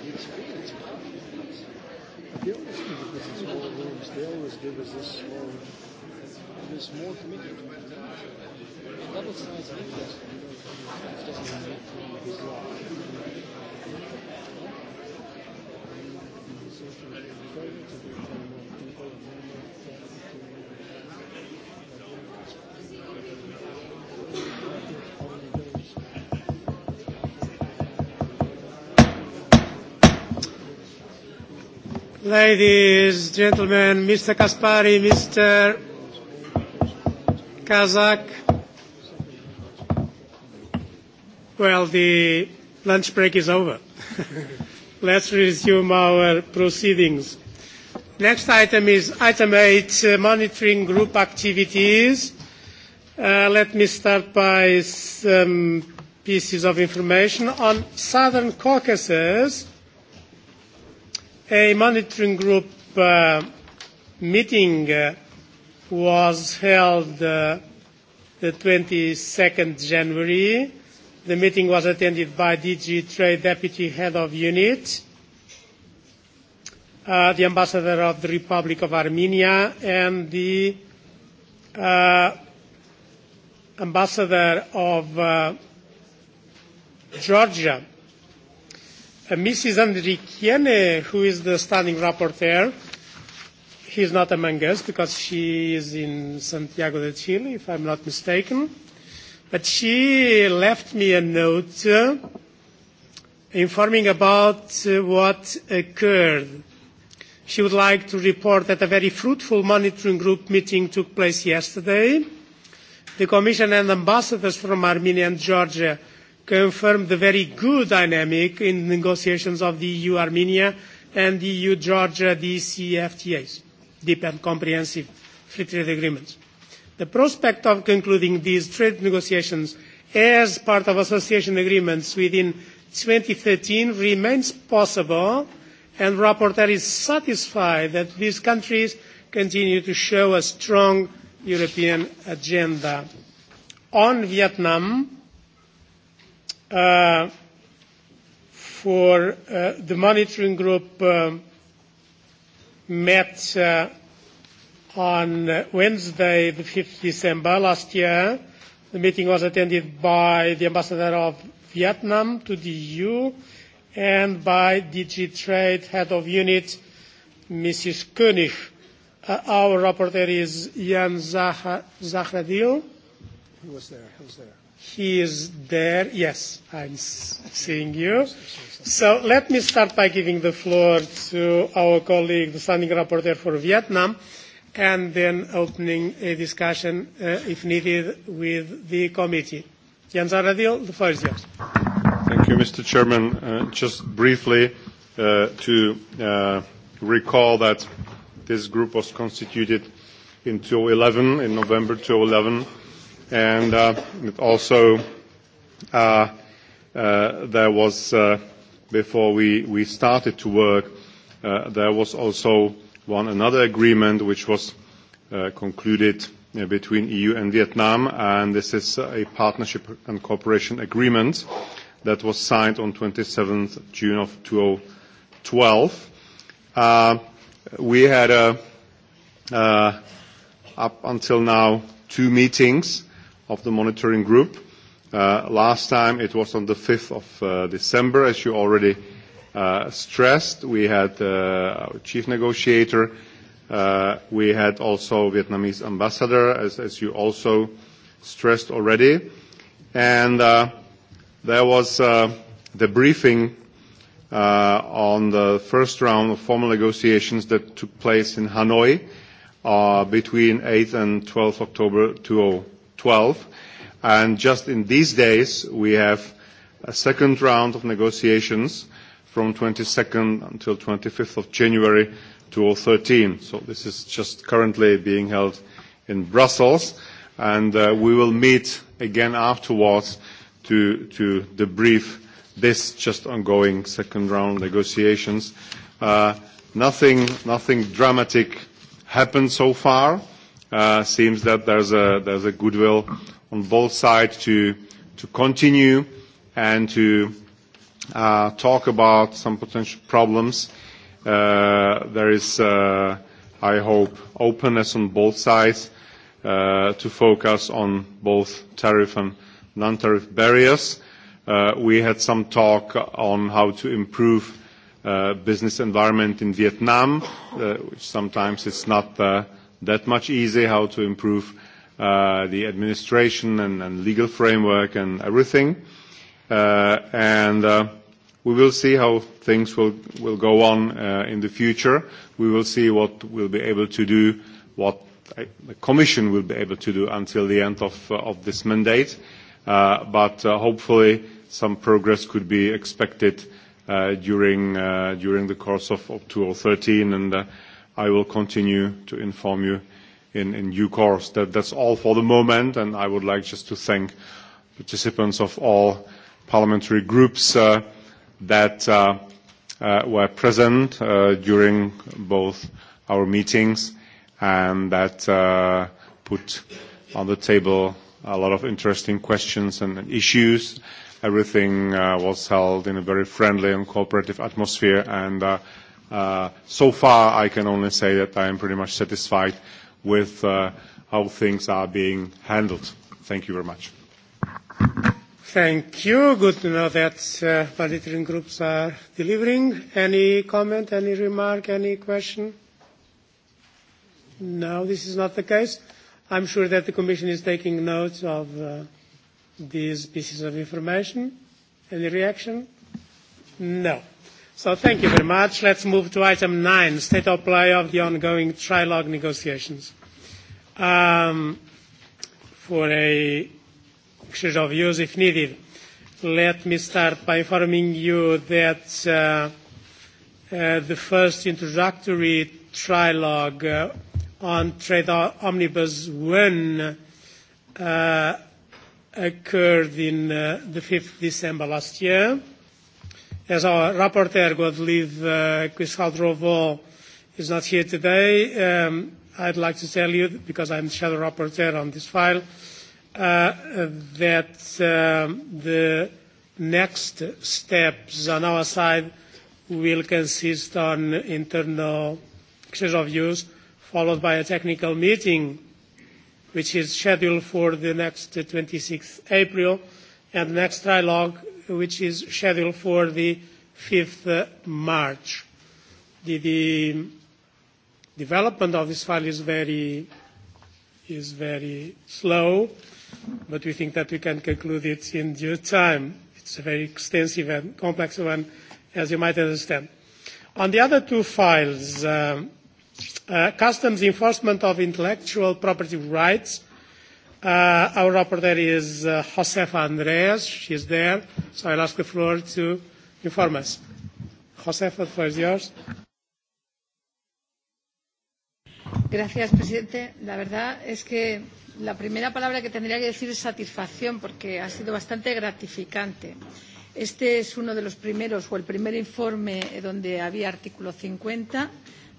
They always give us this small rooms. They always give us this small. There's more committed. Double size windows. It doesn't make this large. Private people, people, people. Ladies, gentlemen, Mr. Kaspari, Mr. Kazak. Well, the lunch break is over. Let's resume our proceedings. Next item is item 8, uh, monitoring group activities. Uh, let me start by some pieces of information on Southern Caucasus a monitoring group uh, meeting uh, was held uh, the 22nd January. The meeting was attended by DG Trade Deputy Head of Unit, uh, the Ambassador of the Republic of Armenia, and the uh, Ambassador of uh, Georgia Mrs. Andrikiene, who is the standing rapporteur, is not among us because she is in Santiago de Chile, if I'm not mistaken. But she left me a note uh, informing about uh, what occurred. She would like to report that a very fruitful monitoring group meeting took place yesterday. The Commission and ambassadors from Armenia and Georgia confirmed the very good dynamic in negotiations of the EU-Armenia and the EU-Georgia DCFTAs, deep and comprehensive free trade agreements. The prospect of concluding these trade negotiations as part of association agreements within 2013 remains possible, and the rapporteur is satisfied that these countries continue to show a strong European agenda. On Vietnam, uh, for uh, the monitoring group uh, met uh, on Wednesday, the 5th December last year. The meeting was attended by the ambassador of Vietnam to the EU and by DG Trade head of unit, Mrs. Koenig. Uh, our rapporteur is Jan Zahradil. Who was there. Who was there. He is there. Yes, I'm seeing you. So let me start by giving the floor to our colleague, the standing rapporteur for Vietnam, and then opening a discussion, uh, if needed, with the committee. Jens Aradil, the floor is yours. Thank you, Mr. Chairman. Uh, just briefly uh, to uh, recall that this group was constituted in 2011, in November 2011 and uh, it also uh, uh, there was uh, before we, we started to work uh, there was also one another agreement which was uh, concluded uh, between EU and Vietnam and this is a partnership and cooperation agreement that was signed on 27th June of 2012 uh, we had a uh, uh, up until now two meetings of the monitoring group. Uh, last time it was on the 5th of uh, December, as you already uh, stressed. We had our chief negotiator. we had also Vietnamese ambassador, as, you also stressed already. And there was the briefing on the first round of formal negotiations that took place in Hanoi between 8 th and 12 th October 2000. 12. And just in these days, we have a second round of negotiations from 22nd until 25th of January 2013. So this is just currently being held in Brussels, and uh, we will meet again afterwards to, to debrief this just ongoing second round negotiations. Uh, nothing, nothing dramatic happened so far uh, seems that there's a, there's a goodwill on both sides to, to continue and to uh, talk about some potential problems. Uh, there is, uh, I hope, openness on both sides uh, to focus on both tariff and non-tariff barriers. Uh, we had some talk on how to improve uh, business environment in Vietnam, uh, which sometimes is not uh, that much easier how to improve uh, the administration and, and legal framework and everything. Uh, and uh, we will see how things will, will go on uh, in the future. We will see what we'll be able to do, what uh, the Commission will be able to do until the end of, uh, of this mandate. Uh, but uh, hopefully some progress could be expected uh, during, uh, during the course of, of 2013 and uh, I will continue to inform you in, in due course. That, that's all for the moment, and I would like just to thank participants of all parliamentary groups uh, that uh, uh, were present uh, during both our meetings and that uh, put on the table a lot of interesting questions and issues. Everything uh, was held in a very friendly and cooperative atmosphere, and Uh, so far, I can only say that I am pretty much satisfied with uh, how things are being handled. Thank you very much. Thank you. Good to know that uh, monitoring groups are delivering. Any comment, any remark, any question? No, this is not the case. I'm sure that the Commission is taking notes of uh, these pieces of information. Any reaction? No. So thank you very much. Let's move to item nine, state of play of the ongoing trilogue negotiations. Um, for a exchange of views, if needed, let me start by informing you that uh, uh, the first introductory trilogue uh, on Trade Omnibus one uh, occurred in uh, the 5th December last year As our rapporteur, God leave, uh, Chris Haldrovo, is not here today, um, I'd like to tell you, because I'm shadow rapporteur on this file, uh, that um, the next steps on our side will consist on internal exchange of views, followed by a technical meeting, which is scheduled for the next 26th April, and the next trilogue which is scheduled for the 5th uh, March. The, the development of this file is very, is very slow, but we think that we can conclude it in due time. It's a very extensive and complex one, as you might understand. On the other two files, um, uh, customs enforcement of intellectual property rights Uh, our rapporteur is uh, Josefa Andreas. She is there, so I'll ask the floor to inform us. Josefa, the floor is yours. Gracias, presidente. La verdad es que la primera palabra que tendría que decir es satisfacción, porque ha sido bastante gratificante. Este es uno de los primeros o el primer informe donde había artículo 50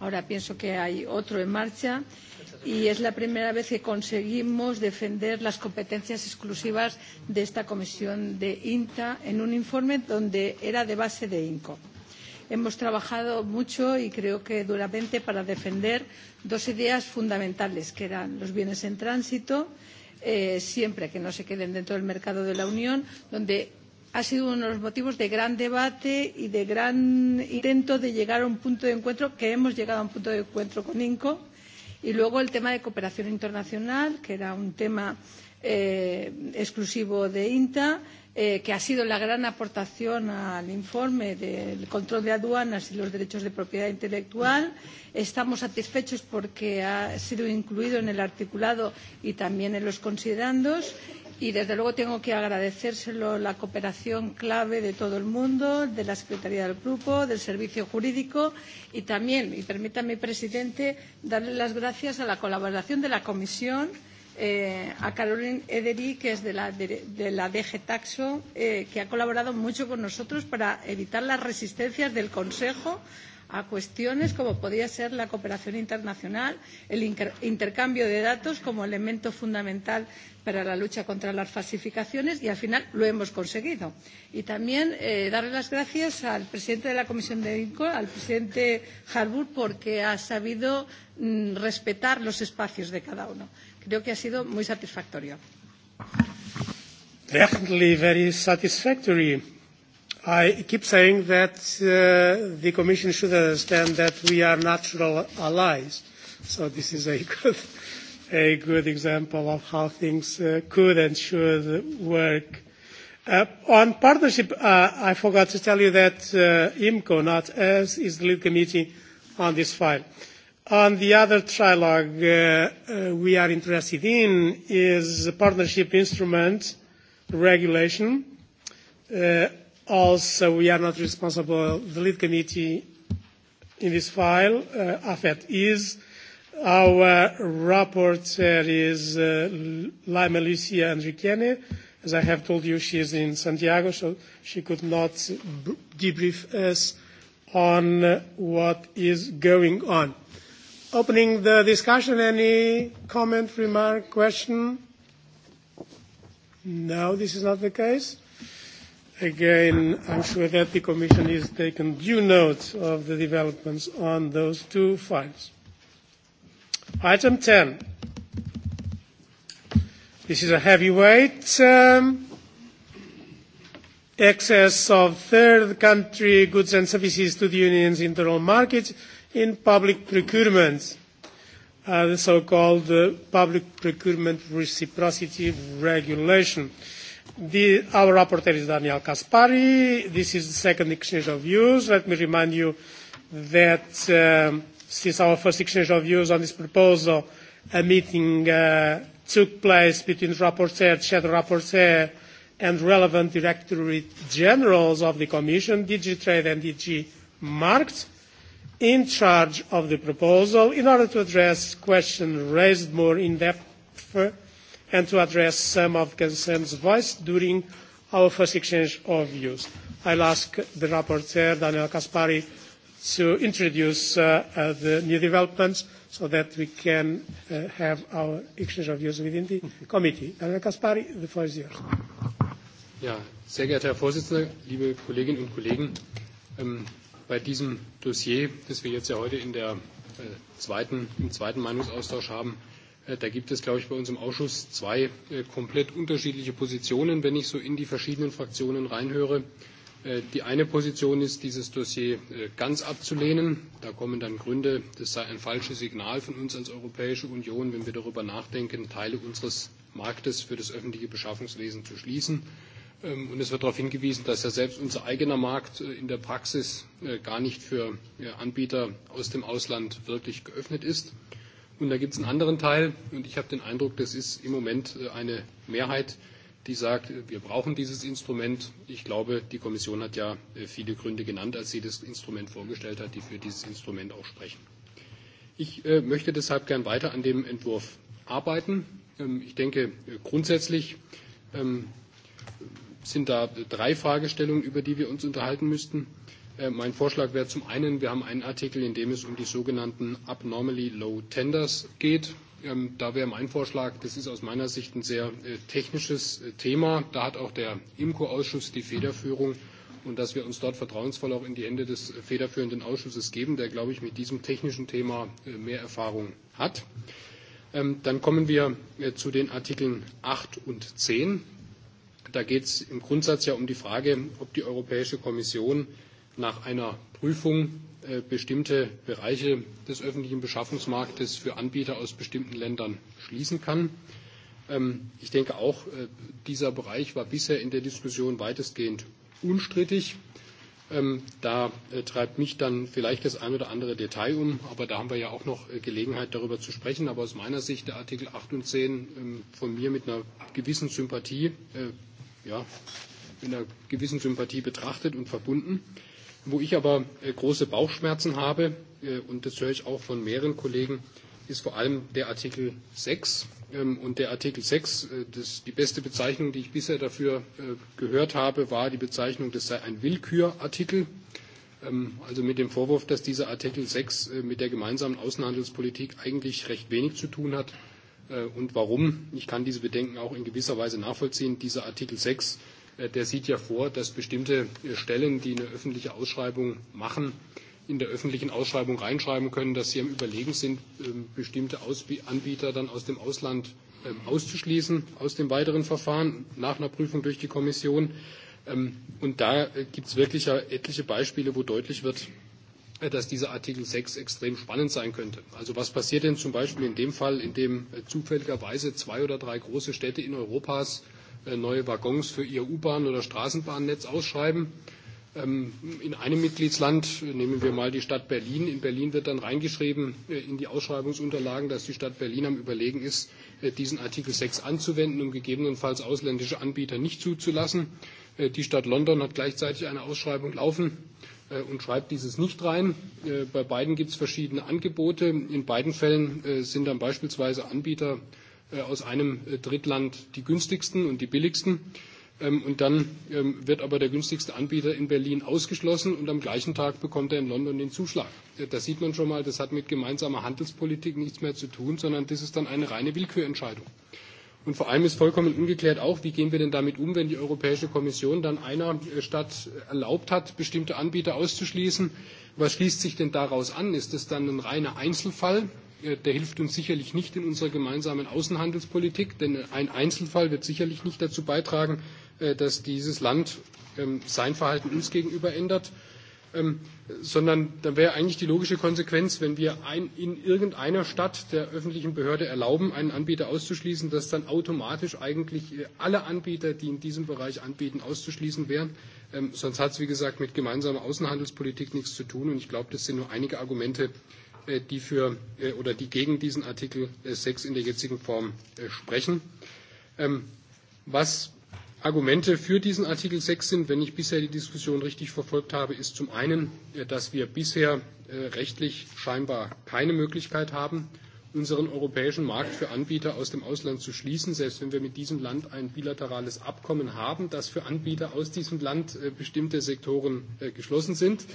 Ahora pienso que hay otro en marcha y es la primera vez que conseguimos defender las competencias exclusivas de esta comisión de INTA en un informe donde era de base de INCO. Hemos trabajado mucho y creo que duramente para defender dos ideas fundamentales, que eran los bienes en tránsito, eh, siempre que no se queden dentro del mercado de la Unión, donde ha sido uno de los motivos de gran debate y de gran intento de llegar a un punto de encuentro, que hemos llegado a un punto de encuentro con INCO. Y luego el tema de cooperación internacional, que era un tema eh, exclusivo de INTA, eh, que ha sido la gran aportación al informe del control de aduanas y los derechos de propiedad intelectual. Estamos satisfechos porque ha sido incluido en el articulado y también en los considerandos y desde luego tengo que agradecérselo la cooperación clave de todo el mundo, de la Secretaría del Grupo, del Servicio Jurídico y también, y permítame, presidente, darle las gracias a la colaboración de la Comisión, eh, a Caroline Edery, que es de la, de la DG Taxo, eh, que ha colaborado mucho con nosotros para evitar las resistencias del Consejo a cuestiones como podía ser la cooperación internacional, el intercambio de datos como elemento fundamental para la lucha contra las falsificaciones y al final lo hemos conseguido. Y también eh, dar las gracias al presidente de la Comisión de INCO, al presidente Harbour, porque ha sabido mm, respetar los espacios de cada uno. Creo que ha sido muy satisfactorio. Definitely very satisfactory. I keep saying that uh, the Commission should understand that we are natural allies. So this is a good, a good example of how things uh, could and should work. Uh, on partnership, uh, I forgot to tell you that uh, IMCO, not us, is the lead committee on this file. On the other trilogue uh, uh, we are interested in is the partnership instrument regulation. Uh, Also, we are not responsible. The lead committee in this file, uh, AFET, is. Our rapporteur is uh, Lima Lucia Andrikiene. As I have told you, she is in Santiago, so she could not debrief us on what is going on. Opening the discussion, any comment, remark, question? No, this is not the case. Again, I'm sure that the Commission is taking due note of the developments on those two files. Item 10. This is a heavyweight. Um, access of third country goods and services to the Union's internal market in public procurement, uh, the so-called uh, Public Procurement Reciprocity Regulation. The, our rapporteur is Daniel Kaspari. This is the second exchange of views. Let me remind you that um, since our first exchange of views on this proposal, a meeting uh, took place between the rapporteur, the shadow rapporteur, and relevant directorate generals of the Commission, DG Trade and DG Markt, in charge of the proposal in order to address questions raised more in depth and to address some of concerns voiced during our first exchange of views. I'll ask the rapporteur, Daniel Caspari, to introduce uh, uh, the new developments so that we can uh, have our exchange of views within the committee. Daniel Caspari, the floor is yours. Ja, sehr geehrter Herr Vorsitzender, liebe Kolleginnen und Kollegen, ähm, bei diesem Dossier, das wir jetzt ja heute in der, äh, zweiten, im zweiten Meinungsaustausch haben, Äh, da gibt es, glaube ich, bei uns im Ausschuss zwei äh, komplett unterschiedliche Positionen, wenn ich so in die verschiedenen Fraktionen reinhöre. Äh, die eine Position ist, dieses Dossier ganz abzulehnen. Da kommen dann Gründe, das sei ein falsches Signal von uns als Europäische Union, wenn wir darüber nachdenken, Teile unseres Marktes für das öffentliche Beschaffungswesen zu schließen. Ähm, und es wird darauf hingewiesen, dass ja selbst unser eigener Markt in der Praxis gar nicht für Anbieter aus dem Ausland wirklich geöffnet ist. Und da gibt es einen anderen Teil, und ich habe den Eindruck, das ist im Moment äh, eine Mehrheit, die sagt, wir brauchen dieses Instrument. Ich glaube, die Kommission hat ja äh, viele Gründe genannt, als sie das Instrument vorgestellt hat, die für dieses Instrument auch sprechen. Ich äh, möchte deshalb gern weiter an dem Entwurf arbeiten. Ähm, ich denke, grundsätzlich ähm, sind da drei Fragestellungen, über die wir uns unterhalten müssten. Äh, mein Vorschlag wäre zum einen, wir haben einen Artikel, in dem es um die sogenannten abnormally low tenders geht. Ähm, da wäre mein Vorschlag, das ist aus meiner Sicht ein sehr äh, technisches äh, Thema. Da hat auch der IMCO-Ausschuss die Federführung und dass wir uns dort vertrauensvoll auch in die Hände des federführenden Ausschusses geben, der, glaube ich, mit diesem technischen Thema mehr Erfahrung hat. Ähm, dann kommen wir zu den Artikeln 8 und 10. Da geht es im Grundsatz ja um die Frage, ob die Europäische Kommission nach einer Prüfung äh, bestimmte Bereiche des öffentlichen Beschaffungsmarktes für Anbieter aus bestimmten Ländern schließen kann. Ähm, ich denke auch, äh, dieser Bereich war bisher in der Diskussion weitestgehend unstrittig. Ähm, da äh, treibt mich dann vielleicht das ein oder andere Detail um, aber da haben wir ja auch noch Gelegenheit, darüber zu sprechen. Aber aus meiner Sicht der Artikel 8 und 10 ähm, von mir mit einer gewissen Sympathie, ja, mit einer gewissen Sympathie betrachtet und verbunden. Wo ich aber äh, große Bauchschmerzen habe, äh, und das höre ich auch von mehreren Kollegen, ist vor allem der Artikel 6. Ähm, und der Artikel 6, äh, das, die beste Bezeichnung, die ich bisher dafür gehört habe, war die Bezeichnung, das sei ein Willkürartikel. Ähm, also mit dem Vorwurf, dass dieser Artikel 6 mit der gemeinsamen Außenhandelspolitik eigentlich recht wenig zu tun hat. Und warum? Ich kann diese Bedenken auch in gewisser Weise nachvollziehen. Dieser Artikel 6 Äh, der sieht ja vor, dass bestimmte äh, Stellen, die eine öffentliche Ausschreibung machen, in der öffentlichen Ausschreibung reinschreiben können, dass sie am Überlegen sind, ähm, bestimmte Anbieter dann aus dem Ausland ähm, auszuschließen aus dem weiteren Verfahren nach einer Prüfung durch die Kommission. Ähm, und da äh, gibt es wirklich etliche Beispiele, wo deutlich wird, dass dieser Artikel 6 extrem spannend sein könnte. Also was passiert denn zum Beispiel in dem Fall, in dem zufälligerweise zwei oder drei große Städte in Europas Äh, neue Waggons für ihr U-Bahn- oder Straßenbahnnetz ausschreiben. Ähm, in einem Mitgliedsland, äh, nehmen wir mal die Stadt Berlin, in Berlin wird dann reingeschrieben äh, in die Ausschreibungsunterlagen, dass die Stadt Berlin am Überlegen ist, diesen Artikel 6 anzuwenden, um gegebenenfalls ausländische Anbieter nicht zuzulassen. Die Stadt London hat gleichzeitig eine Ausschreibung laufen und schreibt dieses nicht rein. Bei beiden gibt es verschiedene Angebote. In beiden Fällen sind dann beispielsweise Anbieter Äh, aus einem äh, Drittland die günstigsten und die billigsten. Ähm, und dann ähm, wird aber der günstigste Anbieter in Berlin ausgeschlossen und am gleichen Tag bekommt er in London den Zuschlag. Äh, das sieht man schon mal, das hat mit gemeinsamer Handelspolitik nichts mehr zu tun, sondern das ist dann eine reine Willkürentscheidung. Und vor allem ist vollkommen ungeklärt auch, wie gehen wir denn damit um, wenn die Europäische Kommission dann einer Stadt erlaubt hat, bestimmte Anbieter auszuschließen. Was schließt sich denn daraus an? Ist das dann ein reiner Einzelfall? Äh, der hilft uns sicherlich nicht in unserer gemeinsamen Außenhandelspolitik, denn ein Einzelfall wird sicherlich nicht dazu beitragen, äh, dass dieses Land ähm, sein Verhalten uns gegenüber ändert, ähm, sondern da wäre eigentlich die logische Konsequenz, wenn wir in irgendeiner Stadt der öffentlichen Behörde erlauben, einen Anbieter auszuschließen, dass dann automatisch eigentlich äh, alle Anbieter, die in diesem Bereich anbieten, auszuschließen wären. Ähm, sonst hat es, wie gesagt, mit gemeinsamer Außenhandelspolitik nichts zu tun. Und ich glaube, das sind nur einige Argumente, Äh, die für äh, oder die gegen diesen Artikel 6 äh, in der jetzigen Form sprechen. Ähm, was Argumente für diesen Artikel 6 sind, wenn ich bisher die Diskussion richtig verfolgt habe, ist zum einen, dass wir bisher rechtlich scheinbar keine Möglichkeit haben, unseren europäischen Markt für Anbieter aus dem Ausland zu schließen, selbst wenn wir mit diesem Land ein bilaterales Abkommen haben, dass für Anbieter aus diesem Land bestimmte Sektoren geschlossen sind.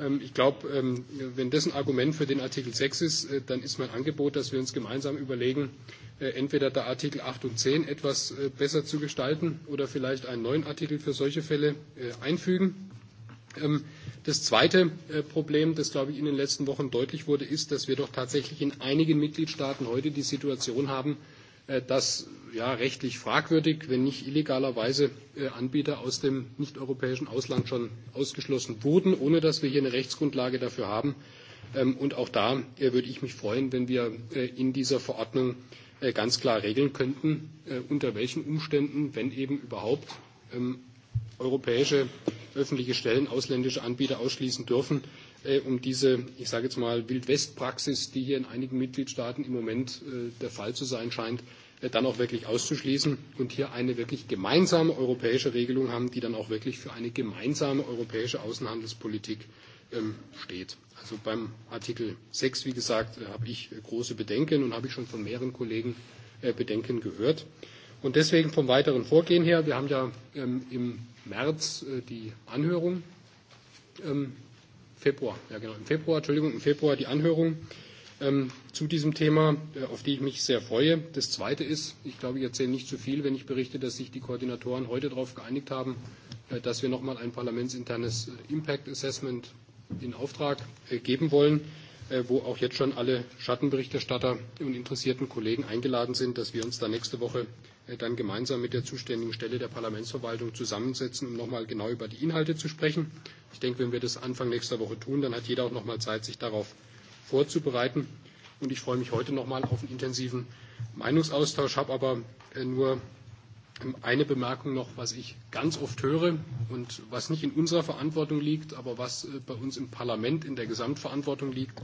Ähm, ich glaube, ähm, wenn das ein Argument für den Artikel 6 ist, äh, dann ist mein Angebot, dass wir uns gemeinsam überlegen, äh, entweder der Artikel 8 und 10 etwas äh, besser zu gestalten oder vielleicht einen neuen Artikel für solche Fälle einfügen. Ähm, das zweite Problem, das, glaube ich, in den letzten Wochen deutlich wurde, ist, dass wir doch tatsächlich in einigen Mitgliedstaaten heute die Situation haben, Äh, dass ja, rechtlich fragwürdig, wenn nicht illegalerweise äh, Anbieter aus dem nicht-europäischen Ausland schon ausgeschlossen wurden, ohne dass wir hier eine Rechtsgrundlage dafür haben. Ähm, und auch da äh, würde ich mich freuen, wenn wir in dieser Verordnung ganz klar regeln könnten, unter welchen Umständen, wenn eben überhaupt, ähm, europäische öffentliche Stellen ausländische Anbieter ausschließen dürfen, um diese, ich sage jetzt mal, Wildwest-Praxis, die hier in einigen Mitgliedstaaten im Moment der Fall zu sein scheint, dann auch wirklich auszuschließen und hier eine wirklich gemeinsame europäische Regelung haben, die dann auch wirklich für eine gemeinsame europäische Außenhandelspolitik ähm, steht. Also beim Artikel 6, wie gesagt, äh, habe ich äh, große Bedenken und habe ich schon von mehreren Kollegen äh, Bedenken gehört. Und deswegen vom weiteren Vorgehen her, wir haben ja ähm, im März die Anhörung, ähm, Februar, ja genau, im Februar, Entschuldigung, im Februar die Anhörung Ähm, zu diesem Thema, äh, auf die ich mich sehr freue. Das Zweite ist, ich glaube, ich erzähle nicht zu viel, wenn ich berichte, dass sich die Koordinatoren heute darauf geeinigt haben, äh, dass wir nochmal ein parlamentsinternes äh, Impact Assessment in Auftrag geben wollen, wo auch jetzt schon alle Schattenberichterstatter und interessierten Kollegen eingeladen sind, dass wir uns da nächste Woche dann gemeinsam mit der zuständigen Stelle der Parlamentsverwaltung zusammensetzen, um nochmal genau über die Inhalte zu sprechen. Ich denke, wenn wir das Anfang nächster Woche tun, dann hat jeder auch nochmal Zeit, sich darauf zu vorzubereiten. Und ich freue mich heute nochmal auf einen intensiven Meinungsaustausch, habe aber äh, nur eine Bemerkung noch, was ich ganz oft höre und was nicht in unserer Verantwortung liegt, aber was äh, bei uns im Parlament in der Gesamtverantwortung liegt.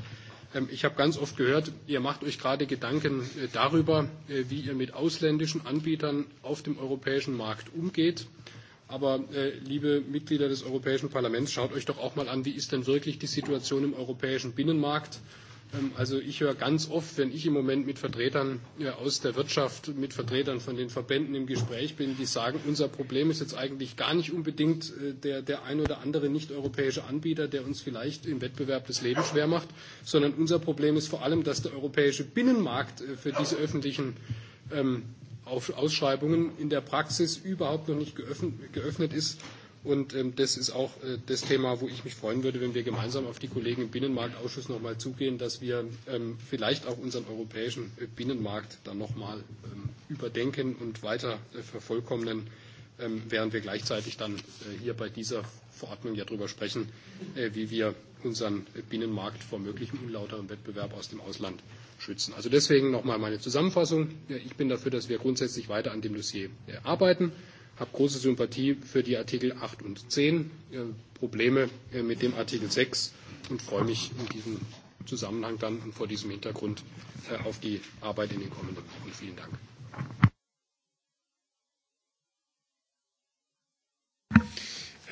Ähm, ich habe ganz oft gehört, ihr macht euch gerade Gedanken äh, darüber, wie ihr mit ausländischen Anbietern auf dem europäischen Markt umgeht. Aber äh, liebe Mitglieder des Europäischen Parlaments, schaut euch doch auch mal an, wie ist denn wirklich die Situation im europäischen Binnenmarkt? Ähm, also ich höre ganz oft, wenn ich im Moment mit Vertretern äh, aus der Wirtschaft, mit Vertretern von den Verbänden im Gespräch bin, die sagen, unser Problem ist jetzt eigentlich gar nicht unbedingt äh, der, der ein oder andere nicht-europäische Anbieter, der uns vielleicht im Wettbewerb das Leben schwer macht, sondern unser Problem ist vor allem, dass der europäische Binnenmarkt äh, für diese öffentlichen ähm, Ausschreibungen in der Praxis überhaupt noch nicht geöffnet ist. Und ähm, das ist auch äh, das Thema, wo ich mich freuen würde, wenn wir gemeinsam auf die Kollegen im Binnenmarktausschuss nochmal zugehen, dass wir ähm, vielleicht auch unseren europäischen äh, Binnenmarkt dann nochmal ähm, überdenken und weiter äh, vervollkommnen, ähm, während wir gleichzeitig dann äh, hier bei dieser Verordnung ja darüber sprechen, äh, wie wir unseren Binnenmarkt vor möglichem unlauteren Wettbewerb aus dem Ausland äh, schützen. Also deswegen nochmal meine Zusammenfassung. Ich bin dafür, dass wir grundsätzlich weiter an dem Dossier äh, arbeiten. Ich Habe große Sympathie für die Artikel 8 und 10, äh, Probleme äh, mit dem Artikel 6 und freue mich in diesem Zusammenhang dann und vor diesem Hintergrund auf die Arbeit in den kommenden Wochen. Vielen Dank.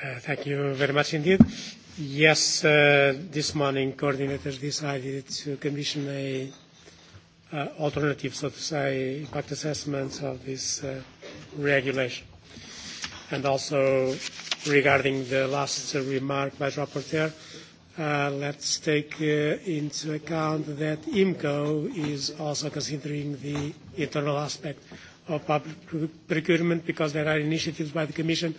Uh, thank you very much indeed. Yes, uh, this morning coordinators decided to commission a Uh, alternative, so to say, impact assessments of this uh, regulation. And also regarding the last remark by the rapporteur, uh, let's take uh, into account that IMCO is also considering the internal aspect of public procurement because there are initiatives by the Commission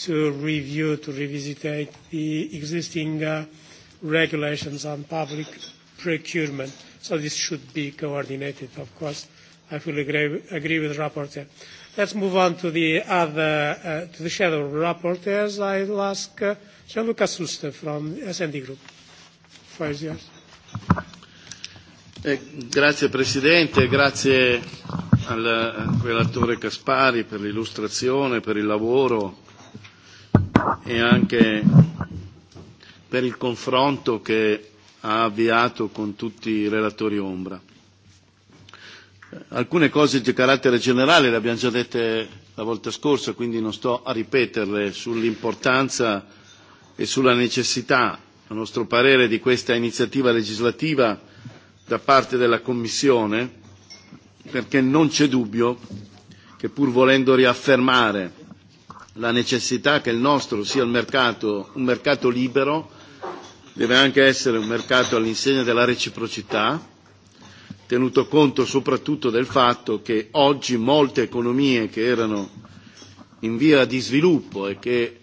to review, to revisitate the existing uh, regulations on public procurement So this should be coordinated, of course. I fully agree, agree with the rapporteur. Let's move on to the other, uh, to the shadow rapporteurs. I'll ask uh, jean Gianluca Susta from SND Group. Five years. Eh, grazie Presidente, grazie al eh, relatore Caspari per l'illustrazione, per il lavoro e anche per il confronto che ha avviato con tutti i relatori ombra. Alcune cose di carattere generale le abbiamo già dette la volta scorsa, quindi non sto a ripeterle sull'importanza e sulla necessità, a nostro parere, di questa iniziativa legislativa da parte della Commissione, perché non c'è dubbio che pur volendo riaffermare la necessità che il nostro sia il mercato, un mercato libero, deve anche essere un mercato all'insegna della reciprocità, tenuto conto soprattutto del fatto che oggi molte economie che erano in via di sviluppo e che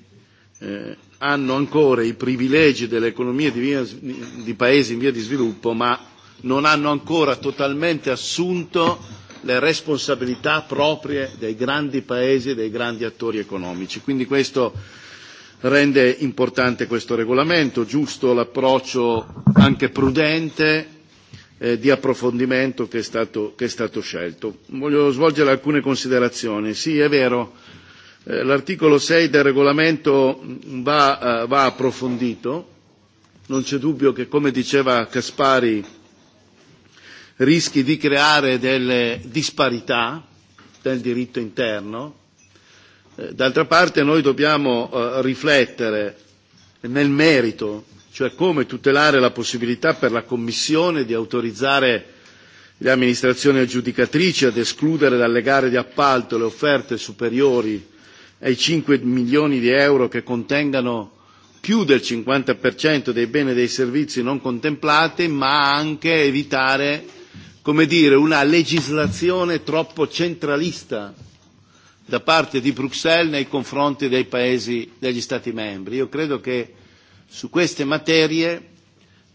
eh, hanno ancora i privilegi delle economie di, via, di paesi in via di sviluppo, ma non hanno ancora totalmente assunto le responsabilità proprie dei grandi paesi e dei grandi attori economici. Quindi questo rende importante questo regolamento, giusto l'approccio anche prudente eh, di approfondimento che è, stato, che è stato scelto. Voglio svolgere alcune considerazioni. Sì, è vero, eh, l'articolo 6 del regolamento mm, va, eh, va approfondito, non c'è dubbio che, come diceva Caspari, rischi di creare delle disparità nel diritto interno, D'altra parte noi dobbiamo eh, riflettere nel merito, cioè come tutelare la possibilità per la Commissione di autorizzare le amministrazioni aggiudicatrici ad escludere dalle gare di appalto le offerte superiori ai 5 milioni di euro che contengano più del 50% dei beni e dei servizi non contemplati, ma anche evitare come dire, una legislazione troppo centralista da parte di Bruxelles nei confronti dei paesi, degli Stati membri. Io credo che su queste materie,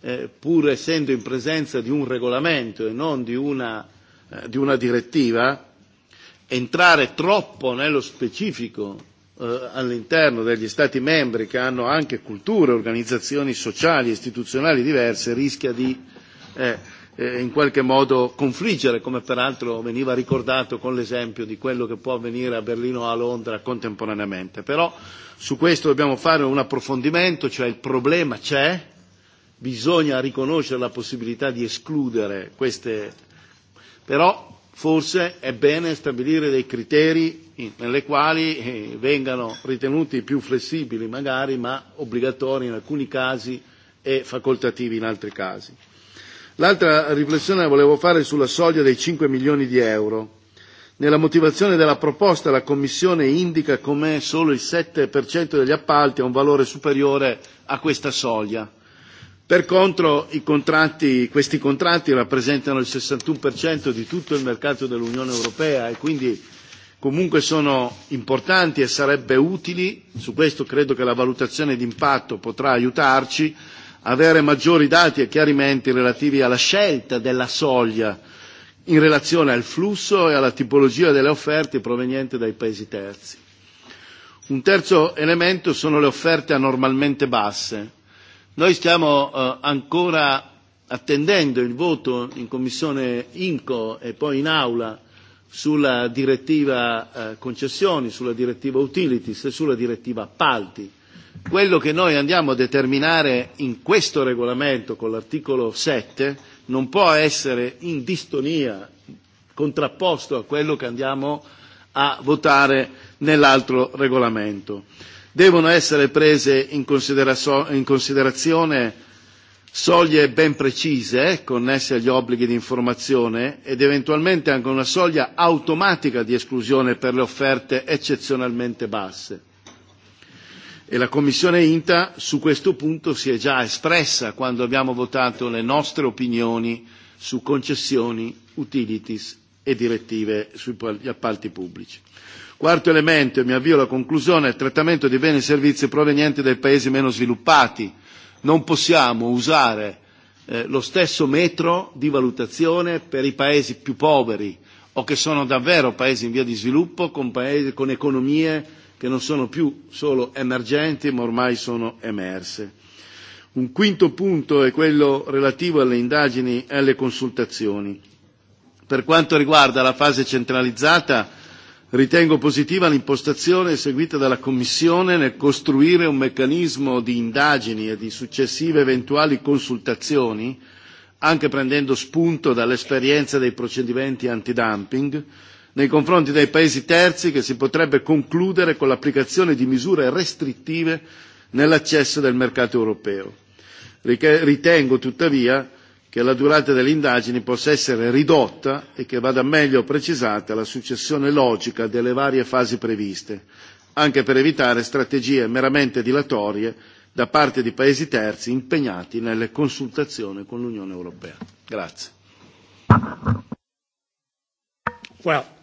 eh, pur essendo in presenza di un regolamento e non di una, eh, di una direttiva, entrare troppo nello specifico eh, all'interno degli Stati membri che hanno anche culture, organizzazioni sociali e istituzionali diverse rischia di eh, Eh, in qualche modo confliggere, come peraltro veniva ricordato con l'esempio di quello che può avvenire a Berlino o a Londra contemporaneamente. Però su questo dobbiamo fare un approfondimento, cioè il problema c'è, bisogna riconoscere la possibilità di escludere queste, però forse è bene stabilire dei criteri nelle quali eh, vengano ritenuti più flessibili magari, ma obbligatori in alcuni casi e facoltativi in altri casi. L'altra riflessione la volevo fare sulla soglia dei 5 milioni di euro. Nella motivazione della proposta la Commissione indica come solo il 7% degli appalti ha un valore superiore a questa soglia. Per contro i contratti, questi contratti rappresentano il 61% di tutto il mercato dell'Unione Europea e quindi comunque sono importanti e sarebbe utili, su questo credo che la valutazione d'impatto potrà aiutarci, avere maggiori dati e chiarimenti relativi alla scelta della soglia in relazione al flusso e alla tipologia delle offerte provenienti dai paesi terzi. Un terzo elemento sono le offerte anormalmente basse. Noi stiamo eh, ancora attendendo il voto in Commissione INCO e poi in Aula sulla direttiva eh, concessioni, sulla direttiva utilities e sulla direttiva appalti quello che noi andiamo a determinare in questo regolamento con l'articolo 7 non può essere in distonia, contrapposto a quello che andiamo a votare nell'altro regolamento. Devono essere prese in, considera- in considerazione soglie ben precise eh, connesse agli obblighi di informazione ed eventualmente anche una soglia automatica di esclusione per le offerte eccezionalmente basse e la Commissione INTA su questo punto si è già espressa quando abbiamo votato le nostre opinioni su concessioni, utilities e direttive sugli appalti pubblici. Quarto elemento, e mi avvio alla conclusione, il trattamento di beni e servizi provenienti dai paesi meno sviluppati. Non possiamo usare eh, lo stesso metro di valutazione per i paesi più poveri o che sono davvero paesi in via di sviluppo con, paesi, con economie che non sono più solo emergenti ma ormai sono emerse. Un quinto punto è quello relativo alle indagini e alle consultazioni. Per quanto riguarda la fase centralizzata, ritengo positiva l'impostazione seguita dalla Commissione nel costruire un meccanismo di indagini e di successive eventuali consultazioni, anche prendendo spunto dall'esperienza dei procedimenti antidumping, nei confronti dei paesi terzi che si potrebbe concludere con l'applicazione di misure restrittive nell'accesso del mercato europeo. Ritengo tuttavia che la durata delle indagini possa essere ridotta e che vada meglio precisata la successione logica delle varie fasi previste, anche per evitare strategie meramente dilatorie da parte di paesi terzi impegnati nelle consultazioni con l'Unione Europea. Grazie. Well,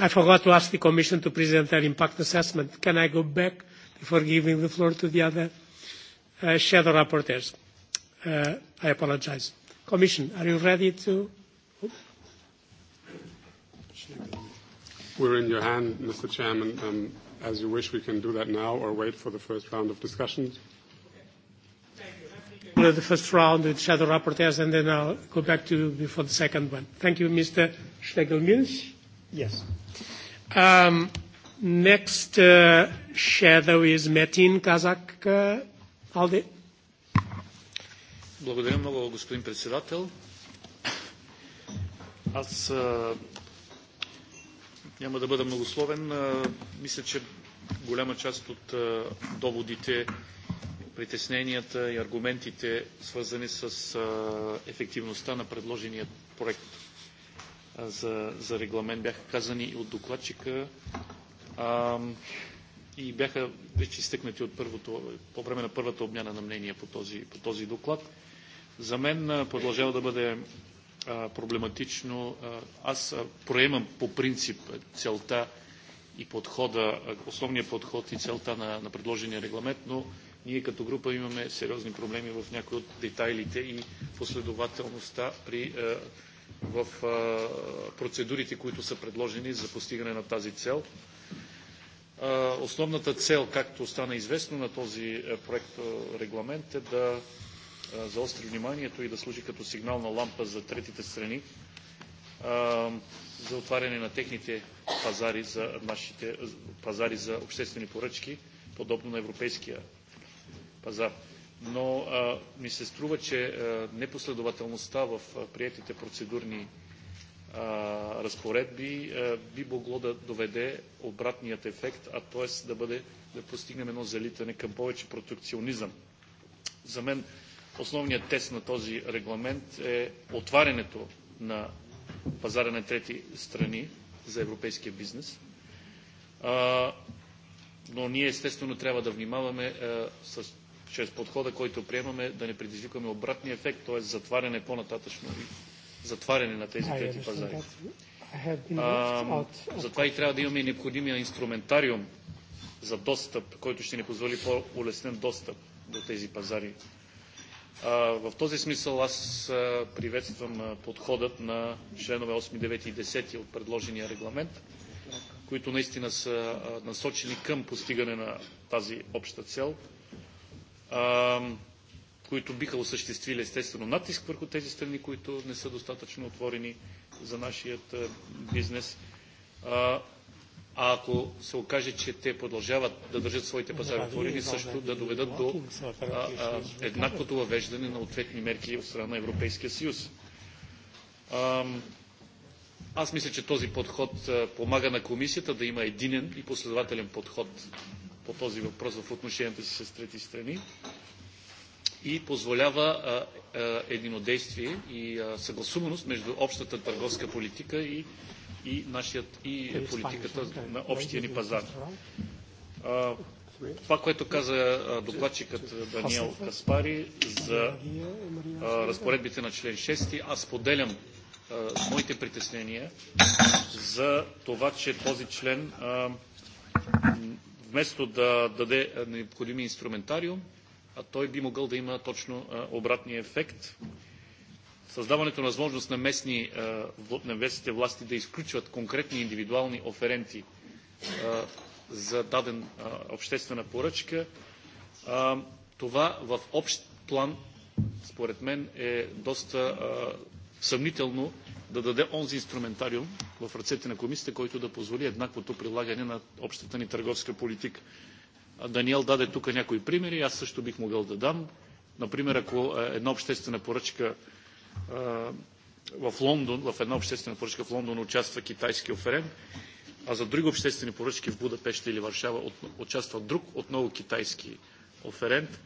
I forgot to ask the Commission to present their impact assessment. Can I go back before giving the floor to the other uh, shadow rapporteurs? Uh, I apologize. Commission, are you ready to? We're in your hand, Mr. Chairman. Um, as you wish, we can do that now or wait for the first round of discussions. Okay. The first round with shadow rapporteurs, and then I'll go back to you before the second one. Thank you, Mr. Schlegelmilch. Yes. Um, next uh, shadow is Metin Kazak. Uh, Алди. Благодаря много, господин председател. Аз а, няма да бъда многословен. А, мисля, че голяма част от а, доводите, притесненията и аргументите, свързани с а, ефективността на предложения проект за, за регламент бяха казани и от докладчика а, и бяха вече изтъкнати от първото, по време на първата обмяна на мнения по този, по този доклад. За мен продължава да бъде а, проблематично. Аз проемам по принцип целта и подхода, основния подход и целта на, на предложения регламент, но ние като група имаме сериозни проблеми в някои от детайлите и последователността при в процедурите, които са предложени за постигане на тази цел. Основната цел, както стана известно на този проект регламент, е да заостри вниманието и да служи като сигнална лампа за третите страни за отваряне на техните пазари за, нашите, пазари за обществени поръчки, подобно на европейския пазар но а, ми се струва, че а, непоследователността в а, приятите процедурни а, разпоредби а, би могло да доведе обратният ефект, а т.е. да, бъде, да постигнем едно залитане към повече протекционизъм. За мен основният тест на този регламент е отварянето на пазара на трети страни за европейския бизнес. А, но ние естествено трябва да внимаваме а, с чрез подхода, който приемаме, да не предизвикаме обратния ефект, т.е. затваряне по-нататъчно и затваряне на тези трети пазари. затова и трябва да имаме необходимия инструментариум за достъп, който ще ни позволи по-улеснен достъп до тези пазари. в този смисъл аз приветствам подходът на членове 8, 9 и 10 от предложения регламент, които наистина са насочени към постигане на тази обща цел – които биха осъществили естествено натиск върху тези страни, които не са достатъчно отворени за нашия бизнес. А ако се окаже, че те продължават да държат своите пазари отворени, също да доведат до еднаквото въвеждане на ответни мерки от страна на Европейския съюз. аз мисля, че този подход помага на комисията да има единен и последователен подход по този въпрос в отношенията си с трети страни и позволява а, а, единодействие и а, съгласуваност между общата търговска политика и, и, нашият, и политиката на общия ни пазар. А, това, което каза докладчикът Даниел Каспари за а, разпоредбите на член 6, аз поделям а, моите притеснения за това, че този член а, вместо да даде необходими инструментариум, а той би могъл да има точно обратния ефект. Създаването на възможност на, местни, на местните власти да изключват конкретни индивидуални оференти за даден обществена поръчка, това в общ план, според мен, е доста съмнително да даде онзи инструментариум в ръцете на комисията, който да позволи еднаквото прилагане на общата ни търговска политика. Даниел даде тук някои примери, аз също бих могъл да дам. Например, ако една обществена поръчка в Лондон, в една обществена поръчка в Лондон участва китайски оферен, а за други обществени поръчки в Будапеща или Варшава участва друг, отново китайски оферент,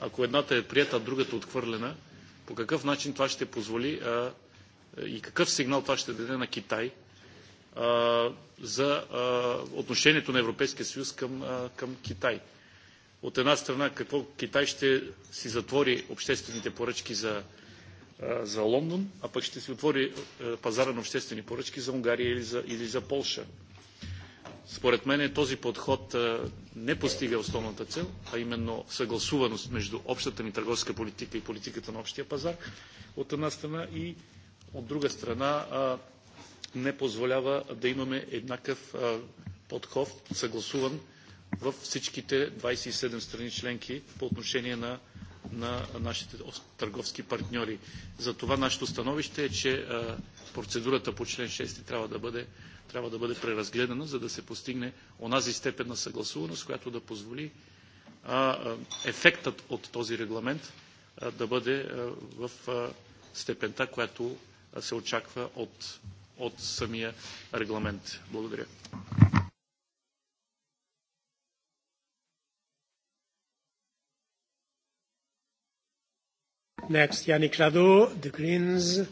ако едната е прията, а другата отхвърлена, по какъв начин това ще позволи и какъв сигнал това ще даде на Китай а, за а, отношението на Европейския съюз към, а, към Китай. От една страна, какво Китай ще си затвори обществените поръчки за, а, за Лондон, а пък ще си отвори а, пазара на обществени поръчки за Унгария или за, или за Полша. Според мен този подход не постига основната цел, а именно съгласуваност между общата ни търговска политика и политиката на общия пазар от една страна и от друга страна не позволява да имаме еднакъв подход, съгласуван във всичките 27 страни членки по отношение на, на нашите търговски партньори. Затова нашето становище е, че процедурата по член 6 трябва да бъде, трябва да бъде преразгледана, за да се постигне онази степен на съгласуваност, която да позволи ефектът от този регламент да бъде в степента, която се очаква от, от самия регламент. Благодаря. Next, Yannick Jadot, The Greens.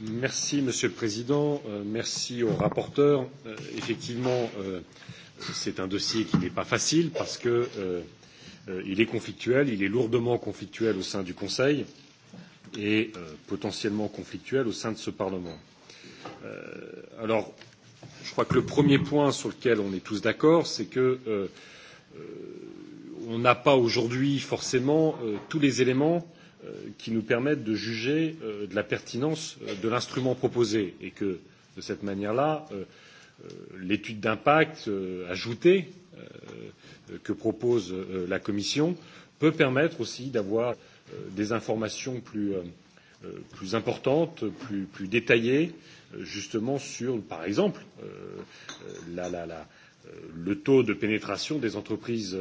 Merci, Monsieur le Président. Euh, merci au rapporteur. Euh, effectivement, euh, c'est un dossier qui n'est pas facile parce que euh, est conflictuel, il est lourdement conflictuel au sein du Conseil. Euh, et euh, potentiellement conflictuelle au sein de ce Parlement. Euh, alors, je crois que le premier point sur lequel on est tous d'accord, c'est que euh, euh, on n'a pas aujourd'hui forcément euh, tous les éléments euh, qui nous permettent de juger euh, de la pertinence euh, de l'instrument proposé et que, de cette manière là, euh, euh, l'étude d'impact euh, ajoutée euh, que propose euh, la Commission peut permettre aussi d'avoir euh, Euh, des informations plus, euh, euh, plus importantes, plus, plus détaillées, justement sur, par exemple, la, la, la, le taux de pénétration des entreprises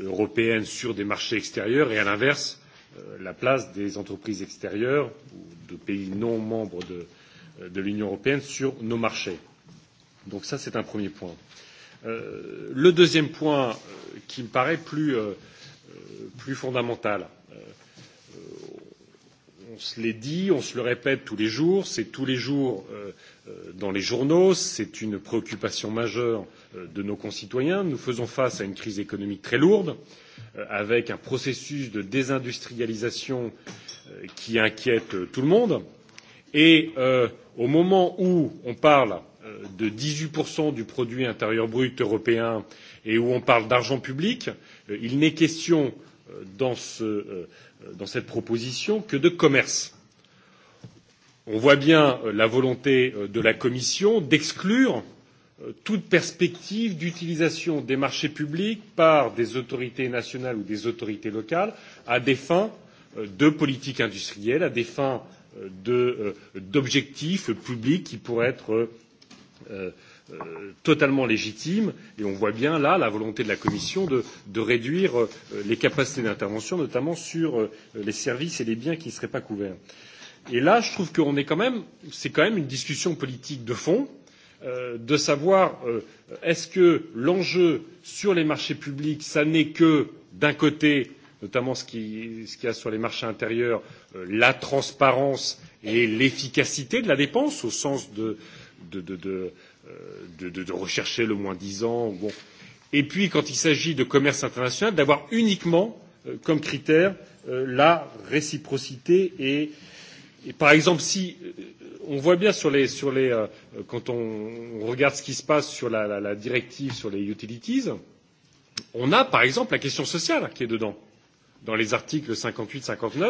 européennes sur des marchés extérieurs et, à l'inverse, la place des entreprises extérieures ou de pays non membres de, de l'Union européenne sur nos marchés. Donc ça, c'est un premier point. Euh, le deuxième point euh, qui me paraît plus euh, Euh, plus fondamentale. Euh, on se l'est dit, on se le répète tous les jours, c'est tous les jours euh, dans les journaux, c'est une préoccupation majeure de nos concitoyens. Nous faisons face à une crise économique très lourde, avec un processus de désindustrialisation qui inquiète tout le monde. Et euh, au moment où on parle euh, de dix huit du produit intérieur brut européen et où on parle d'argent public euh, il n'est question euh, dans, ce, euh, dans cette proposition que de commerce. on voit bien la volonté de la commission d'exclure toute perspective d'utilisation des marchés publics par des autorités nationales ou des autorités locales à des fins de politique industrielle à des fins d'objectifs de, publics qui pourraient être Euh, euh, totalement légitime et on voit bien là la volonté de la commission de, de réduire euh, les capacités d'intervention notamment sur euh, les services et les biens qui ne seraient pas couverts. et là je trouve que c'est quand même une discussion politique de fond euh, de savoir euh, est ce que l'enjeu sur les marchés publics ça n'est que d'un côté notamment ce qu'il qu y a sur les marchés intérieurs euh, la transparence et l'efficacité de la dépense au sens de euh, de, de, de, euh, de, de, de rechercher le moins dix ans. Bon. Et puis, quand il s'agit de commerce international, d'avoir uniquement euh, comme critère euh, la réciprocité et, et par exemple, si euh, on voit bien sur les, sur les euh, quand on, on regarde ce qui se passe sur la, la, la directive sur les utilities, on a par exemple la question sociale qui est dedans. Dans les articles 58-59,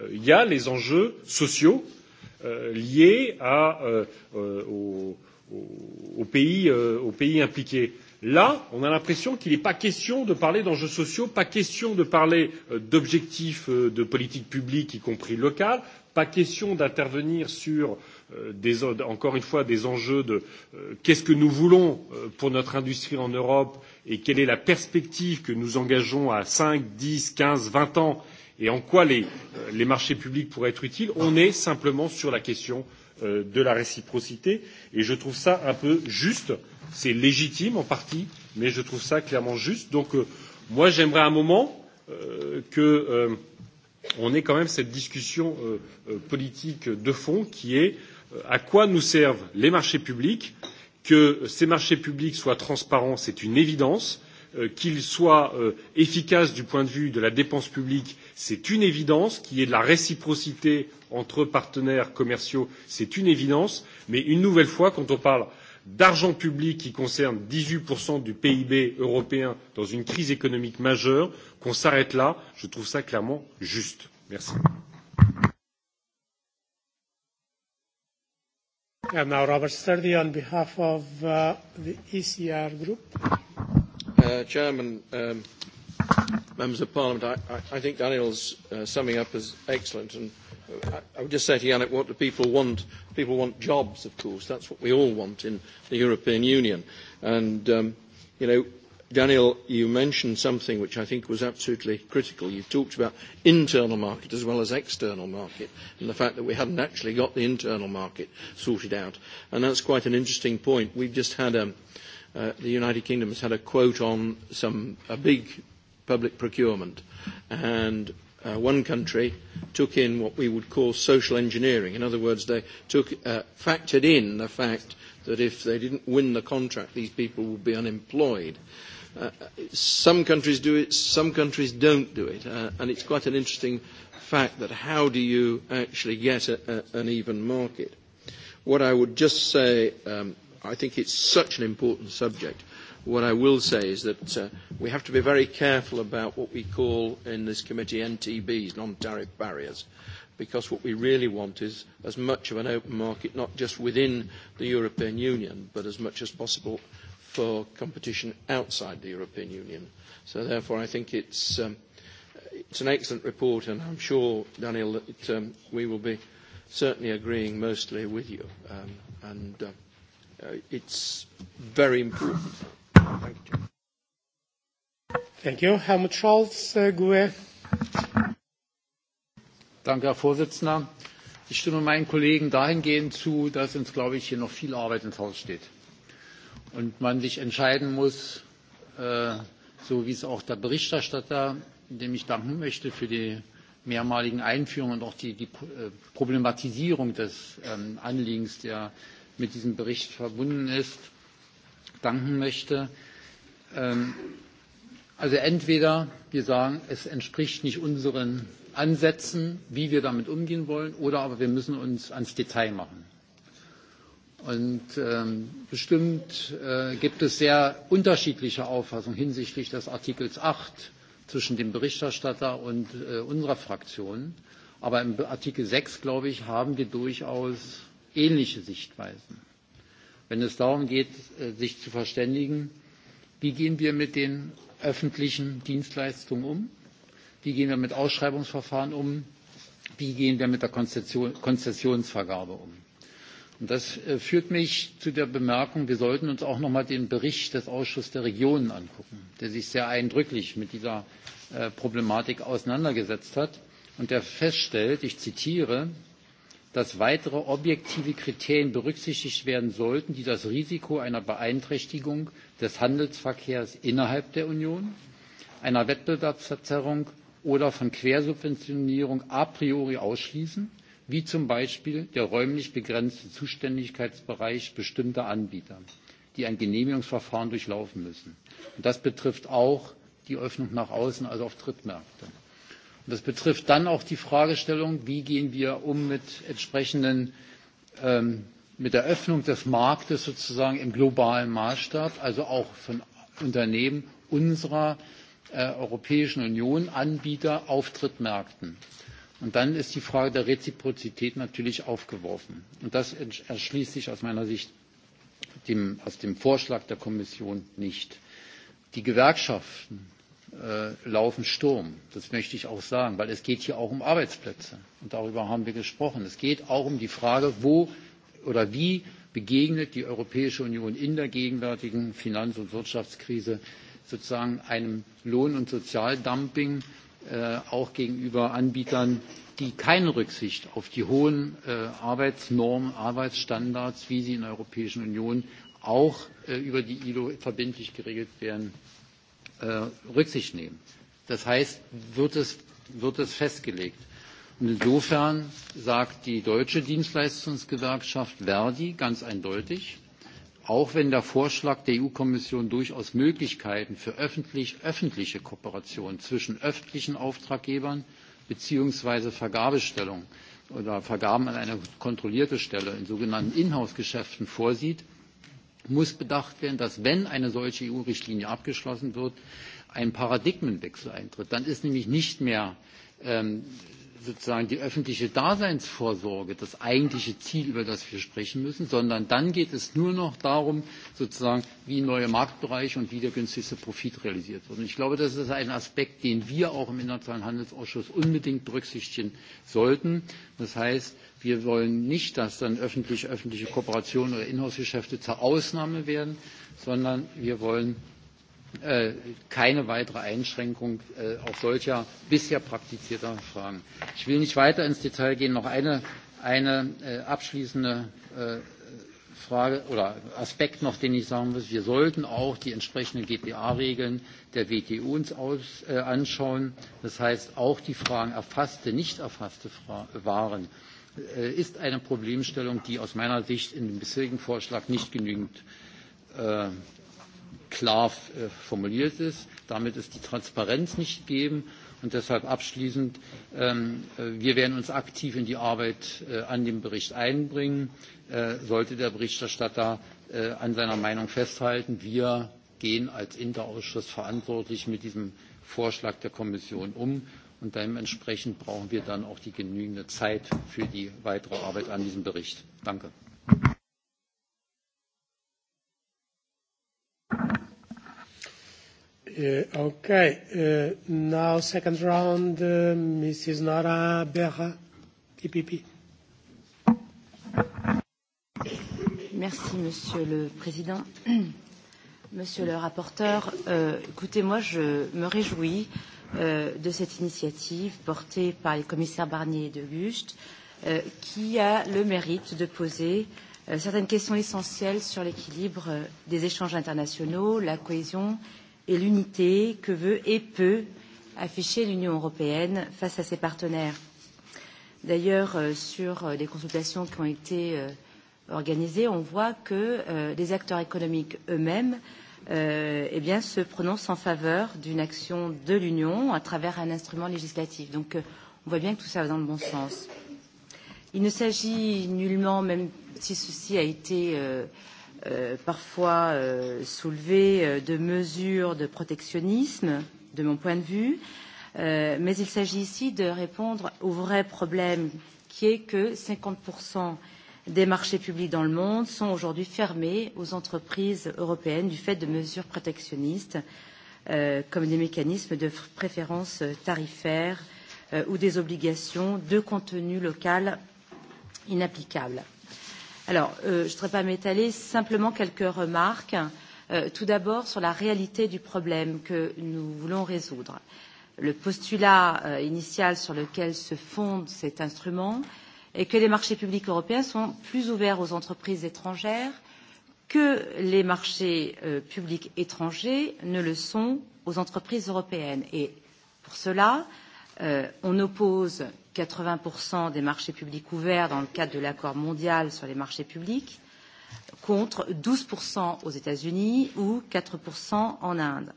euh, il y a les enjeux sociaux euh, euh, liées à, euh, aux, euh, aux, pays, euh, aux pays impliqués. Là, on a l'impression qu'il n'est pas question de parler d'enjeux sociaux, pas question de parler euh, d'objectifs euh, de politique publique, y compris locale, pas question d'intervenir sur euh, des, encore une fois des enjeux de euh, qu'est-ce que nous voulons euh, pour notre industrie en Europe et quelle est la perspective que nous engageons à 5, 10, 15, 20 ans et en quoi les, les marchés publics pourraient être utiles, on est simplement sur la question euh, de la réciprocité et je trouve ça un peu juste. C'est légitime en partie, mais je trouve ça clairement juste. Donc euh, moi j'aimerais un moment euh, que euh, on ait quand même cette discussion euh, euh politique de fond qui est euh, à quoi nous servent les marchés publics, que ces marchés publics soient transparents, c'est une évidence, euh, Euh, qu'il soit euh, efficace du point de vue de la dépense publique, c'est une évidence, qu'il y ait de la réciprocité entre partenaires commerciaux, c'est une évidence, mais une nouvelle fois, quand on parle d'argent public qui concerne dix huit du pib européen dans une crise économique majeure qu'on s'arrête là je trouve ça clairement juste. merci. And now Robert Sturdy on behalf of uh, the ECR group. Uh, Chairman, um, members of Parliament, I, I, I think Daniel's uh, summing up is excellent. And uh, I, I would just say to Yannick, what do people want? People want jobs, of course. That's what we all want in the European Union. And, um, you know, Daniel, you mentioned something which I think was absolutely critical. You talked about internal market as well as external market and the fact that we hadn't actually got the internal market sorted out. And that's quite an interesting point. We've just had a, um, Uh, the United Kingdom has had a quote on some a big public procurement, and uh, one country took in what we would call social engineering. In other words, they took, uh, factored in the fact that if they didn't win the contract, these people would be unemployed. Uh, some countries do it, some countries don't do it, uh, and it's quite an interesting fact that how do you actually get a, a, an even market? What I would just say um, I think it's such an important subject. What I will say is that uh, we have to be very careful about what we call in this committee NTBs, non-tariff barriers, because what we really want is as much of an open market, not just within the European Union, but as much as possible for competition outside the European Union. So therefore, I think it's, um, it's an excellent report, and I'm sure, Daniel, that um, we will be certainly agreeing mostly with you. Um, and... Uh, uh, it's very important. Thank you. Thank you. Helmut Scholz, uh, GUE. Danke, Herr Vorsitzender. Ich stimme meinen Kollegen dahingehend zu, dass uns, glaube ich, hier noch viel Arbeit ins Haus steht. Und man sich entscheiden muss, äh, so wie es auch der Berichterstatter, dem ich danken möchte für die mehrmaligen Einführungen und auch die, die äh, Problematisierung des ähm, Anliegens der mit diesem Bericht verbunden ist, danken möchte. Ähm, also entweder wir sagen, es entspricht nicht unseren Ansätzen, wie wir damit umgehen wollen, oder aber wir müssen uns ans Detail machen. Und ähm, bestimmt äh, gibt es sehr unterschiedliche Auffassungen hinsichtlich des Artikels 8 zwischen dem Berichterstatter und äh, unserer Fraktion. Aber im Artikel 6, glaube ich, haben wir durchaus ähnliche Sichtweisen, wenn es darum geht, äh, sich zu verständigen, wie gehen wir mit den öffentlichen Dienstleistungen um, wie gehen wir mit Ausschreibungsverfahren um, wie gehen wir mit der Konzessionsvergabe um. Und das äh, führt mich zu der Bemerkung, wir sollten uns auch noch mal den Bericht des Ausschusses der Regionen angucken, der sich sehr eindrücklich mit dieser äh, Problematik auseinandergesetzt hat und der feststellt, ich zitiere, dass weitere objektive kriterien berücksichtigt werden sollten die das risiko einer beeinträchtigung des handelsverkehrs innerhalb der union einer wettbewerbsverzerrung oder von quersubventionierung a priori ausschließen wie zum beispiel der räumlich begrenzte zuständigkeitsbereich bestimmter anbieter die ein genehmigungsverfahren durchlaufen müssen. das betrifft auch die öffnung nach außen also auf drittmärkte das betrifft dann auch die Fragestellung, wie gehen wir um mit entsprechenden ähm, mit der Öffnung des Marktes sozusagen im globalen Maßstab, also auch von Unternehmen unserer äh, Europäischen Union, Anbieter auf Drittmärkten. Und dann ist die Frage der Reziprozität natürlich aufgeworfen. Und das erschließt sich aus meiner Sicht dem, aus dem Vorschlag der Kommission nicht. Die Gewerkschaften Äh, laufen Sturm. Das möchte ich auch sagen, weil es geht hier auch um Arbeitsplätze. Und darüber haben wir gesprochen. Es geht auch um die Frage, wo oder wie begegnet die Europäische Union in der gegenwärtigen Finanz- und Wirtschaftskrise sozusagen einem Lohn- und Sozialdumping äh, auch gegenüber Anbietern, die keine Rücksicht auf die hohen äh, Arbeitsnormen, Arbeitsstandards, wie sie in der Europäischen Union auch äh, über die ILO verbindlich geregelt werden, Äh, Rücksicht nehmen. Das heißt, wird es, wird es festgelegt. Und insofern sagt die deutsche Dienstleistungsgewerkschaft Verdi ganz eindeutig, auch wenn der Vorschlag der EU-Kommission durchaus Möglichkeiten für öffentlich-öffentliche Kooperation zwischen öffentlichen Auftraggebern beziehungsweise Vergabestellung oder Vergaben an eine kontrollierte Stelle in sogenannten Inhouse-Geschäften vorsieht, muss bedacht werden, dass wenn eine solche EU-Richtlinie abgeschlossen wird, ein Paradigmenwechsel eintritt. Dann ist nämlich nicht mehr ähm, sozusagen die öffentliche Daseinsvorsorge das eigentliche Ziel, über das wir sprechen müssen, sondern dann geht es nur noch darum, sozusagen, wie neue Marktbereiche und wie der günstigste Profit realisiert wird. Und ich glaube, das ist ein Aspekt, den wir auch im Internationalen Handelsausschuss unbedingt berücksichtigen sollten. Das heißt, Wir wollen nicht, dass dann öffentlich-öffentliche Kooperationen oder Inhouse-Geschäfte zur Ausnahme werden, sondern wir wollen äh, keine weitere Einschränkung äh, auch solcher bisher praktizierter Fragen. Ich will nicht weiter ins Detail gehen. Noch eine, eine äh, abschließende äh, Frage oder Aspekt noch, den ich sagen muss. Wir sollten auch die entsprechenden GPA-Regeln der WTO uns aus, äh, anschauen. Das heißt, auch die Fragen erfasste, nicht erfasste Fra Waren Äh, ist eine Problemstellung, die aus meiner Sicht in dem bisherigen Vorschlag nicht genügend äh, klar äh, formuliert ist. Damit ist die Transparenz nicht gegeben. Und deshalb abschließend, ähm, äh, wir werden uns aktiv in die Arbeit äh, an dem Bericht einbringen. Äh, sollte der Berichterstatter an seiner Meinung festhalten, wir gehen als Interausschuss verantwortlich mit diesem Vorschlag der Kommission um. Und dementsprechend brauchen wir dann auch die genügende Zeit für die weitere Arbeit an diesem Bericht. Danke. Uh, okay. Uh, now second round, uh, Mrs. Nora Berra, PPP. Merci, Monsieur le Président. Monsieur le rapporteur, euh, écoutez, moi, je me réjouis euh, Euh, de cette initiative portée par les commissaires Barnier et De Gucht, euh, qui a le mérite de poser euh, certaines questions essentielles sur l'équilibre des échanges internationaux, la cohésion et l'unité que veut et peut afficher l'Union européenne face à ses partenaires. D'ailleurs, sur des les consultations qui ont été organisées, on voit que les acteurs économiques eux-mêmes euh, eh bien, se prononce en faveur d'une action de l'Union à travers un instrument législatif. Donc euh, on voit bien que tout ça va dans le bon sens. Il ne s'agit nullement, même si ceci a été euh, euh, parfois euh, soulevé, euh, de mesures de protectionnisme, de mon point de vue, euh, mais il s'agit ici de répondre au vrai problème qui est que 50 des marchés publics dans le monde sont aujourd'hui fermés aux entreprises européennes du fait de mesures protectionnistes euh, comme des mécanismes de préférence tarifaire euh, ou des obligations de contenu local inapplicables. Alors, euh, je ne voudrais pas m'étaler, simplement quelques remarques. Euh, tout d'abord, sur la réalité du problème que nous voulons résoudre. Le postulat euh, initial sur lequel se fonde cet instrument euh, et que les marchés publics européens sont plus ouverts aux entreprises étrangères que les marchés euh, publics étrangers ne le sont aux entreprises européennes. Et pour cela, euh, on oppose 80% des marchés publics ouverts dans le cadre de l'accord mondial sur les marchés publics contre 12% aux États-Unis ou 4% en Inde.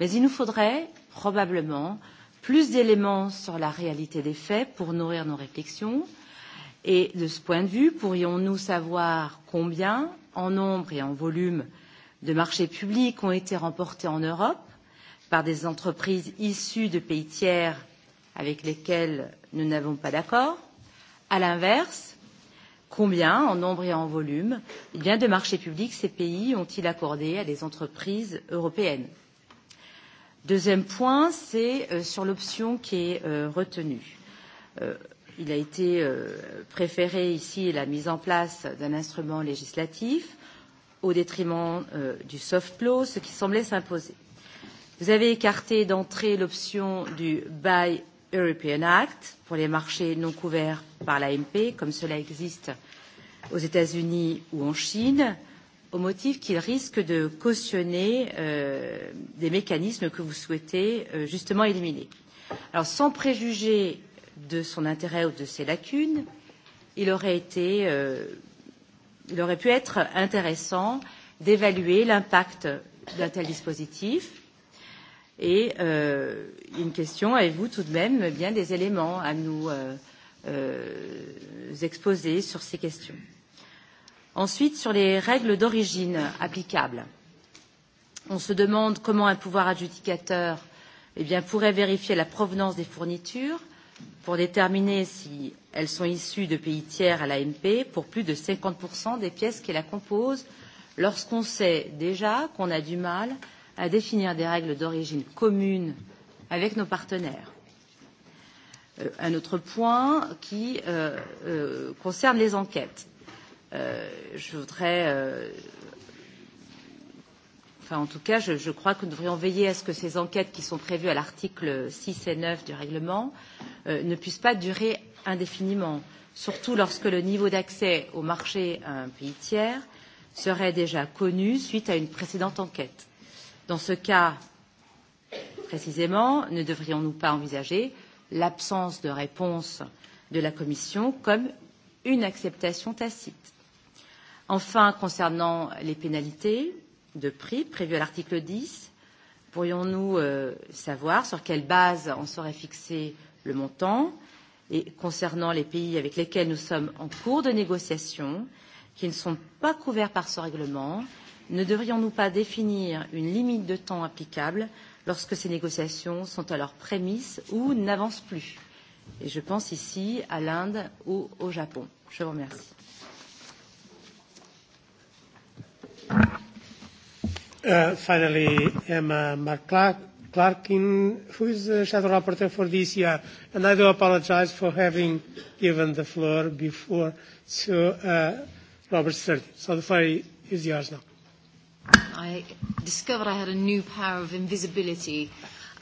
Mais il nous faudrait probablement plus d'éléments sur la réalité des faits pour nourrir nos réflexions, euh, Et de ce point de vue, pourrions-nous savoir combien, en nombre et en volume, de marchés publics ont été remportés en Europe par des entreprises issues de pays tiers avec lesquels nous n'avons pas d'accord À l'inverse, combien, en nombre et en volume, eh bien, de marchés publics ces pays ont-ils accordé à des entreprises européennes Deuxième point, c'est euh, sur l'option qui est euh, retenue. Euh, il a été euh, préféré ici la mise en place d'un instrument législatif au détriment euh, du soft law, ce qui semblait s'imposer. Vous avez écarté d'entrée l'option du Buy European Act pour les marchés non couverts par l'AMP, comme cela existe aux États-Unis ou en Chine, au motif qu'il risque de cautionner euh, des mécanismes que vous souhaitez euh, justement éliminer. Alors, sans préjuger de son intérêt ou de ses lacunes, il aurait, été, euh, il aurait pu être intéressant d'évaluer l'impact d'un tel dispositif. Et euh, une question, avez-vous tout de même bien des éléments à nous euh, euh, exposer sur ces questions Ensuite, sur les règles d'origine applicables. On se demande comment un pouvoir adjudicateur eh bien, pourrait vérifier la provenance des fournitures pour déterminer si elles sont issues de pays tiers à l'AMP pour plus de 50% des pièces qui la composent, lorsqu'on sait déjà qu'on a du mal à définir des règles d'origine commune avec nos partenaires. Euh, un autre point qui euh, euh, concerne les enquêtes. Euh, je voudrais euh, enfin en tout cas je, je crois que nous devrions veiller à ce que ces enquêtes qui sont prévues à l'article 6 et 9 du règlement euh, ne puissent pas durer indéfiniment surtout lorsque le niveau d'accès au marché à un pays tiers serait déjà connu suite à une précédente enquête. Dans ce cas précisément, ne devrions nous pas envisager l'absence de réponse de la Commission comme une acceptation tacite? Enfin, concernant les pénalités, de prix prévu à l'article 10. Pourrions-nous euh, savoir sur quelle base on serait fixé, le montant et concernant les pays avec lesquels nous sommes en cours de négociation, qui ne sont pas couverts par ce règlement, ne devrions-nous pas définir une limite de temps applicable lorsque ces négociations sont à leur prémisse ou n'avancent plus Et je pense ici à l'Inde ou au Japon. Je vous remercie. Uh, finally, Emma McClarkin, who is the shadow rapporteur for this year, and I do apologize for having given the floor before to uh, Robert Sturdy. So the floor is yours now. I discovered I had a new power of invisibility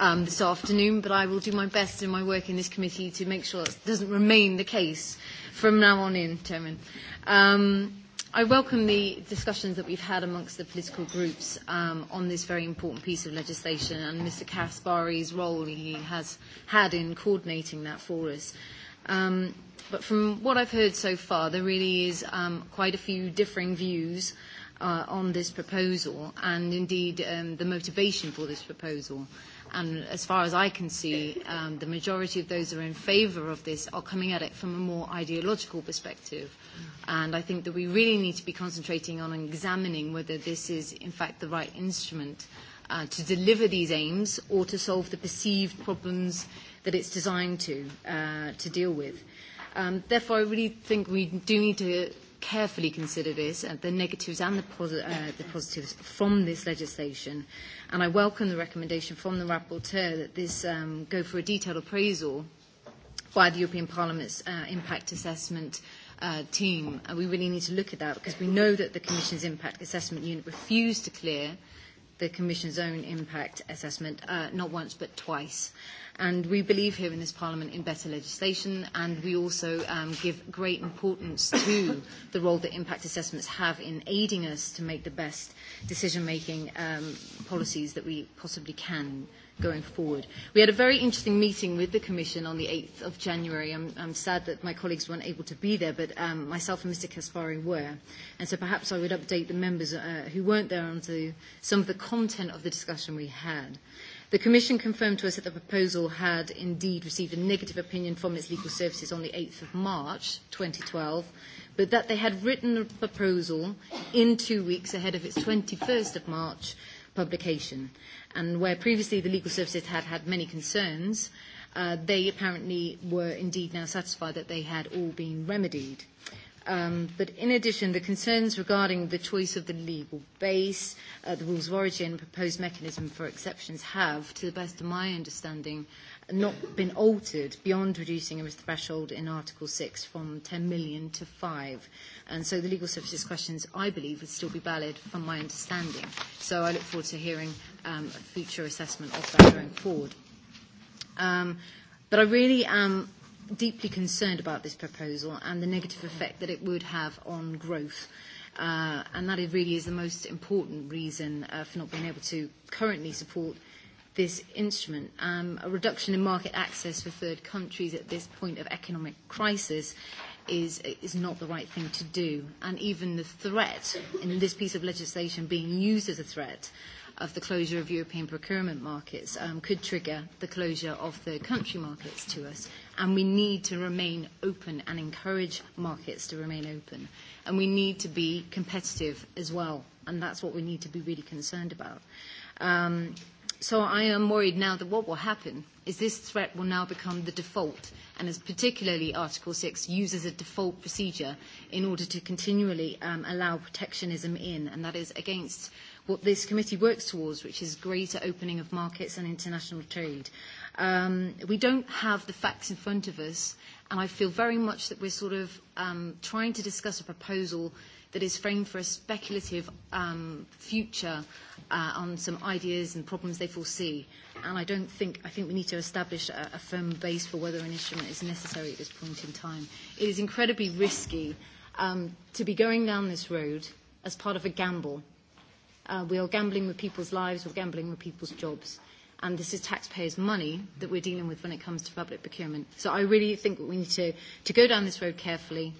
um, this afternoon, but I will do my best in my work in this committee to make sure it doesn't remain the case from now on in, Chairman. Um, I welcome the discussions that we've had amongst the political groups um, on this very important piece of legislation and Mr. Kaspari's role he has had in coordinating that for us. Um, but from what I've heard so far, there really is um, quite a few differing views uh, on this proposal and indeed um, the motivation for this proposal and as far as I can see, um, the majority of those who are in favour of this are coming at it from a more ideological perspective. And I think that we really need to be concentrating on examining whether this is, in fact, the right instrument uh, to deliver these aims or to solve the perceived problems that it's designed to, uh, to deal with. Um, therefore, I really think we do need to carefully consider this, uh, the negatives and the, posi- uh, the positives from this legislation. And I welcome the recommendation from the rapporteur that this um, go for a detailed appraisal by the European Parliament's uh, impact assessment uh, team. And we really need to look at that because we know that the Commission's impact assessment unit refused to clear the Commission's own impact assessment, uh, not once but twice. And we believe here in this Parliament in better legislation, and we also um, give great importance to the role that impact assessments have in aiding us to make the best decision-making um, policies that we possibly can going forward. We had a very interesting meeting with the Commission on the 8th of January. I'm, I'm sad that my colleagues weren't able to be there, but um, myself and Mr. Kaspari were. And so perhaps I would update the members uh, who weren't there on some of the content of the discussion we had. The Commission confirmed to us that the proposal had indeed received a negative opinion from its legal services on the 8th of March 2012, but that they had written the proposal in two weeks ahead of its 21st of March publication. And where previously the legal services had had many concerns, uh, they apparently were indeed now satisfied that they had all been remedied. Um, but in addition, the concerns regarding the choice of the legal base, uh, the rules of origin, proposed mechanism for exceptions have, to the best of my understanding, not been altered beyond reducing a threshold in Article 6 from 10 million to 5. And so the legal services questions, I believe, would still be valid from my understanding. So I look forward to hearing um, a future assessment of that going forward. Um, but I really am deeply concerned about this proposal and the negative effect that it would have on growth. Uh, and that really is the most important reason uh, for not being able to currently support this instrument. Um, a reduction in market access for third countries at this point of economic crisis is, is not the right thing to do. And even the threat in this piece of legislation being used as a threat of the closure of European procurement markets um, could trigger the closure of third country markets to us, and we need to remain open and encourage markets to remain open. And we need to be competitive as well, and that's what we need to be really concerned about. Um, so I am worried now that what will happen is this threat will now become the default, and as particularly Article 6 uses a default procedure in order to continually um, allow protectionism in, and that is against what this committee works towards, which is greater opening of markets and international trade. Um, we don't have the facts in front of us, and I feel very much that we're sort of um, trying to discuss a proposal that is framed for a speculative um, future uh, on some ideas and problems they foresee. And I don't think, I think we need to establish a, a firm base for whether an instrument is necessary at this point in time. It is incredibly risky um, to be going down this road as part of a gamble Uh, we are gambling with people's lives, we're gambling with people's jobs. And this is taxpayers' money that we're dealing with when it comes to public procurement. So I really think we need to, to go down this road carefully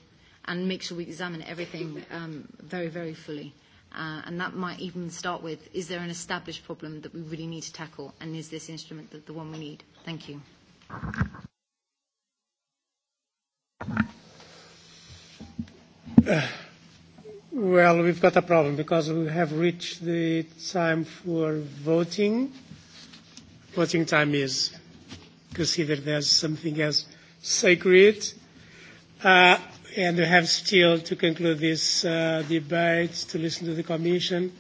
and make sure we examine everything um, very, very fully. Uh, and that might even start with, is there an established problem that we really need to tackle? And is this instrument the, the one we need? Thank you. Uh. Well, we've got a problem because we have reached the time for voting. Voting time is considered as something as sacred. Uh, and we have still to conclude this uh, debate, to listen to the Commission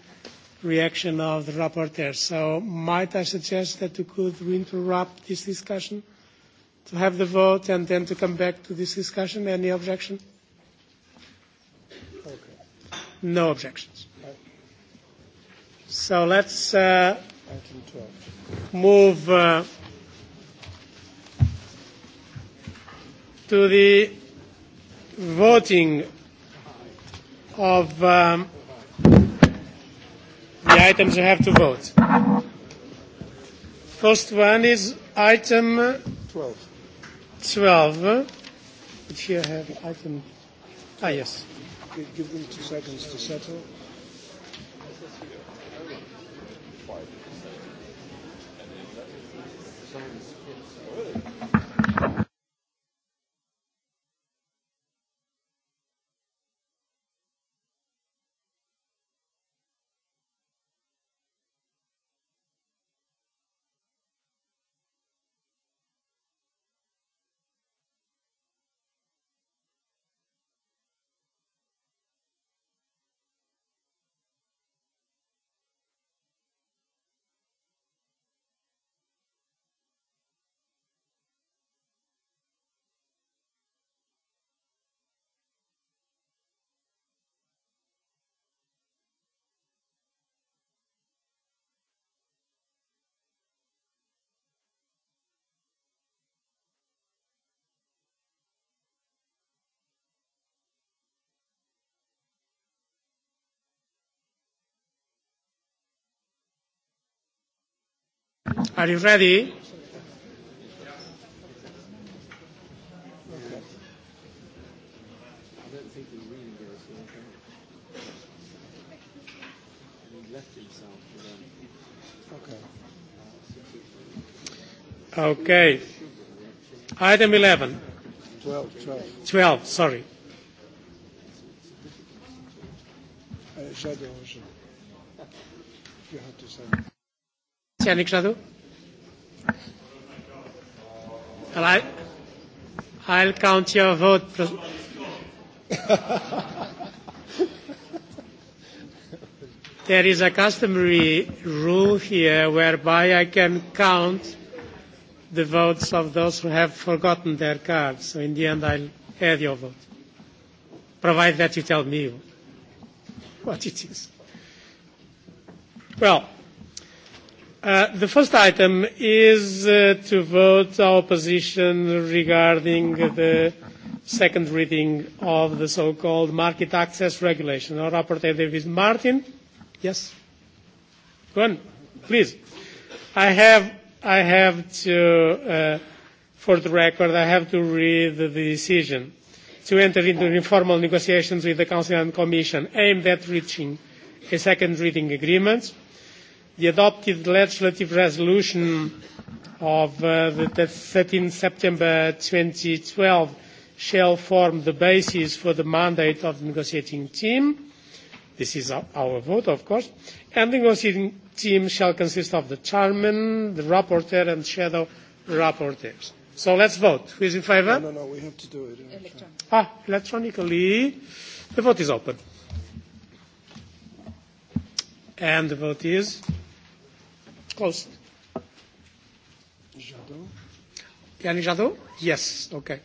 reaction of the rapporteur. So might I suggest that we could interrupt this discussion to have the vote and then to come back to this discussion? Any objection? No objections. So let's uh, move uh, to the voting of um, the items you have to vote. First one is item 12. 12. Which here I have item. Ah, yes. Give them two seconds to settle. Thank Are you ready? Okay. Item 11. 12, 12. 12, sorry. Uh, shadow You have to say. Yannick Shadow. I, I'll count your vote. there is a customary rule here whereby I can count the votes of those who have forgotten their cards. So in the end, I'll add your vote, provided that you tell me what it is. Well, Uh, the first item is uh, to vote our position regarding the second reading of the so-called market access regulation. Our rapporteur David Martin. Yes? Go on, please. I have, I have to, uh, for the record, I have to read the decision to enter into informal negotiations with the Council and Commission aimed at reaching a second reading agreement the adopted legislative resolution of uh, the 13 September 2012 shall form the basis for the mandate of the negotiating team. This is our vote, of course. And the negotiating team shall consist of the chairman, the rapporteur, and shadow rapporteurs. So let's vote. Who is in favour? No, no, no, we have to do it electronically. Ah, electronically. The vote is open. And the vote is Close. Jadot. Yannick Jadot? Yes. Okay.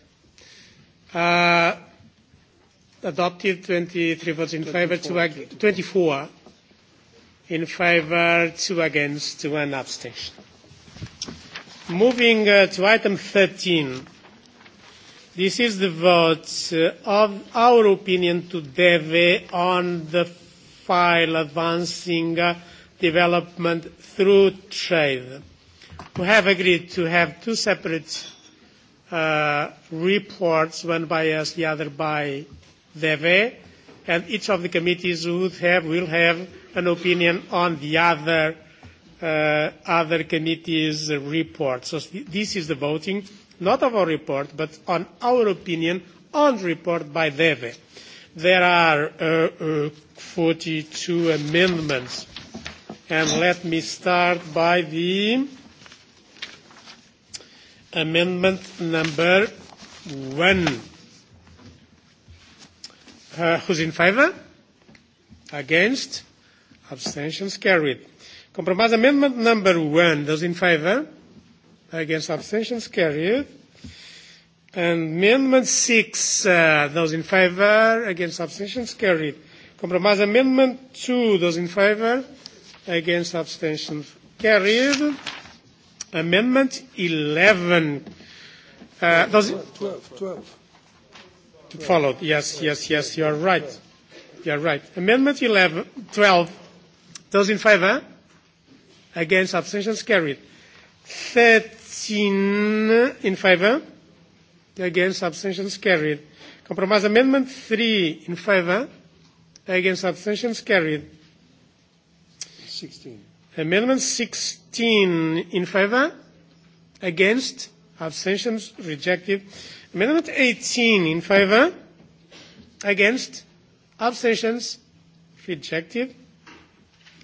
Uh, adopted 23 votes in favor, 24, ag- 24 in favor, two against, one abstention. Moving uh, to item 13. This is the vote uh, of our opinion to DEVE on the file advancing uh, development through trade. We have agreed to have two separate uh, reports, one by us, the other by DEVE, and each of the committees would have, will have an opinion on the other, uh, other committee's report. So this is the voting, not of our report, but on our opinion on the report by DEVE. There are uh, uh, 42 amendments And let me start by the amendment number one. Uh, who's in favour? Against? Abstentions carried. Compromise amendment number one. Those in favour? Against abstentions carried. And amendment six. Uh, those in favour? Against abstentions carried. Compromise amendment two. Those in favour? against abstentions carried. Amendment 11. Uh, does 12, it 12, 12. Followed. Yes, yes, yes. You are right. You are right. Amendment 11, 12. Those in favour? Against abstentions carried. 13 in favour. Against abstentions carried. Compromise amendment 3 in favour. Against abstentions carried. 16. Amendment 16 in favor, against, abstentions rejected. Amendment 18 in favor, against, abstentions rejected.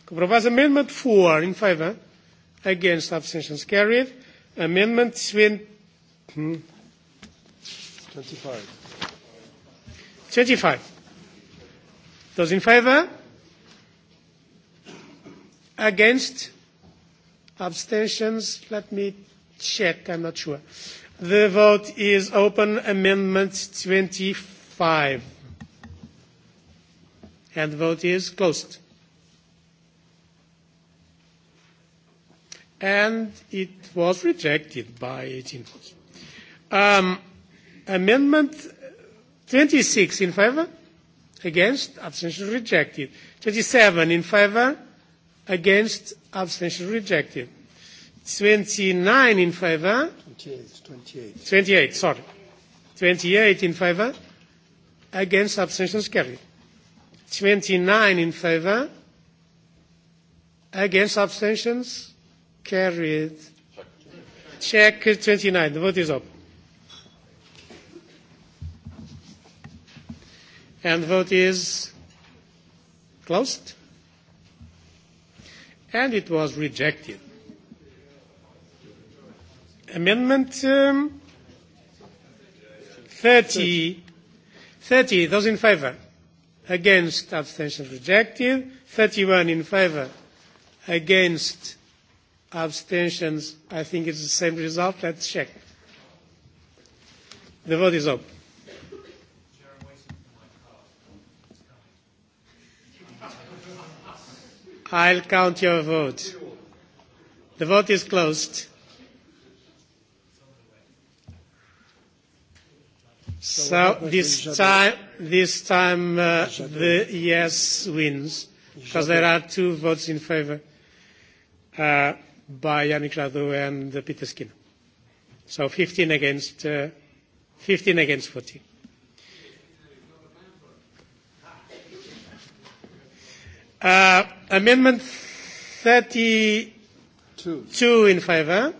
Compromise Amendment 4 in favor, against, abstentions carried. Amendment 20, 25. 25. Those in favor? Against? Abstentions? Let me check. I'm not sure. The vote is open. Amendment 25. And the vote is closed. And it was rejected by 18 votes. Um, amendment 26 in favor? Against? Abstention rejected. 27 in favor? against abstention rejected 29 in favor 28 28 28 sorry 28 in favor against abstentions carried 29 in favor against abstentions carried check 29 the vote is open. and the vote is closed and it was rejected. Amendment um, 30. 30, those in favour. Against, abstentions rejected. 31 in favour. Against, abstentions. I think it's the same result. Let's check. The vote is open. I'll count your vote. The vote is closed. So this time, this time uh, the yes wins because there are two votes in favour uh, by Yannick Radu and Peter Skinner. So 15 against, uh, 15 against 14. Uh, amendment 32 Two in favour.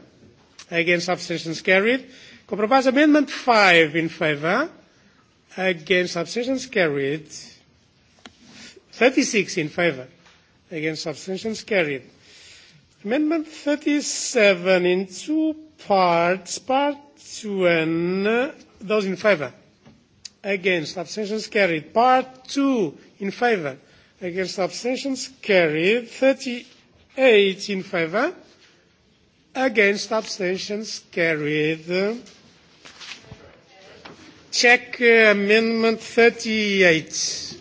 Against abstentions carried. Compromise amendment 5 in favour. Against abstentions carried. 36 in favour. Against abstentions carried. Amendment 37 in two parts. Part and uh, those in favour. Against abstentions carried. Part 2 in favour against abstentions carried 38 in favor against abstentions carried check uh, amendment 38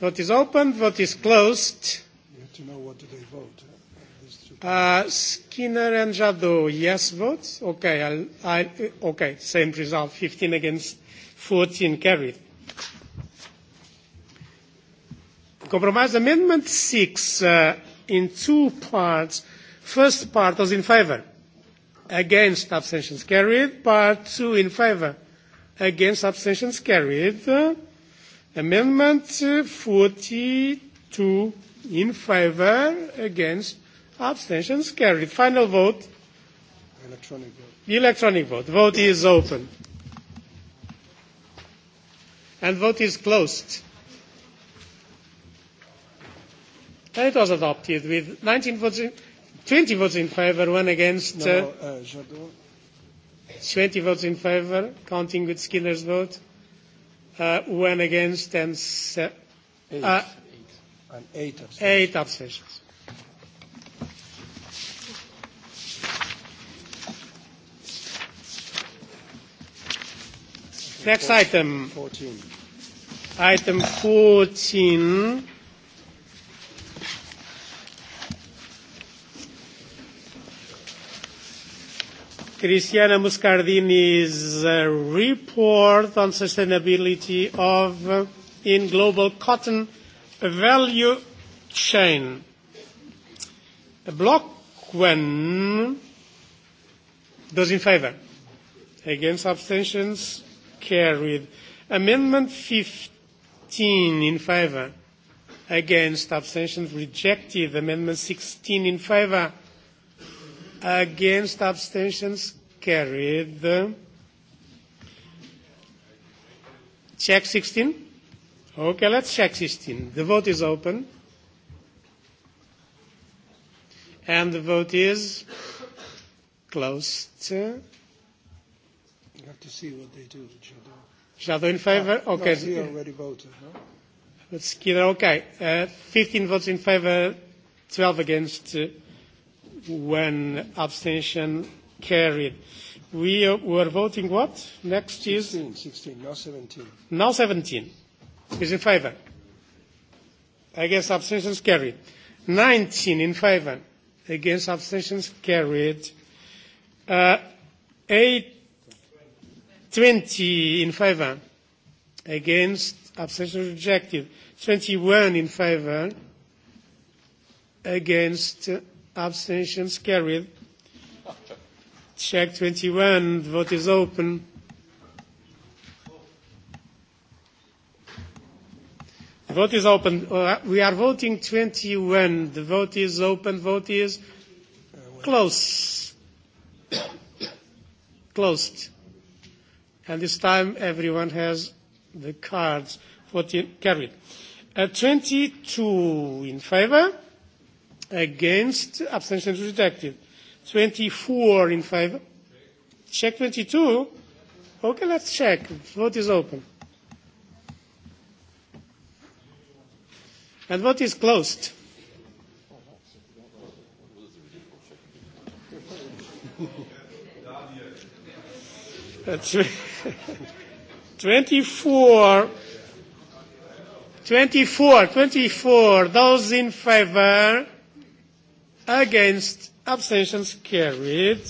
vote is open vote is closed you have to know what do they vote uh, Skinner and Jadot, yes votes. Okay, I'll, I, okay, same result, 15 against 14 carried. Compromise Amendment 6 uh, in two parts. First part was in favour. Against abstentions carried. Part two in favour. Against abstentions carried. Uh, amendment 42 in favour. Against abstentions carried. Final vote. Electronic vote. Electronic vote. Vote is open. And vote is closed. it was adopted with 19 votes in, 20 votes in favour, one against. No, uh, uh, Jadot. 20 votes in favour, counting with Skinner's vote, uh, one against and se- eight, uh, eight. And eight abstentions. Eight abstentions. Next 14, item. 14. Item 14 Cristiana Muscardini's uh, report on sustainability of uh, in global cotton value chain. Block when those in favour, against abstentions, carried. Amendment 15 in favour, against abstentions, rejected. Amendment 16 in favour, Against abstentions carried. Check 16. Okay, let's check 16. The vote is open. And the vote is closed. You have to see what they do, Shadow. in favor? Ah, okay. No, he already voted, no? That's Skinner, okay. Uh, 15 votes in favor, 12 against. Uh, when abstention carried. We were voting what? Next is? 16, 16, now 17. Now 17. Is in favor. Against abstentions carried. 19 in favor. Against abstentions carried. Uh, 8, 20 in favor. Against abstentions rejected. 21 in favor. Against abstentions carried. Check 21, The vote is open. The vote is open. Uh, we are voting 21. The vote is open. Vote is close. Closed. And this time everyone has the cards. Vote carried. Uh, 22 in favor against abstentions rejected 24 in favor check 22 okay let's check vote is open and vote is closed twenty 24 24 24 those in favor Against. Abstentions carried.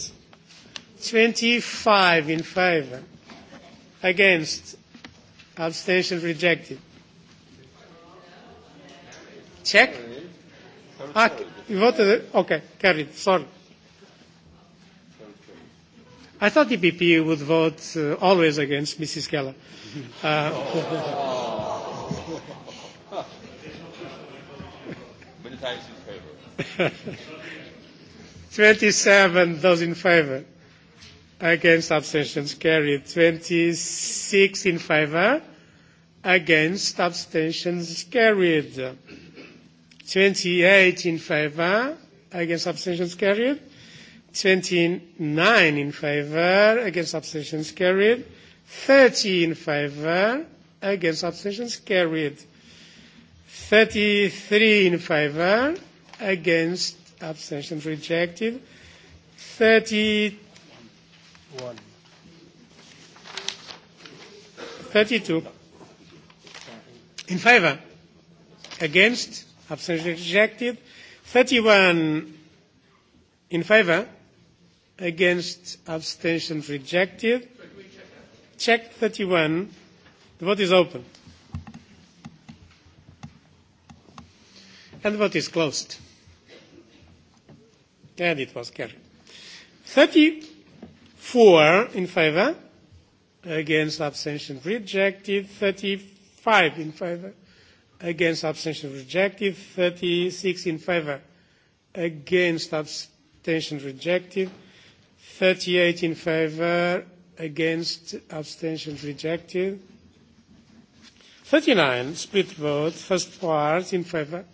25 in favor. Against. Abstention rejected. Check. Ah, you voted. Okay, carried. Sorry. I thought the EPP would vote uh, always against Mrs. Keller. Uh, 27, those in favor, Against abstentions carried. 26 in favor, Against abstentions carried. 28 in favor, Against abstentions carried. 29 in favor, Against abstentions carried. 30 in favor, Against abstentions carried. 33 in favor against, abstention, rejected. 31. 32. In favor? Against? abstention, rejected. 31 in favor? Against? abstention, rejected. Check 31. The vote is open. And the vote is closed. And it was carried. 34 in favor, against abstention rejected. 35 in favor, against abstention rejected. 36 in favor, against abstention rejected. 38 in favor, against abstention rejected. 39 split vote, first part in favor,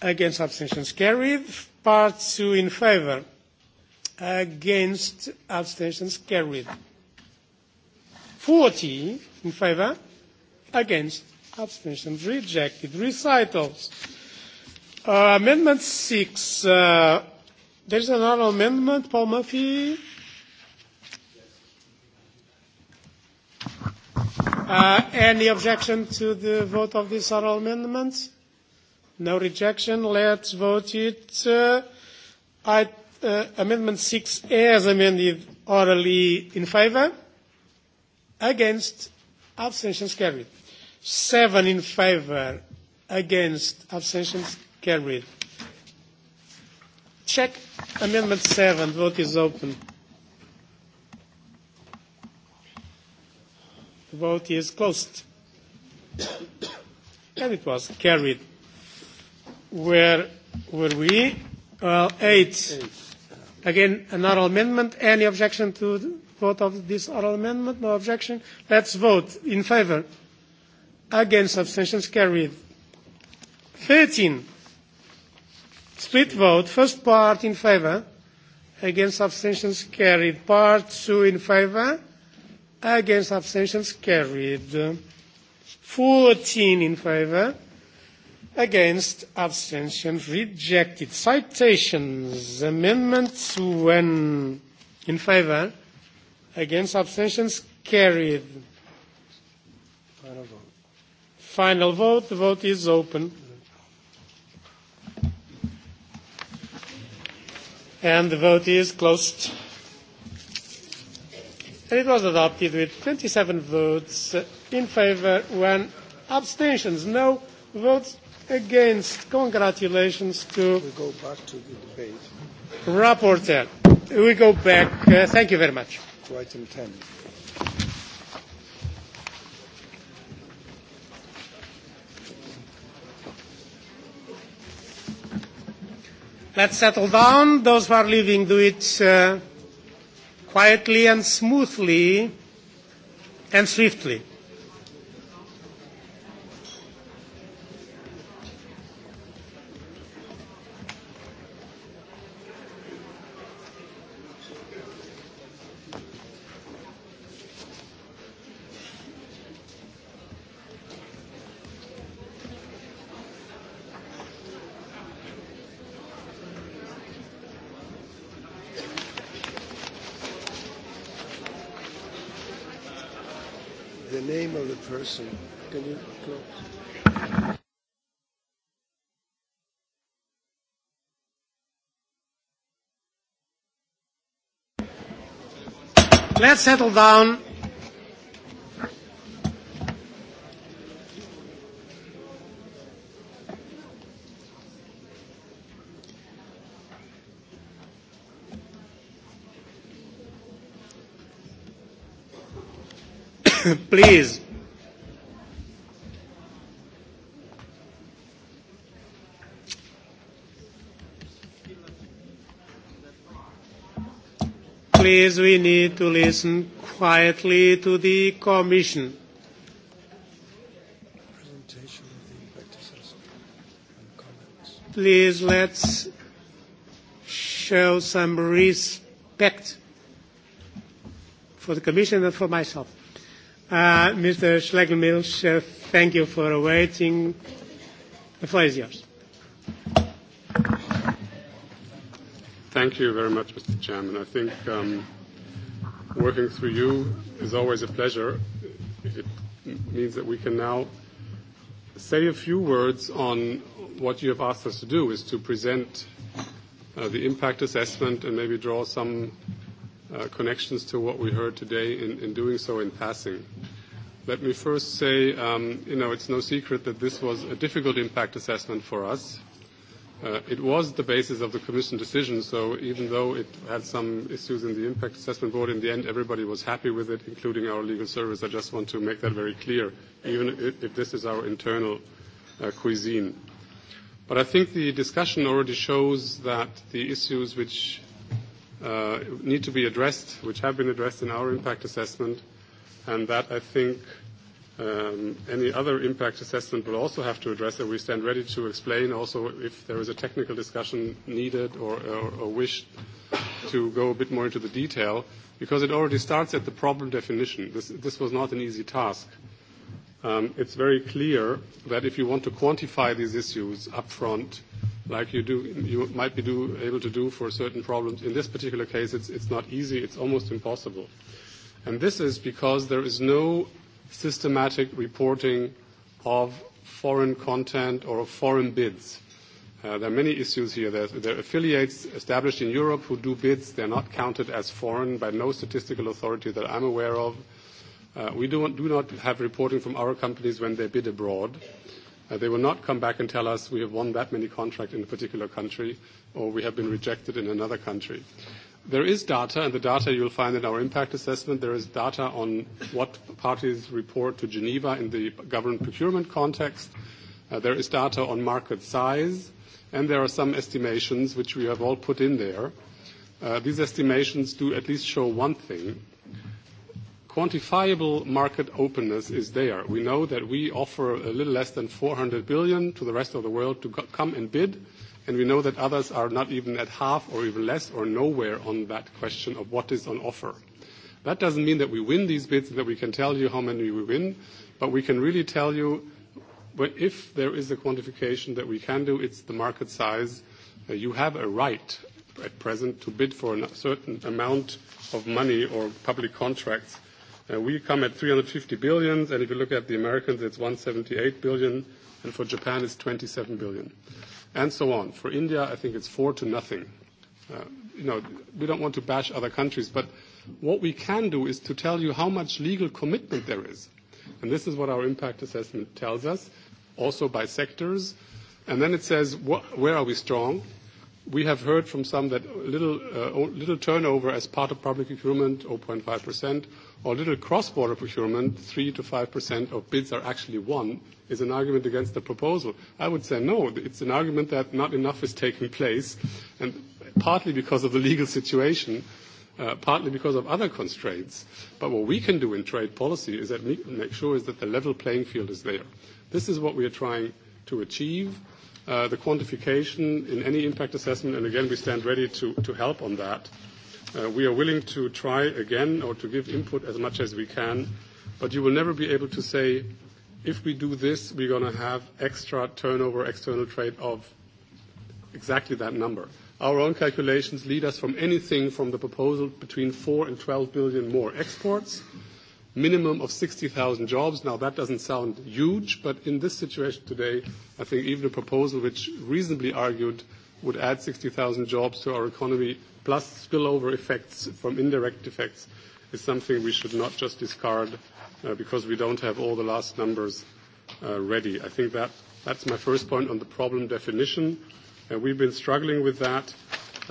against abstentions carried Part 2 in favor. Against abstentions carried. 40 in favor. Against abstentions rejected. Recitals. Uh, amendment 6. Uh, there is another amendment. Paul Murphy. Uh, any objection to the vote of this oral amendment? No rejection. Let's vote it. Uh, I, uh, amendment 6 as amended orally in favour. Against. Abstentions carried. 7 in favour. Against. Abstentions carried. Check amendment 7. Vote is open. The vote is closed. and it was carried. Where were we? Well, uh, eight. Again, an oral amendment. Any objection to the vote of this oral amendment? No objection. Let's vote in favour. Against abstentions carried. 13. Split vote. First part in favour. Against abstentions carried. Part two in favour. Against abstentions carried. 14 in favour against abstention rejected citations amendments when in favor against abstentions carried final vote final vote the vote is open and the vote is closed and it was adopted with 27 votes in favor one abstentions no votes Against. Congratulations to. We go back to the debate. Rapporteur. We go back. Uh, thank you very much. To item 10. Let's settle down. Those who are leaving, do it uh, quietly and smoothly and swiftly. Let's settle down. Please please, we need to listen quietly to the Commission. Please, let's show some respect for the Commission and for myself. Uh, Mr. Schlegelmilch, uh, thank you for waiting. The floor is yours. Thank you very much, Mr. Chairman. I think um, working through you is always a pleasure. It means that we can now say a few words on what you have asked us to do, is to present uh, the impact assessment and maybe draw some uh, connections to what we heard today in, in doing so in passing. Let me first say, um, you know, it's no secret that this was a difficult impact assessment for us. Uh, it was the basis of the Commission decision, so even though it had some issues in the impact assessment board, in the end everybody was happy with it, including our legal service. I just want to make that very clear, even if, this is our internal uh, cuisine. But I think the discussion already shows that the issues which uh, need to be addressed, which have been addressed in our impact assessment, and that I think Um, any other impact assessment will also have to address, and we stand ready to explain also if there is a technical discussion needed or, or, or wish to go a bit more into the detail, because it already starts at the problem definition. This, this was not an easy task. Um, it's very clear that if you want to quantify these issues upfront, like you do, you might be do, able to do for certain problems. In this particular case, it's, it's not easy. It's almost impossible. And this is because there is no systematic reporting of foreign content or of foreign bids. Uh, there are many issues here. There, are, there are affiliates established in Europe who do bids. They're not counted as foreign by no statistical authority that I'm aware of. Uh, we do, do not have reporting from our companies when they bid abroad. Uh, they will not come back and tell us we have won that many contracts in a particular country or we have been rejected in another country there is data, and the data you'll find in our impact assessment, there is data on what parties report to Geneva in the government procurement context. Uh, there is data on market size, and there are some estimations which we have all put in there. Uh, these estimations do at least show one thing. Quantifiable market openness is there. We know that we offer a little less than 400 billion to the rest of the world to come and bid And we know that others are not even at half or even less or nowhere on that question of what is on offer. That doesn't mean that we win these bids and that we can tell you how many we win, but we can really tell you if there is a quantification that we can do, it's the market size. Uh, you have a right at present to bid for a certain amount of money or public contracts. Uh, we come at 350 billion, and if you look at the Americans, it's 178 billion, and for Japan, it's 27 billion and so on. For India, I think it's four to nothing. Uh, you know, we don't want to bash other countries, but what we can do is to tell you how much legal commitment there is. And this is what our impact assessment tells us, also by sectors. And then it says, what, where are we strong? We have heard from some that little, uh, little turnover as part of public procurement, 0.5%, or little cross-border procurement, 3%-5% of bids are actually won, is an argument against the proposal. I would say no. It's an argument that not enough is taking place, and partly because of the legal situation, uh, partly because of other constraints. But what we can do in trade policy is that make sure is that the level playing field is there. This is what we are trying to achieve. Uh, the quantification in any impact assessment, and again, we stand ready to, to help on that Uh, we are willing to try again or to give input as much as we can, but you will never be able to say, if we do this, we're going to have extra turnover, external trade of exactly that number. Our own calculations lead us from anything from the proposal between 4 and 12 billion more exports, minimum of 60,000 jobs. Now, that doesn't sound huge, but in this situation today, I think even a proposal which reasonably argued would add 60,000 jobs to our economy plus spillover effects from indirect effects is something we should not just discard uh, because we don't have all the last numbers uh, ready. I think that that's my first point on the problem definition. Uh, we've been struggling with that.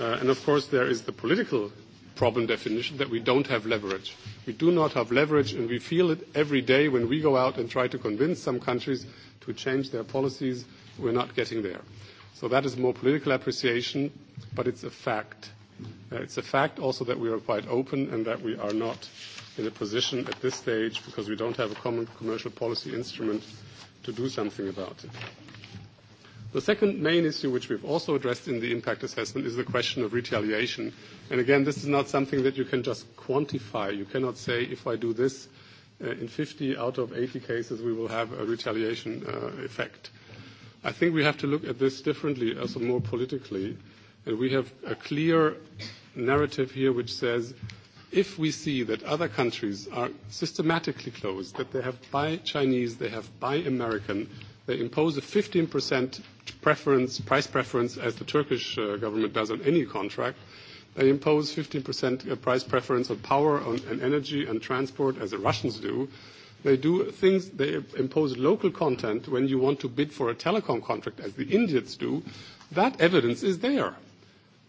Uh, and of course, there is the political problem definition that we don't have leverage. We do not have leverage, and we feel it every day when we go out and try to convince some countries to change their policies. We're not getting there. So that is more political appreciation, but it's a fact. Uh, it's a fact also that we are quite open and that we are not in a position at this stage, because we don't have a common commercial policy instrument, to do something about it. The second main issue, which we've also addressed in the impact assessment, is the question of retaliation. And again, this is not something that you can just quantify. You cannot say, if I do this, uh, in 50 out of 80 cases, we will have a retaliation uh, effect. I think we have to look at this differently, also more politically. And uh, we have a clear narrative here which says if we see that other countries are systematically closed, that they have buy Chinese, they have buy American, they impose a 15% preference, price preference as the Turkish uh, government does on any contract, They impose 15% uh, price preference on power and energy and transport, as the Russians do. They do things, they impose local content when you want to bid for a telecom contract, as the Indians do. That evidence is there.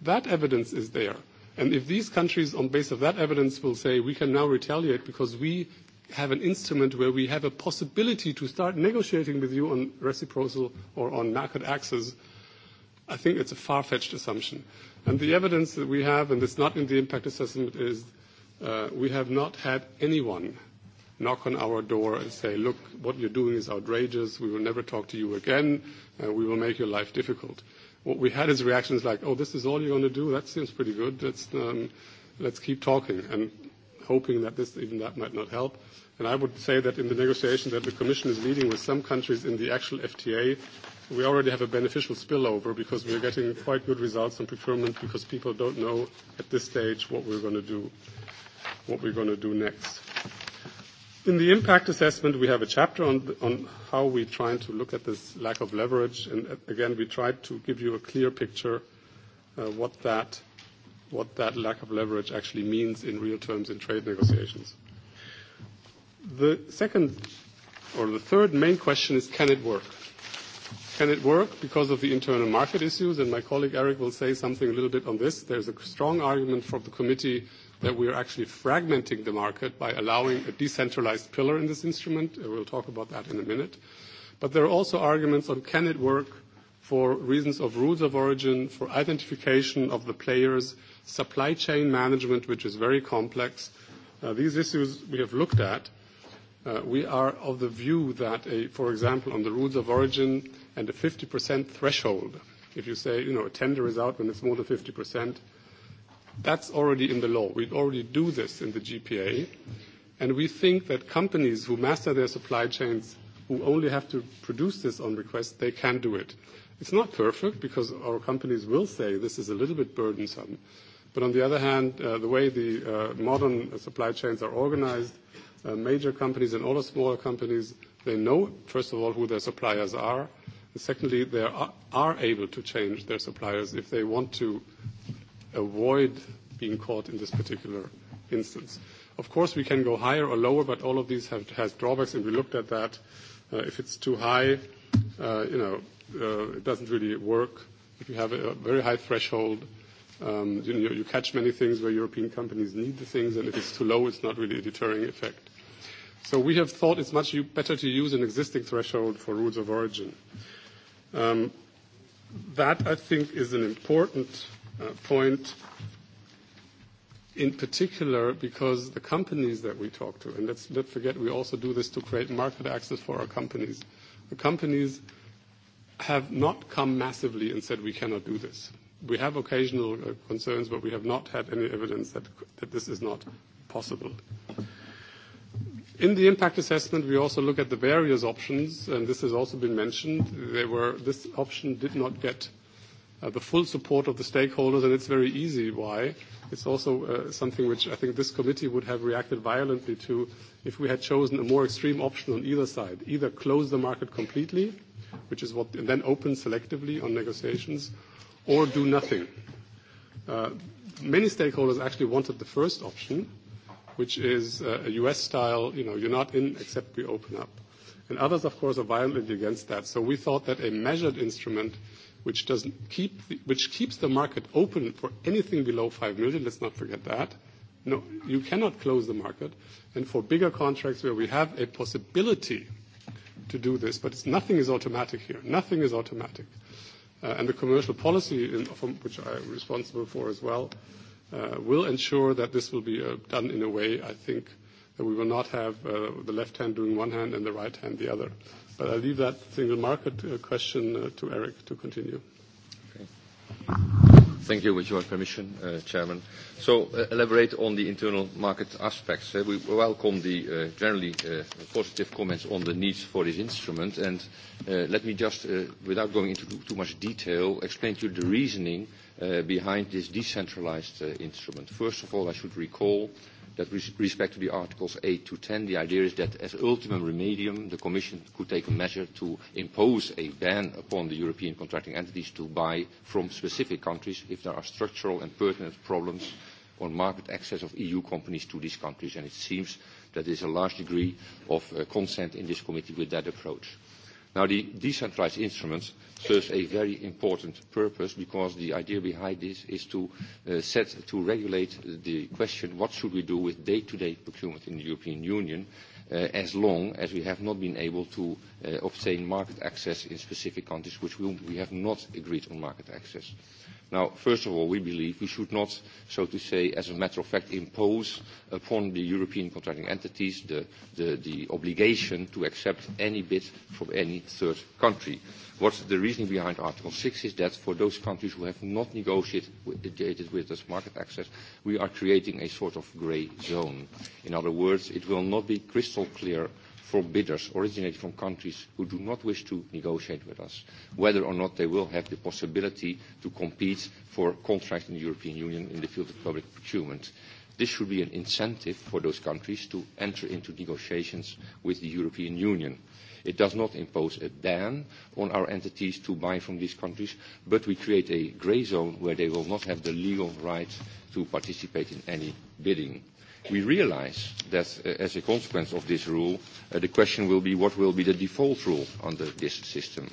That evidence is there. And if these countries, on base of that evidence, will say, we can now retaliate because we have an instrument where we have a possibility to start negotiating with you on reciprocal or on market access, I think it's a far-fetched assumption. And the evidence that we have, and it's not in the impact assessment, is uh, we have not had anyone knock on our door and say, look, what you're doing is outrageous, we will never talk to you again, uh, we will make your life difficult what we had is reactions like, oh, this is all you're going to do? That seems pretty good. Let's, um, let's keep talking and hoping that this, even that might not help. And I would say that in the negotiation that the Commission is leading with some countries in the actual FTA, we already have a beneficial spillover because we're getting quite good results on procurement because people don't know at this stage what we're going to do, what we're going to do next. In the impact assessment, we have a chapter on, how we're trying to look at this lack of leverage. Uh, again, we tried to give you a clear picture uh, what, that, lack of leverage actually means in real terms in trade negotiations. The second or the third main question is, can it work? Can it work because of the internal market issues? my colleague, Eric, will say something a little bit on this. There's a strong argument from the committee that we are actually fragmenting the market by allowing a decentralized pillar in this instrument. Uh, we'll talk about that in a minute. But there are also arguments on can it work for reasons of rules of origin, for identification of the players, supply chain management, which is very complex. Uh, these issues we have looked at. Uh, we are of the view that, a, for example, on the rules of origin and a 50% threshold, if you say, you know, a tender is out when it's more than 50%, That's already in the law. We already do this in the GPA. And we think that companies who master their supply chains, who only have to produce this on request, they can do it. It's not perfect because our companies will say this is a little bit burdensome. But on the other hand, uh, the way the uh, modern supply chains are organized, uh, major companies and all the smaller companies, they know, first of all, who their suppliers are. And secondly, they are, are able to change their suppliers if they want to avoid being caught in this particular instance. Of course, we can go higher or lower, but all of these have has drawbacks, and we looked at that. Uh, if it's too high, uh, you know, uh, it doesn't really work. If you have a, very high threshold, um, you, know, you catch many things where European companies need the things, and if it's too low, it's not really a deterring effect. So we have thought it's much better to use an existing threshold for rules of origin. Um, that, I think, is an important Uh, point in particular because the companies that we talk to, and let's not forget we also do this to create market access for our companies. The companies have not come massively and said, "We cannot do this." We have occasional uh, concerns, but we have not had any evidence that, that this is not possible. In the impact assessment, we also look at the various options, and this has also been mentioned. Were, this option did not get Uh, the full support of the stakeholders, and it's very easy why. It's also uh, something which I think this committee would have reacted violently to if we had chosen a more extreme option on either side. Either close the market completely, which is what, and then open selectively on negotiations, or do nothing. Uh, many stakeholders actually wanted the first option, which is uh, a US style, you know, you're not in except we open up. And others, of course, are violently against that. So we thought that a measured instrument – which, doesn't keep the, which keeps the market open for anything below 5 million. Let's not forget that. No, you cannot close the market. And for bigger contracts where we have a possibility to do this, but it's, nothing is automatic here. Nothing is automatic. Uh, and the commercial policy, in, from which I am responsible for as well, uh, will ensure that this will be uh, done in a way, I think, that we will not have uh, the left hand doing one hand and the right hand the other. But I leave that single market uh, question uh, to Eric to continue. Okay. Thank you, with your permission, uh, Chairman. So, uh, elaborate on the internal market aspects. Uh, we welcome the uh, generally uh, positive comments on the needs for this instrument. And uh, let me just, uh, without going into too much detail, explain to you the reasoning uh, behind this decentralized uh, instrument. First of all, I should recall uh, that with respect to the Articles 8 to 10, the idea is that as ultimum remedium, the Commission could take a measure to impose a ban upon the European contracting entities to buy from specific countries if there are structural and pertinent problems on market access of EU companies to these countries. And it seems that there is a large degree of uh, consent in this committee with that approach. Now, the decentralized instruments serves a very important purpose because the idea behind this is to uh, set, to regulate the question what should we do with day-to-day -day procurement in the European Union uh, as long as we have not been able to uh, obtain market access in specific countries which we, we have not agreed on market access. Uh, Now, first of all, we believe we should not, so to say, as a matter of fact, impose upon the European contracting entities the, the, the obligation to accept any bid from any third country. What's the reasoning behind Article 6 is that for those countries who have not negotiated with us market access, we are creating a sort of grey zone. In other words, it will not be crystal clear for bidders originating from countries who do not wish to negotiate with us, whether or not they will have the possibility to compete for contracts in the European Union in the field of public procurement. This should be an incentive for those countries to enter into negotiations with the European Union. It does not impose a ban on our entities to buy from these countries, but we create a grey zone where they will not have the legal right to participate in any bidding we realise that uh, as a consequence of this rule, uh, the question will be what will be the default rule under this system.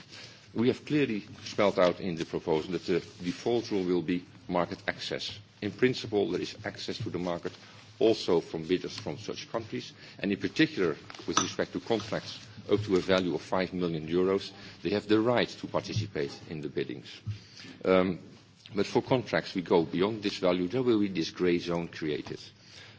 We have clearly spelled out in the proposal that the default rule will be market access. In principle, there is access to the market also from bidders from such countries, and in particular, with respect to contracts up to a value of 5 million euros, they have the right to participate in the biddings. Um, but for contracts we go beyond this value, there will be this grey zone created.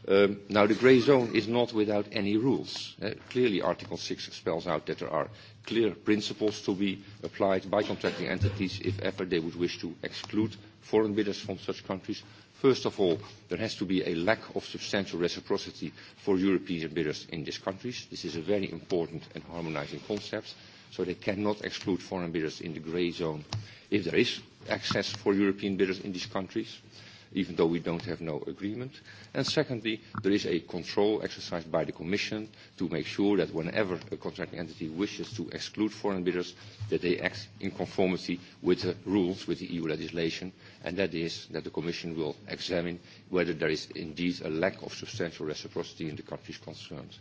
Um, now, the grey zone is not without any rules. Uh, clearly, Article 6 spells out that there are clear principles to be applied by contracting entities if ever they would wish to exclude foreign bidders from such countries. First of all, there has to be a lack of substantial reciprocity for European bidders in these countries. This is a very important and harmonizing concept. So they cannot exclude foreign bidders in the grey zone if there is access for European bidders in these countries. Uh, even though we don't have no agreement. And secondly, there is a control exercised by the Commission to make sure that whenever a contracting entity wishes to exclude foreign bidders, that they act in conformity with the rules, with the EU legislation, and that is that the Commission will examine whether there is indeed a lack of substantial reciprocity in the countries concerned.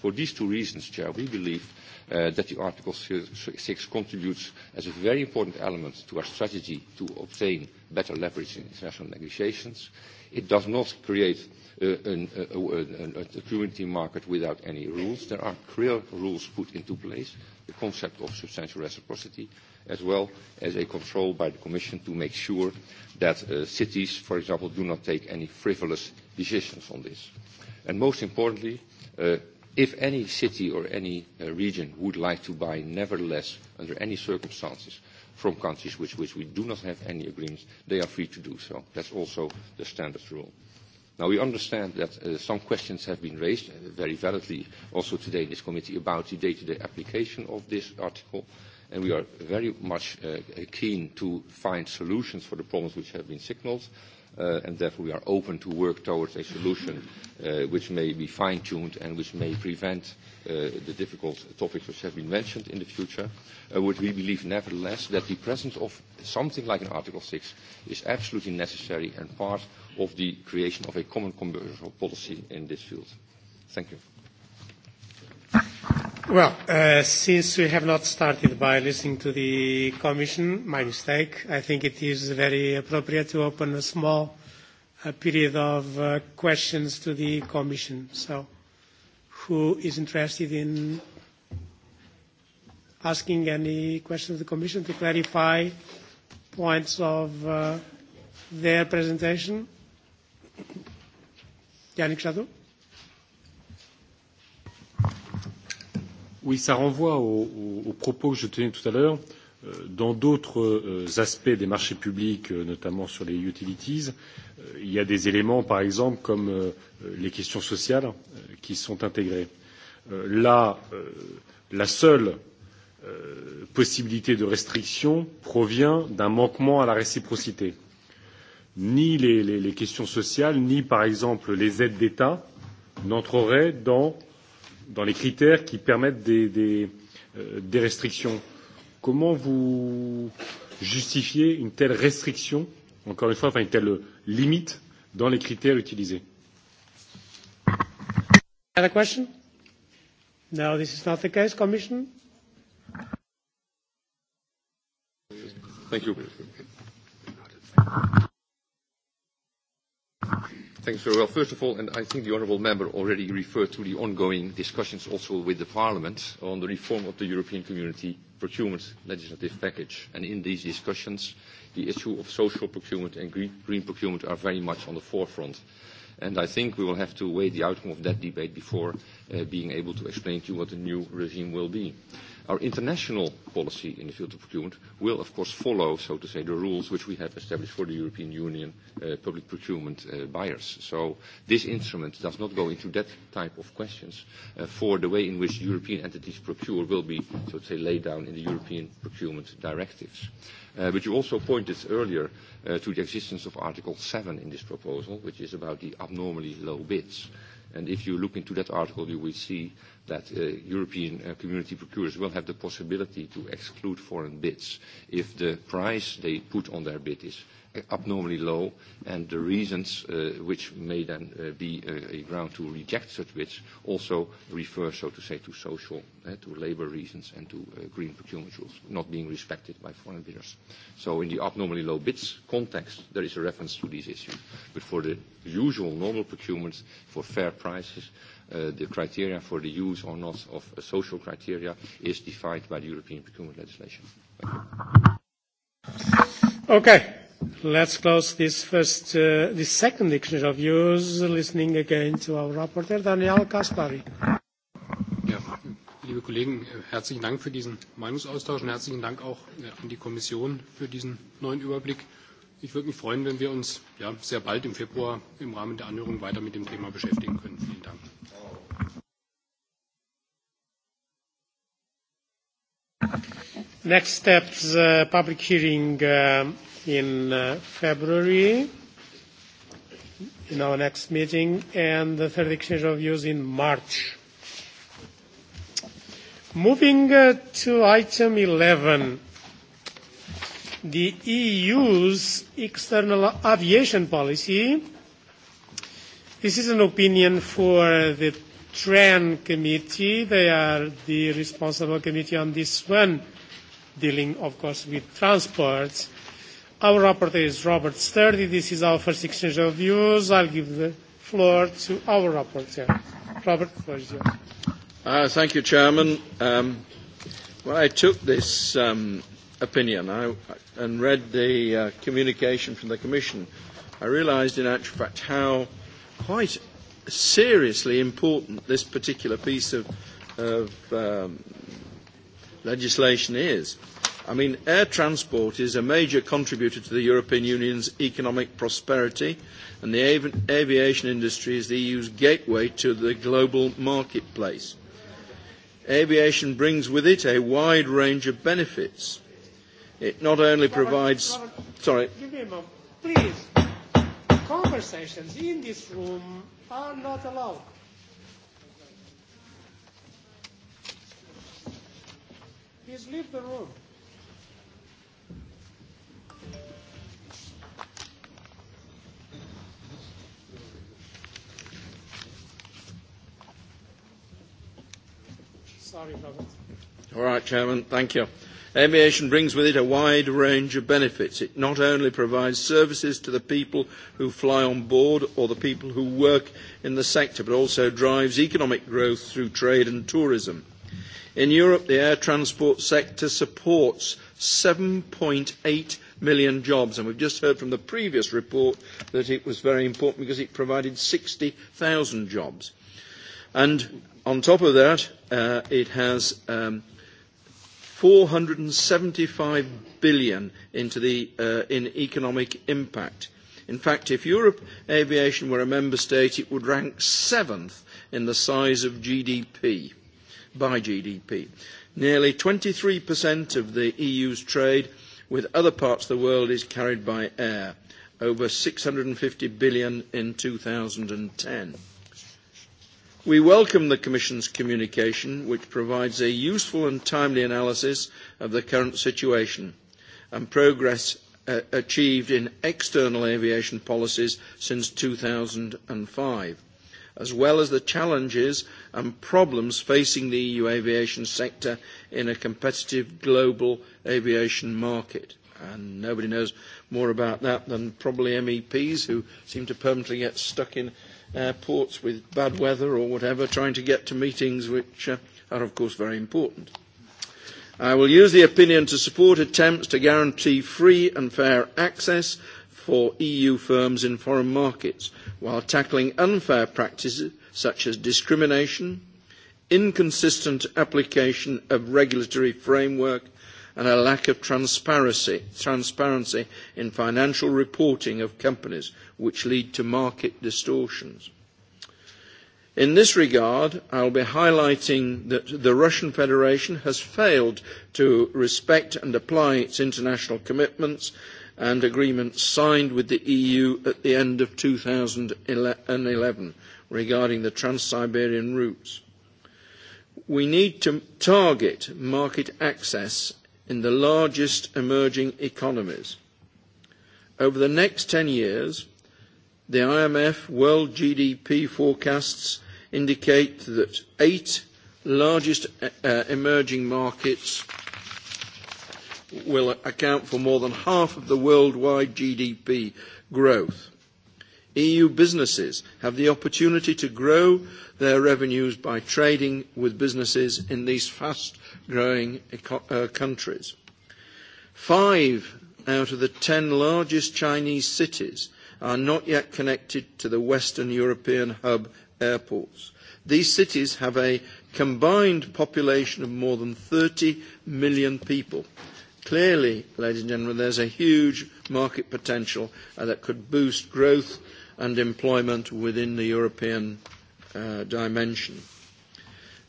For these two reasons, Chair, we believe uh, that the Article 6 contributes as a very important element to our strategy to obtain better leverage in international negotiations. It does not create uh, an, a, an, a community market without any rules. There are clear rules put into place, the concept of substantial reciprocity, as well as a control by the Commission to make sure that uh, cities, for example, do not take any frivolous decisions on this. And most importantly, uh, If any city or any uh, region would like to buy, nevertheless, under any circumstances, from countries with which we do not have any agreements, they are free to do so. That's also the standard rule. Now, we understand that uh, some questions have been raised, uh, very validly also today in this committee, about the day-to-day -day application of this article, and we are very much uh, keen to find solutions for the problems which have been signaled uh, and therefore we are open to work towards a solution uh, which may be fine-tuned and which may prevent uh, the difficult topics which have been mentioned in the future. Uh, would we believe nevertheless that the presence of something like an Article 6 is absolutely necessary and part of the creation of a common commercial policy in this field. Thank you. Well, uh, since we have not started by listening to the Commission, my mistake, I think it is very appropriate to open a small uh, period of uh, questions to the Commission. So who is interested in asking any questions to the Commission to clarify points of uh, their presentation? Yannick Jadot? Oui, ça renvoie aux, aux, aux propos que je tenais tout à l'heure. Euh, dans d'autres euh, aspects des marchés publics, euh, notamment sur les utilities, il y a des éléments, par exemple, comme les questions sociales qui sont intégrées. Là, la seule possibilité de restriction provient d'un manquement à la réciprocité. Ni les, les, les questions sociales, ni, par exemple, les aides d'État n'entreraient dans dans les critères qui permettent des, des, euh, des restrictions. Comment vous justifiez une telle restriction, encore une fois, enfin une telle limite dans les critères utilisés Another question? No, this is not the case. Commission? Thank you. Thanks very well. First of all, and I think the honourable member already referred to the ongoing discussions also with the Parliament on the reform of the European Community procurement legislative package. And in these discussions, the issue of social procurement and green green procurement are very much on the forefront. And I think we will have to wait the outcome of that debate before uh, being able to explain to you what the new regime will be. Our international policy in the field of procurement will, of course, follow, so to say, the rules which we have established for the European Union uh, public procurement uh, buyers. So this instrument does not go into that type of questions uh, for the way in which European entities procure will be, so to say, laid down in the European procurement directives. Uh, but you also pointed earlier uh, to the existence of Article 7 in this proposal, which is about the abnormally low bids. And if you look into that article, you will see that uh, European uh, community procurers will have the possibility to exclude foreign bids if the price they put on their bid is uh, abnormally low and the reasons uh, which may then uh, be a, uh, a ground to reject such bids also refer, so to say, to social, uh, to labor reasons and to uh, green procurement rules not being respected by foreign bidders. So in the abnormally low bids context, there is a reference to these issues. But for the usual normal procurements, for fair prices, uh, the criteria for the use or not of a social criteria is defined by the European procurement legislation. Okay. Let's close this first, uh, this second exchange of views, listening again to our rapporteur, Daniel Kaspari. Ja, liebe Kollegen, äh, herzlichen Dank für diesen Meinungsaustausch und herzlichen Dank auch äh, an die Kommission für diesen neuen Überblick. Ich würde mich freuen, wenn wir uns ja, sehr bald im Februar im Rahmen der Anhörung weiter mit dem Thema beschäftigen können. Vielen Dank. Next steps, uh, public hearing uh, in uh, February in our next meeting and the third exchange of views in March. Moving uh, to item 11, the EU's external aviation policy. This is an opinion for the TRAN committee. They are the responsible committee on this one dealing, of course, with transports. Our rapporteur is Robert Sturdy. This is our first exchange of views. I'll give the floor to our rapporteur. Robert, floor is yours. Uh, thank you, Chairman. Um, when I took this um, opinion I, and read the uh, communication from the Commission, I realised in actual fact how quite seriously important this particular piece of, of um, legislation is. I mean, air transport is a major contributor to the European Union's economic prosperity, and the av aviation industry is the EU's gateway to the global marketplace. Aviation brings with it a wide range of benefits. It not only Robert, provides. Robert, sorry. Give me a moment, please. Conversations in this room are not allowed. Please leave the room. Sorry, Robert. All right, Chairman. Thank you. Aviation brings with it a wide range of benefits. It not only provides services to the people who fly on board or the people who work in the sector, but also drives economic growth through trade and tourism. In Europe, the air transport sector supports 7.8 million jobs, and we've just heard from the previous report that it was very important because it provided 60,000 jobs. And on top of that, uh, it has um, 475 billion into the, uh, in economic impact. In fact, if Europe aviation were a member state, it would rank seventh in the size of GDP by GDP. Nearly 23% of the EU's trade with other parts of the world is carried by air, over 650 billion in 2010. We welcome the Commission's communication, which provides a useful and timely analysis of the current situation and progress uh, achieved in external aviation policies since 2005 as well as the challenges and problems facing the EU aviation sector in a competitive global aviation market. And nobody knows more about that than probably MEPs who seem to permanently get stuck in airports with bad weather or whatever, trying to get to meetings which uh, are of course very important. I will use the opinion to support attempts to guarantee free and fair access for EU firms in foreign markets while tackling unfair practices such as discrimination, inconsistent application of regulatory framework and a lack of transparency, transparency in financial reporting of companies which lead to market distortions. In this regard, I will be highlighting that the Russian Federation has failed to respect and apply its international commitments and agreements signed with the EU at the end of 2011 regarding the Trans-Siberian routes. We need to target market access in the largest emerging economies. Over the next 10 years, the IMF world GDP forecasts indicate that eight largest uh, emerging markets will account for more than half of the worldwide GDP growth. EU businesses have the opportunity to grow their revenues by trading with businesses in these fast-growing uh, countries. Five out of the ten largest Chinese cities are not yet connected to the Western European hub airports. These cities have a combined population of more than 30 million people Clearly, ladies and gentlemen, there's a huge market potential uh, that could boost growth and employment within the European uh, dimension.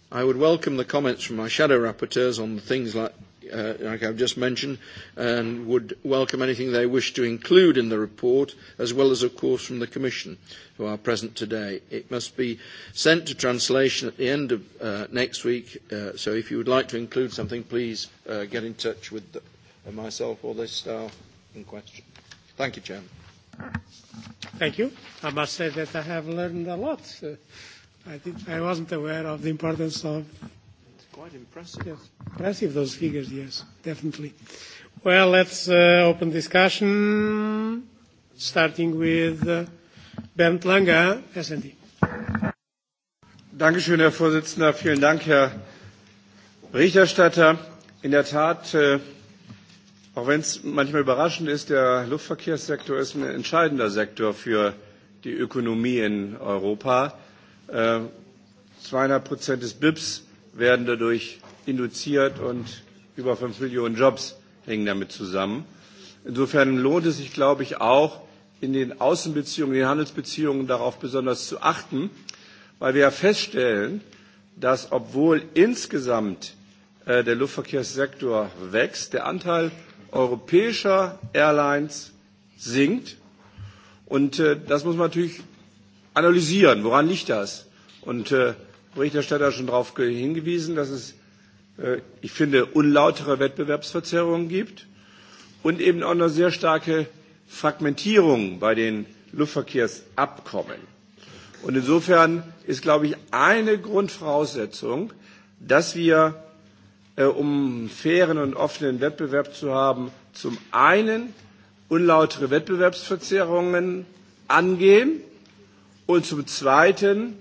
I would welcome the comments from my shadow rapporteurs on things like uh, like I've just mentioned, and would welcome anything they wish to include in the report, as well as, of course, from the Commission, who are present today. It must be sent to translation at the end of uh, next week, uh, so if you would like to include something, please uh, get in touch with the, uh, myself or the staff in question. Thank you, Chairman. Thank you. I must say that I have learned a lot. Uh, I, did, I wasn't aware of the importance of Quite impressive. Yes. Impressive, those figures, yes, definitely. Well, let's uh, open discussion, starting with uh, Bernd Langer, SD. Dankeschön, Herr Vorsitzender. Vielen Dank, Herr Berichterstatter. In der Tat, äh, auch wenn es manchmal überraschend ist, der Luftverkehrssektor ist ein entscheidender Sektor für die Ökonomie in Europa. Äh, 200 Prozent des BIPs werden dadurch induziert und über 5 Millionen Jobs hängen damit zusammen. Insofern lohnt es sich, glaube ich, auch in den Außenbeziehungen, in den Handelsbeziehungen darauf besonders zu achten, weil wir ja feststellen, dass obwohl insgesamt äh, der Luftverkehrssektor wächst, der Anteil europäischer Airlines sinkt. Und äh, das muss man natürlich analysieren. Woran liegt das? Und äh, Berichterstatter hat schon darauf hingewiesen, dass es, äh, ich finde, unlautere Wettbewerbsverzerrungen gibt und eben auch eine sehr starke Fragmentierung bei den Luftverkehrsabkommen. Und insofern ist, glaube ich, eine Grundvoraussetzung, dass wir, äh, um einen fairen und offenen Wettbewerb zu haben, zum einen unlautere Wettbewerbsverzerrungen angehen und zum zweiten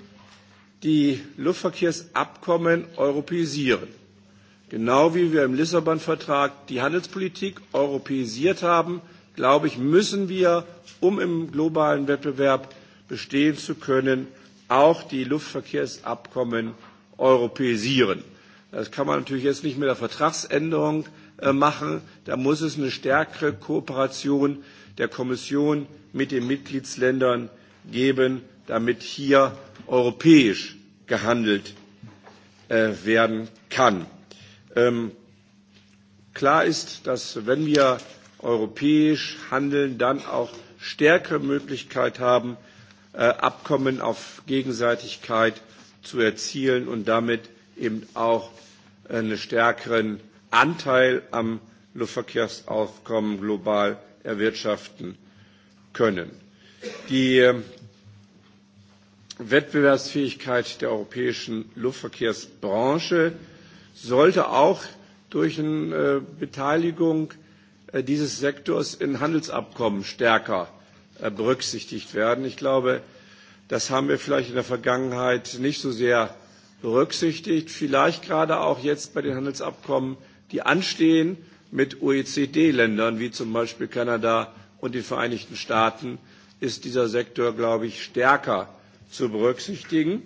die Luftverkehrsabkommen europäisieren. Genau wie wir im Lissabon-Vertrag die Handelspolitik europäisiert haben, glaube ich, müssen wir, um im globalen Wettbewerb bestehen zu können, auch die Luftverkehrsabkommen europäisieren. Das kann man natürlich jetzt nicht mit der Vertragsänderung äh, machen. Da muss es eine stärkere Kooperation der Kommission mit den Mitgliedsländern geben, damit hier europäisch gehandelt äh, werden kann. Ähm, klar ist, dass wenn wir europäisch handeln, dann auch stärkere Möglichkeit haben, äh, Abkommen auf Gegenseitigkeit zu erzielen und damit eben auch einen stärkeren Anteil am Luftverkehrsaufkommen global erwirtschaften können. Die ähm, Wettbewerbsfähigkeit der europäischen Luftverkehrsbranche sollte auch durch eine äh, Beteiligung äh, dieses Sektors in Handelsabkommen stärker äh, berücksichtigt werden. Ich glaube, das haben wir vielleicht in der Vergangenheit nicht so sehr berücksichtigt. Vielleicht gerade auch jetzt bei den Handelsabkommen, die anstehen mit OECD-Ländern wie zum Beispiel Kanada und den Vereinigten Staaten, ist dieser Sektor, glaube ich, stärker zu berücksichtigen.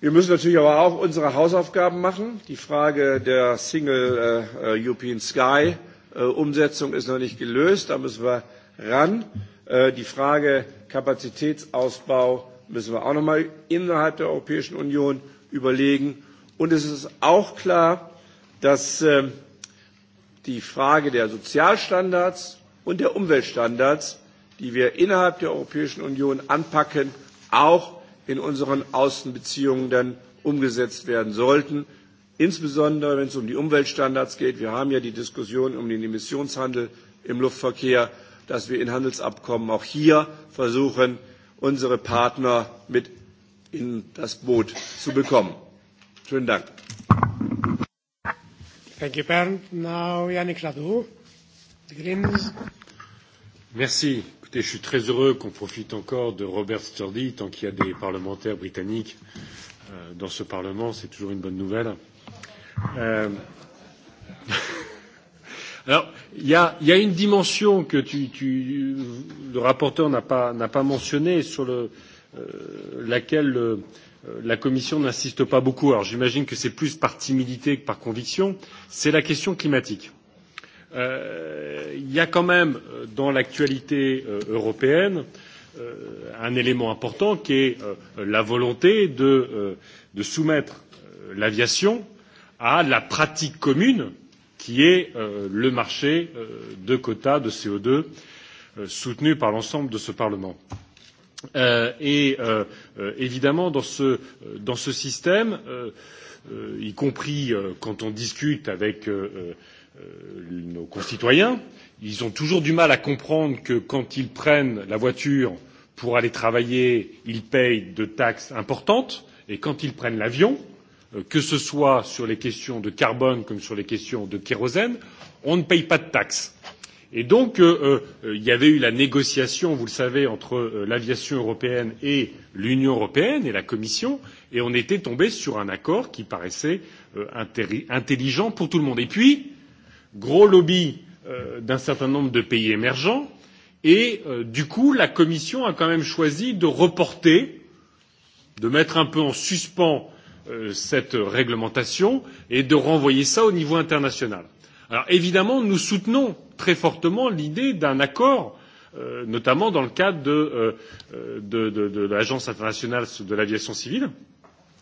Wir müssen natürlich aber auch unsere Hausaufgaben machen. Die Frage der Single äh, äh, European Sky äh, Umsetzung ist noch nicht gelöst. Da müssen wir ran. Äh, die Frage Kapazitätsausbau müssen wir auch noch mal innerhalb der Europäischen Union überlegen. Und es ist auch klar, dass äh, die Frage der Sozialstandards und der Umweltstandards die wir innerhalb der Europäischen Union anpacken, auch in unseren Außenbeziehungen dann umgesetzt werden sollten. Insbesondere wenn es um die Umweltstandards geht. Wir haben ja die Diskussion um den Emissionshandel im Luftverkehr, dass wir in Handelsabkommen auch hier versuchen, unsere Partner mit in das Boot zu bekommen. Schönen Dank. Thank you, Bernd. Now, Yannick Jadot, the Greens. Merci. Écoutez, je suis très heureux qu'on profite encore de Robert Sturdy, tant qu'il y a des parlementaires britanniques euh, dans ce Parlement, c'est toujours une bonne nouvelle. Euh... Alors, il y a, y a une dimension que tu, tu, le rapporteur n'a pas, pas mentionnée, sur le, euh, laquelle le, euh, la Commission n'insiste pas beaucoup. Alors, j'imagine que c'est plus par timidité que par conviction. C'est la question climatique Euh, il y a quand même euh, dans l'actualité euh, européenne un élément important qui est la volonté de, de soumettre l'aviation à la pratique commune qui est le marché de quotas de co deux soutenu par l'ensemble de ce parlement. et évidemment dans ce, dans ce système y compris quand on discute avec Euh, nos concitoyens. Ils ont toujours du mal à comprendre que quand ils prennent la voiture pour aller travailler, ils payent de taxes importantes et quand ils prennent l'avion, euh, que ce soit sur les questions de carbone comme sur les questions de kérosène, on ne paye pas de taxes. Et donc, euh, euh, il y avait eu la négociation, vous le savez, entre euh, l'aviation européenne et l'Union européenne et la Commission, et on était tombé sur un accord qui paraissait euh, intelligent pour tout le monde. Et puis, gros lobby euh, d'un certain nombre de pays émergents et euh, du coup la Commission a quand même choisi de reporter, de mettre un peu en suspens euh, cette réglementation et de renvoyer ça au niveau international. Alors évidemment, nous soutenons très fortement l'idée d'un accord euh, notamment dans le cadre de, euh, euh de, de, de l'Agence internationale de l'aviation civile,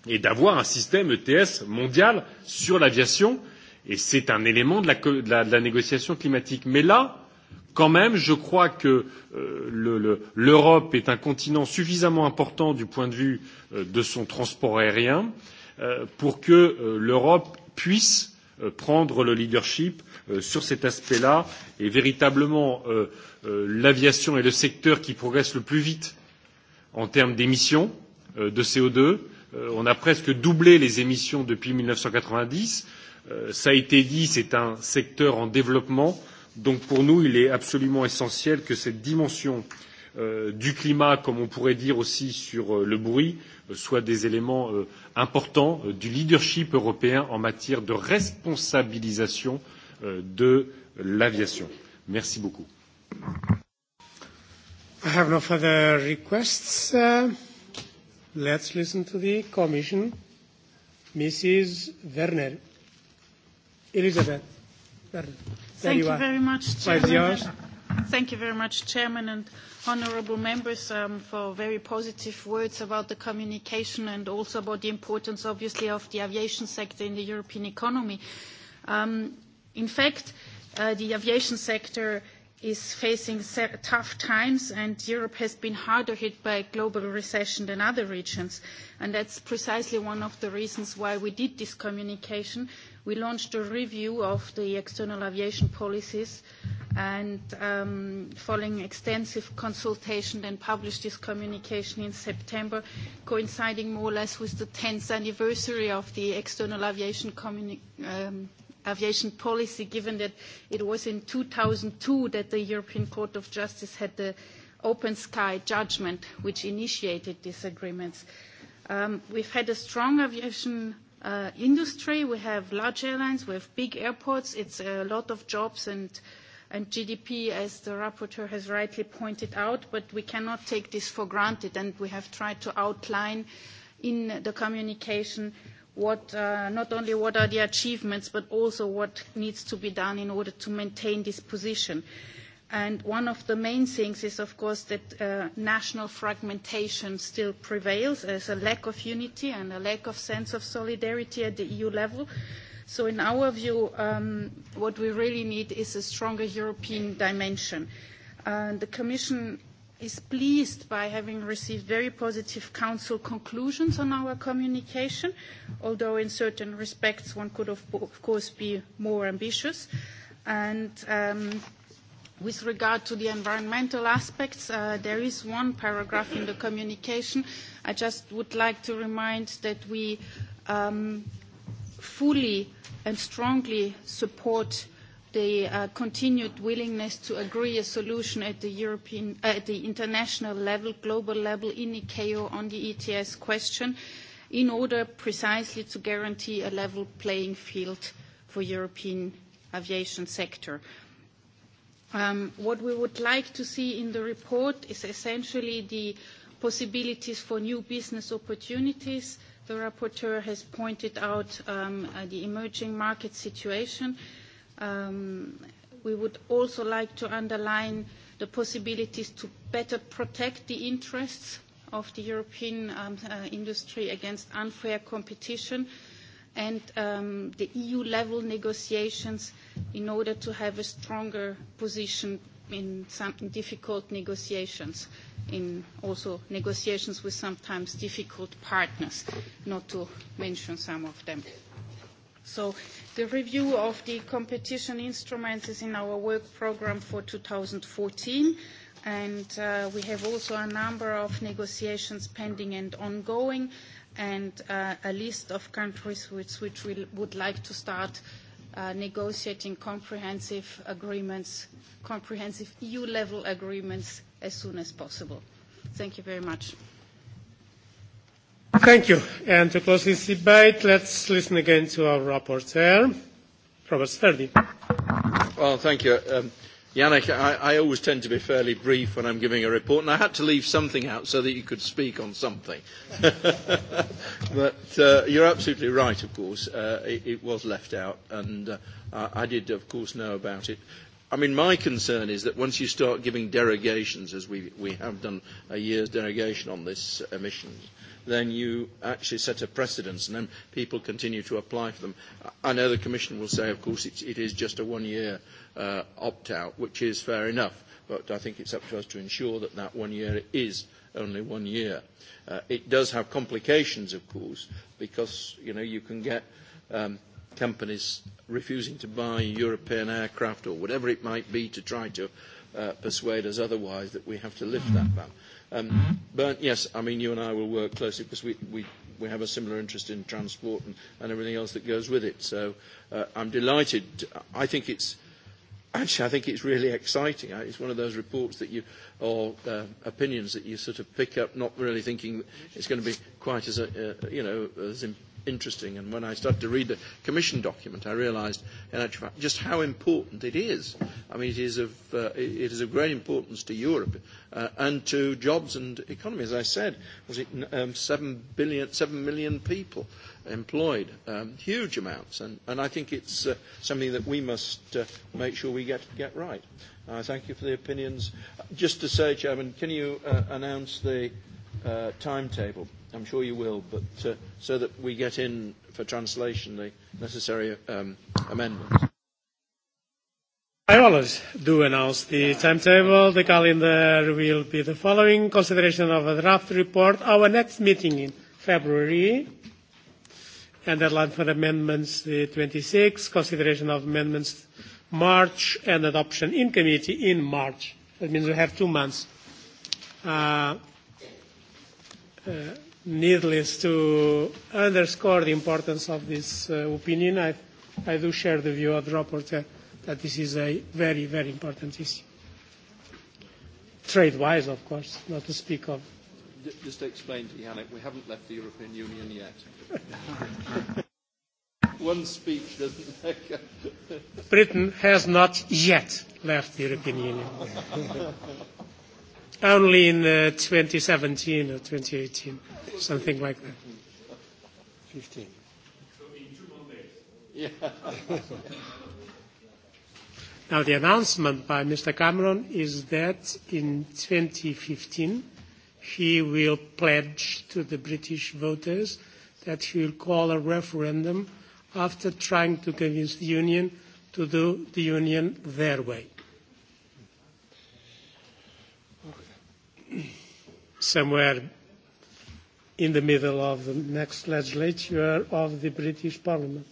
et d'avoir un système ETS mondial sur l'aviation euh, et c'est un élément de la, de, la, de la négociation climatique. Mais là, quand même, je crois que euh, l'Europe le, le, est un continent suffisamment important du point de vue euh, de son transport aérien euh, pour que euh, l'Europe puisse euh, prendre le leadership euh, sur cet aspect-là et véritablement euh, euh, l'aviation est le secteur qui progresse le plus vite en termes d'émissions euh, de CO2. Euh, on a presque doublé les émissions depuis 1990 Euh, ça a été dit, c'est un secteur en développement. Donc pour nous, il est absolument essentiel que cette dimension euh, du climat, comme on pourrait dire aussi sur euh, le bruit, euh, soit des éléments euh, importants euh, du leadership européen en matière de responsabilisation euh, de l'aviation. Merci beaucoup. I have no further requests. Uh, let's listen to the Commission. Mrs. Werner. Elizabeth. Thank you, you very much, Chairman. Thank you very much, Chairman and honourable members, um, for very positive words about the communication and also about the importance, obviously, of the aviation sector in the European economy. Um, in fact, uh, the aviation sector is facing tough times, and Europe has been harder hit by global recession than other regions. And that's precisely one of the reasons why we did this communication, we launched a review of the external aviation policies and um, following extensive consultation then published this communication in September, coinciding more or less with the 10th anniversary of the external aviation, um, aviation policy, given that it was in 2002 that the European Court of Justice had the open sky judgment which initiated these agreements. Um, we've had a strong aviation uh, industry. We have large airlines, we have big airports. It's a lot of jobs and, and GDP, as the rapporteur has rightly pointed out, but we cannot take this for granted, and we have tried to outline in the communication what, uh, not only what are the achievements, but also what needs to be done in order to maintain this position. And one of the main things is, of course, that uh, national fragmentation still prevails. There's a lack of unity and a lack of sense of solidarity at the EU level. So in our view, um, what we really need is a stronger European dimension. Uh, the Commission is pleased by having received very positive Council conclusions on our communication, although in certain respects one could, of, of course, be more ambitious. And... Um, With regard to the environmental aspects, uh, there is one paragraph in the communication. I just would like to remind that we um, fully and strongly support the uh, continued willingness to agree a solution at the, European, uh, at the international level, global level in ICAO on the ETS question in order precisely to guarantee a level playing field for European aviation sector. Um, what we would like to see in the report is essentially the possibilities for new business opportunities. The rapporteur has pointed out um, uh, the emerging market situation. Um, we would also like to underline the possibilities to better protect the interests of the European um, uh, industry against unfair competition. Uh, and um, the EU level negotiations in order to have a stronger position in some difficult negotiations, in also negotiations with sometimes difficult partners, not to mention some of them. So the review of the competition instruments is in our work program for 2014 and uh, we have also a number of negotiations pending and ongoing and uh, a list of countries which we would like to start uh, negotiating comprehensive agreements, comprehensive EU-level agreements as soon as possible. Thank you very much. Thank you. And to close this debate, let's listen again to our rapporteur, Robert Sturdy. Well, thank you. Um, Yannick, I, I always tend to be fairly brief when I'm giving a report, and I had to leave something out so that you could speak on something. but uh, you're absolutely right, of course. Uh, it, it was left out, and uh, I did, of course, know about it. I mean, my concern is that once you start giving derogations, as we, we have done a year's derogation on this emissions, then you actually set a precedence, and then people continue to apply for them. I know the Commission will say, of course, it, it is just a one-year uh, opt-out, which is fair enough. But I think it's up to us to ensure that that one year is only one year. Uh, it does have complications, of course, because you know you can get um, companies refusing to buy European aircraft or whatever it might be to try to uh, persuade us otherwise that we have to lift that ban. Mm-hmm. Um, mm-hmm. but yes, I mean you and I will work closely because we, we, we have a similar interest in transport and, and everything else that goes with it. So uh, I'm delighted. I think it's actually, I think it's really exciting. Uh, it's one of those reports that you, or uh, opinions that you sort of pick up, not really thinking it's going to be quite as, a, uh, uh, you know, as interesting. And when I started to read the Commission document, I realised, in actual fact, just how important it is. I mean, it is of, uh, it is of great importance to Europe uh, and to jobs and economy. As I said, was it um, 7, billion, 7 million people employed um, huge amounts. And, and I think it's uh, something that we must uh, make sure we get, get right. Uh, thank you for the opinions. Just to say, Chairman, can you uh, announce the uh, timetable? I'm sure you will, but uh, so that we get in for translation the necessary um, amendments. I always do announce the timetable. The calendar will be the following. Consideration of a draft report. Our next meeting in February and deadline for amendments uh, the 26 consideration of amendments March, and adoption in committee in March. That means we have two months. Uh, uh, needless to underscore the importance of this uh, opinion, I, I do share the view of the rapporteur that this is a very, very important issue. Trade-wise, of course, not to speak of just to explain to Yannick, we haven't left the European Union yet. One speech doesn't make a... Britain has not yet left the European Union. Only in uh, 2017 or 2018, something like that. 15. So in two Mondays. Yeah. now the announcement by Mr. Cameron is that in 2015 he will pledge to the British voters that he will call a referendum after trying to convince the Union to do the Union their way. Somewhere in the middle of the next legislature of the British Parliament.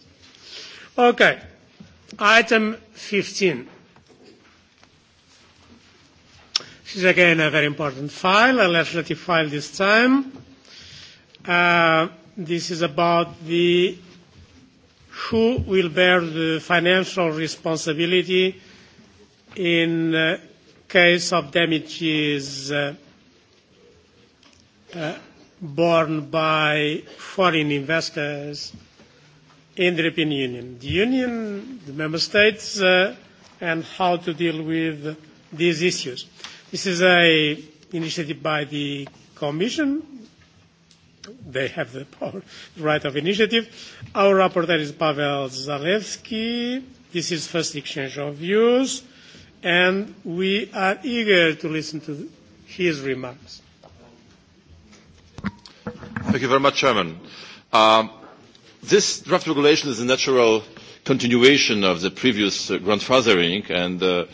Okay, item 15 This is again a very important file, a legislative file this time. Uh, this is about the who will bear the financial responsibility in uh, case of damages uh, uh, borne by foreign investors in the European Union. The Union, the Member States, uh, and how to deal with these issues. This is a initiative by the Commission. They have the, power, the right of initiative. Our rapporteur is Pavel Zalewski. This is first exchange of views, and we are eager to listen to his remarks. Thank you very much, Chairman. Uh, this draft regulation is a natural continuation of the previous uh, grandfathering and uh,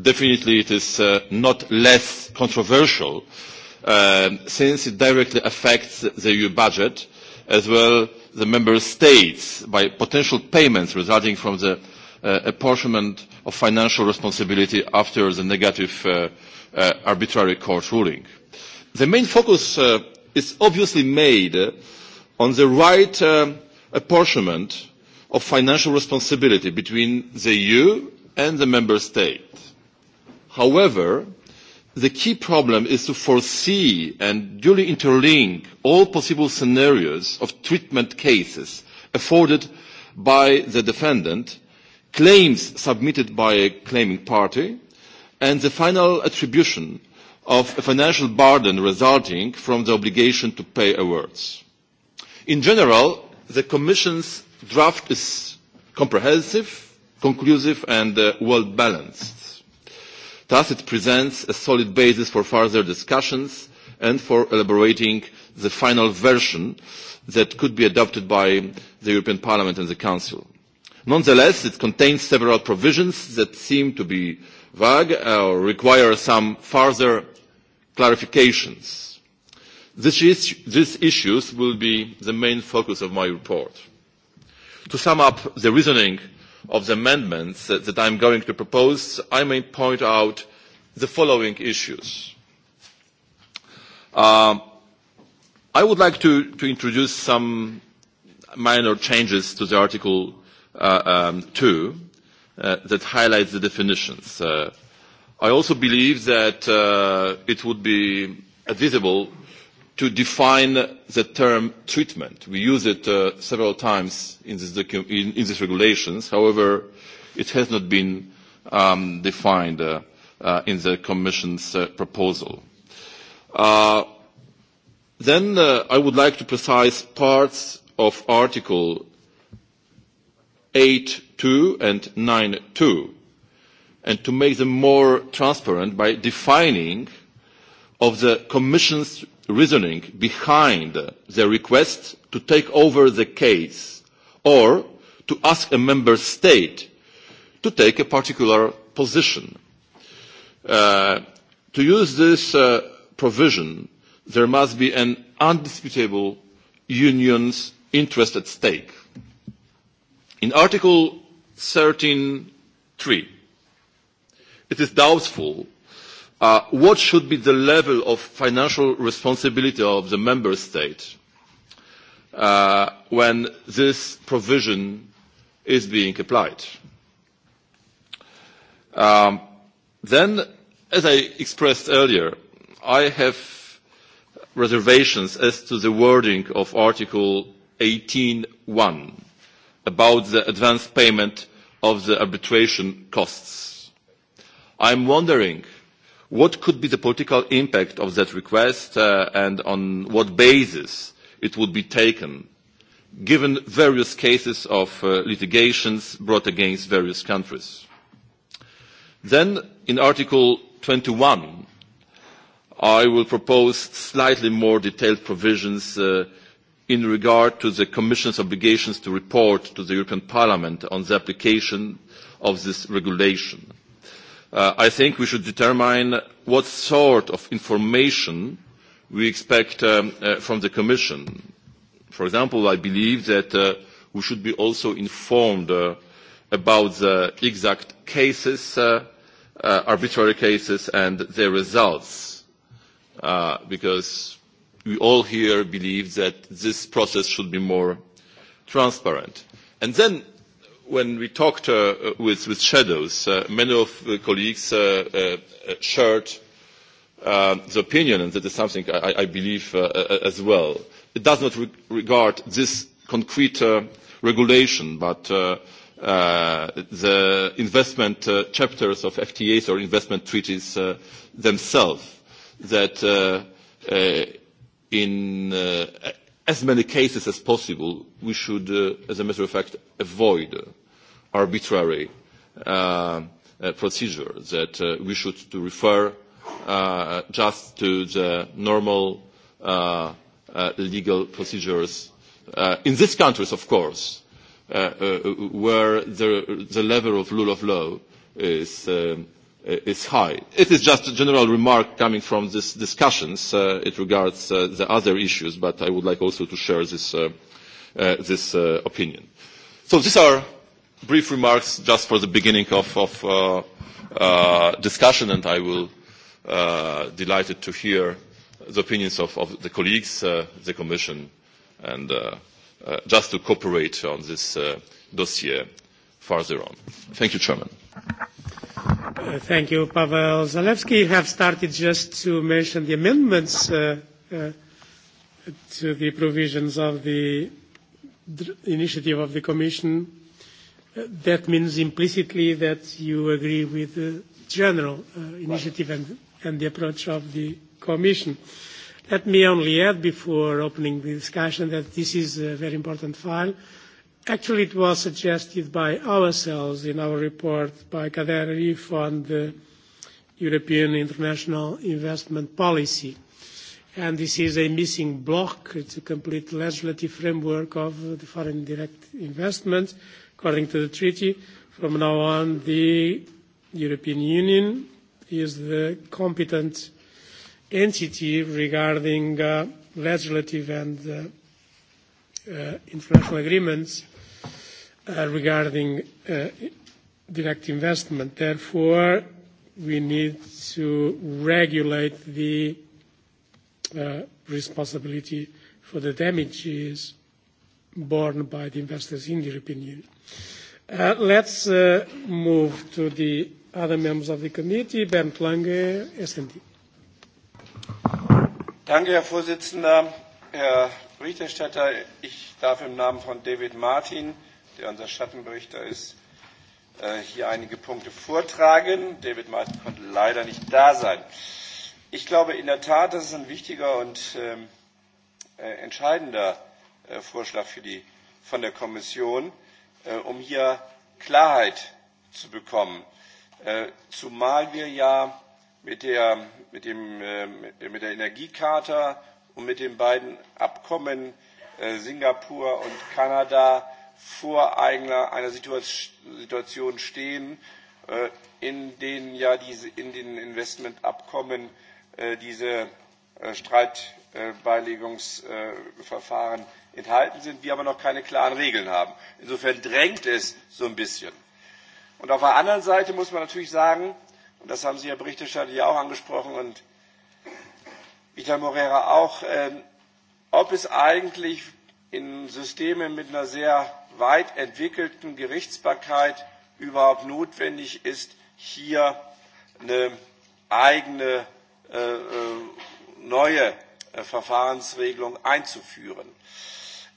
definitely it is uh, not less controversial uh, since it directly affects the EU budget as well the member states by potential payments resulting from the uh, apportionment of financial responsibility after the negative uh, uh, arbitrary court ruling. The main focus uh, is obviously made on the right uh, apportionment of financial responsibility between the EU and the member state. However, the key problem is to foresee and duly interlink all possible scenarios of treatment cases afforded by the defendant, claims submitted by a claiming party, and the final attribution of a financial burden resulting from the obligation to pay awards. In general, the Commission's draft is comprehensive, conclusive and uh, well balanced Thus, it presents a solid basis for further discussions and for elaborating the final version that could be adopted by the European Parliament and the Council. Nonetheless, it contains several provisions that seem to be vague or require some further clarifications. This is, these issues will be the main focus of my report. To sum up the reasoning of the amendments that, that I'm going to propose, I may point out the following issues. Uh, I would like to, to introduce some minor changes to the Article uh, um, 2 uh, that highlights the definitions. Uh, I also believe that uh, it would be advisable to define the term treatment. We use it uh, several times in these in, in this regulations. However, it has not been um, defined uh, uh, in the Commission's uh, proposal. Uh, then uh, I would like to precise parts of Article 8.2 and 9.2 and to make them more transparent by defining of the Commission's reasoning behind the request to take over the case or to ask a member state to take a particular position. Uh, to use this uh, provision, there must be an undisputable union's interest at stake. In Article 13.3, it is doubtful Uh, what should be the level of financial responsibility of the member state uh, when this provision is being applied? Um, then, as I expressed earlier, I have reservations as to the wording of Article 18.1 about the advance payment of the arbitration costs. I'm wondering What could be the political impact of that request uh, and on what basis it would be taken, given various cases of uh, litigations brought against various countries? Then, in Article 21, I will propose slightly more detailed provisions uh, in regard to the Commission's obligations to report to the European Parliament on the application of this regulation Uh, I think we should determine what sort of information we expect um, uh, from the Commission. For example, I believe that uh, we should be also informed uh, about the exact cases, uh, uh, arbitrary cases, and their results, uh, because we all here believe that this process should be more transparent. And then when we talked uh, uh, with, with shadows, uh, many of the colleagues uh, uh, shared uh, the opinion, and that is something I, I believe uh, uh, as well. It does not re regard this concrete uh, regulation, but uh, uh, the investment uh, chapters of FTAs or investment treaties uh, themselves, that uh, uh, in uh, as many cases as possible, we should, uh, as a matter of fact, avoid arbitrary uh, uh, procedure that uh, we should to refer uh, just to the normal uh, uh, legal procedures uh, in these countries, of course, uh, uh, where the, the level of rule of law is, um, is high. It is just a general remark coming from these discussions. Uh, it regards uh, the other issues, but I would like also to share this, uh, uh, this uh, opinion. So these are brief remarks just for the beginning of, of uh, uh, discussion, and I will uh, delighted to hear the opinions of, of the colleagues, uh, the Commission, and uh, uh, just to cooperate on this uh, dossier further on. Thank you, Chairman. Uh, thank you, Pavel Zalewski. You have started just to mention the amendments uh, uh, to the provisions of the initiative of the Commission that means implicitly that you agree with the general uh, initiative right. and, and the approach of the Commission. Let me only add before opening the discussion that this is a very important file. Actually, it was suggested by ourselves in our report by Kader Arif on the European International Investment Policy. And this is a missing block. It's a complete legislative framework of the foreign direct investment According to the treaty, from now on, the European Union is the competent entity regarding uh, legislative and uh, uh, international agreements uh, regarding uh, direct investment. Therefore, we need to regulate the uh, responsibility for the damages borne by the investors in the European Union. Uh, let's uh, move to the other members of the committee. Bernd Lange, SD. Danke, Herr Vorsitzender. Herr Berichterstatter, ich darf im Namen von David Martin, der unser Schattenberichter ist, äh, hier einige Punkte vortragen. David Martin konnte leider nicht da sein. Ich glaube in der Tat, dass es ein wichtiger und ähm, äh, entscheidender äh, Vorschlag für die, von der Kommission äh, um hier Klarheit zu bekommen. Äh, Zumal wir ja mit der, mit dem, äh, mit der Energiecharta und mit den beiden Abkommen äh, Singapur und Kanada vor einer, einer Situation stehen, äh, in denen ja diese, in den Investmentabkommen äh, diese äh, Streitbeilegungsverfahren äh, enthalten sind, wir aber noch keine klaren Regeln haben. Insofern drängt es so ein bisschen. Und auf der anderen Seite muss man natürlich sagen, und das haben Sie, Herr Berichterstatter, ja auch angesprochen und Vital Moreira auch, äh, ob es eigentlich in Systemen mit einer sehr weit entwickelten Gerichtsbarkeit überhaupt notwendig ist, hier eine eigene äh, äh neue äh, Verfahrensregelung einzuführen.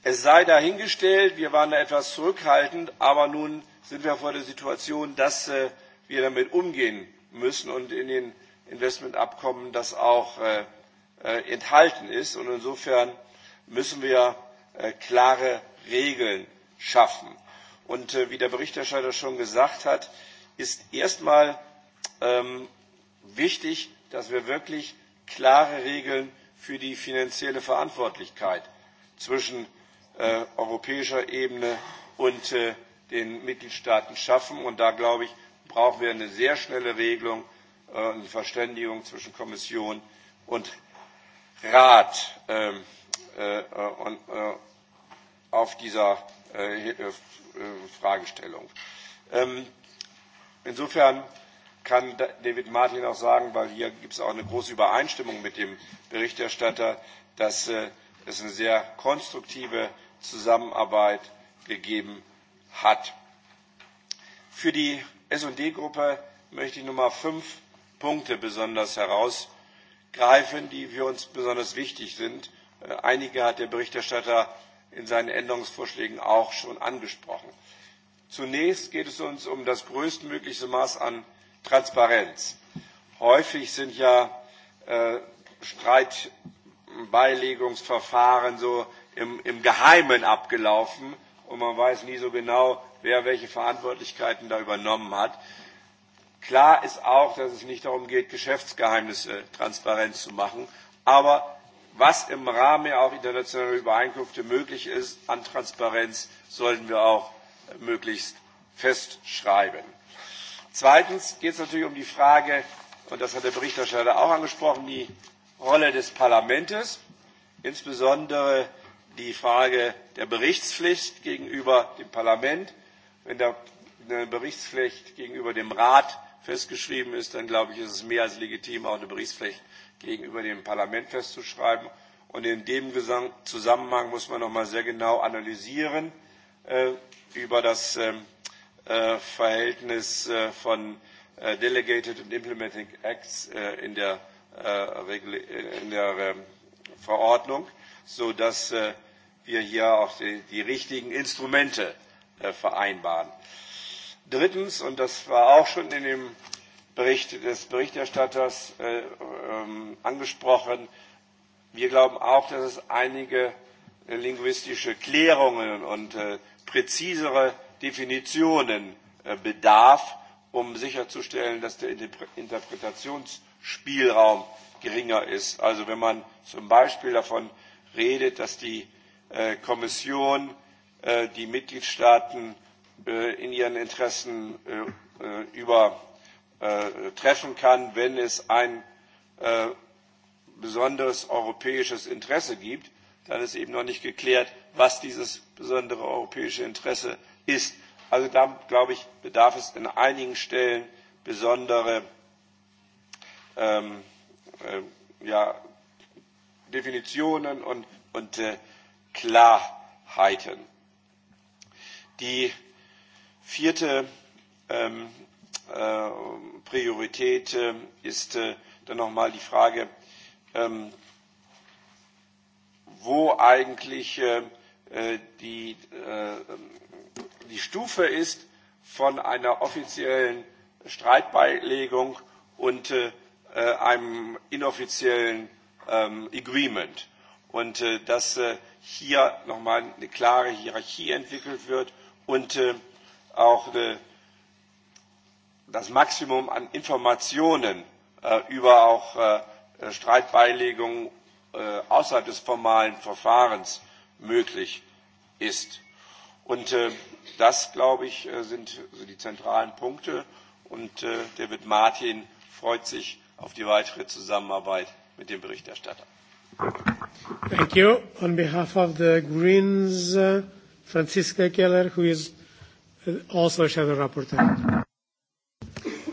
Es sei dahingestellt, wir waren da etwas zurückhaltend, aber nun sind wir vor der Situation, dass äh, wir damit umgehen müssen und in den Investmentabkommen das auch äh, äh, enthalten ist. Und insofern müssen wir äh, klare Regeln schaffen. Und äh, wie der Berichterstatter schon gesagt hat, ist erstmal ähm, wichtig, dass wir wirklich klare Regeln für die finanzielle Verantwortlichkeit zwischen Äh, europäischer Ebene und äh, den Mitgliedstaaten schaffen. Und da, glaube ich, brauchen wir eine sehr schnelle Regelung, äh, eine Verständigung zwischen Kommission und Rat ähm, äh, auf dieser Fragestellung. Ähm, insofern kann David Martin auch sagen, weil hier gibt es auch eine große Übereinstimmung mit dem Berichterstatter, dass äh, es eine sehr konstruktive Zusammenarbeit gegeben hat. Für die S&D-Gruppe möchte ich nochmal fünf Punkte besonders herausgreifen, die für uns besonders wichtig sind. Äh, einige hat der Berichterstatter in seinen Änderungsvorschlägen auch schon angesprochen. Zunächst geht es uns um das größtmögliche Maß an Transparenz. Häufig sind ja äh, Streit Beilegungsverfahren so im, im Geheimen abgelaufen und man weiß nie so genau, wer welche Verantwortlichkeiten da übernommen hat. Klar ist auch, dass es nicht darum geht, Geschäftsgeheimnisse transparent zu machen, aber was im Rahmen ja auch internationaler Übereinkünfte möglich ist an Transparenz, sollten wir auch möglichst festschreiben. Zweitens geht es natürlich um die Frage, und das hat der Berichterstatter auch angesprochen, die Rolle des Parlaments, insbesondere die Frage der Berichtspflicht gegenüber dem Parlament. Wenn da eine Berichtspflicht gegenüber dem Rat festgeschrieben ist, dann glaube ich, ist es mehr als legitim, auch eine Berichtspflicht gegenüber dem Parlament festzuschreiben. Und in dem Zusammenhang muss man noch mal sehr genau analysieren äh, über das ähm, äh, Verhältnis äh, von äh, Delegated und Implementing Acts äh, in der Äh, äh, in der ähm, Verordnung, sodass äh, wir hier auch die, die richtigen Instrumente vereinbaren. Drittens, und das war auch schon in dem Bericht des Berichterstatters ähm, angesprochen. Wir glauben auch, dass es einige linguistische Klärungen und präzisere Definitionen bedarf, um sicherzustellen, dass der Interpretationsspielraum Spielraum geringer ist. Also wenn man zum Beispiel davon redet, dass die äh, Kommission äh, die Mitgliedstaaten äh, in ihren Interessen übertreffen kann, wenn es ein besonderes europäisches Interesse gibt, dann ist eben noch nicht geklärt, was dieses besondere europäische Interesse ist. Also da, glaube ich, bedarf es an einigen Stellen besondere ähm, äh, ja, Definitionen und, und äh, Klarheiten. Die vierte ähm, äh, Priorität äh, ist äh, dann nochmal die Frage, ähm, wo eigentlich äh, äh, die, äh, die Stufe ist von einer offiziellen Streitbeilegung und äh, äh, einem inoffiziellen ähm, Agreement. Und äh, dass äh, hier nochmal eine klare Hierarchie entwickelt wird und äh, auch eine, das Maximum an Informationen äh, über auch äh, Streitbeilegungen äh, außerhalb des formalen Verfahrens möglich ist. Und äh, das, glaube ich, äh, sind so die zentralen Punkte. Und äh, David Martin freut sich auf die weitere Zusammenarbeit mit dem Berichterstatter. Thank you. On behalf of the Greens, uh, Franziska Keller, who is uh, also a shadow rapporteur.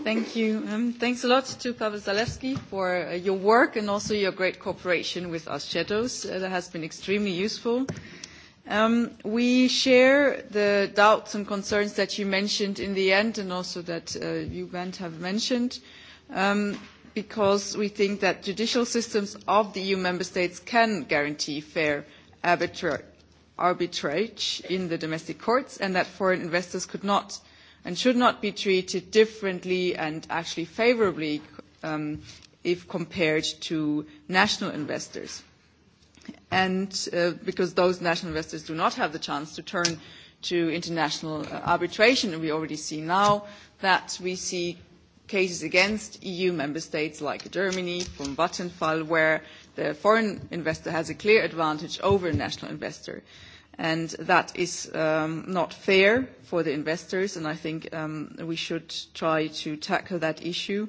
Thank you. Um, thanks a lot to Pavel Zalewski for uh, your work and also your great cooperation with us shadows. Uh, that has been extremely useful. Um, we share the doubts and concerns that you mentioned in the end and also that uh, you, Bent, have mentioned. Um, because we think that judicial systems of the EU member states can guarantee fair arbitrage in the domestic courts and that foreign investors could not and should not be treated differently and actually favourably um, if compared to national investors. And uh, because those national investors do not have the chance to turn to international uh, arbitration, and we already see now that we see cases against EU member states like Germany from Vattenfall, where the foreign investor has a clear advantage over a national investor. And that is um, not fair for the investors, and I think um, we should try to tackle that issue.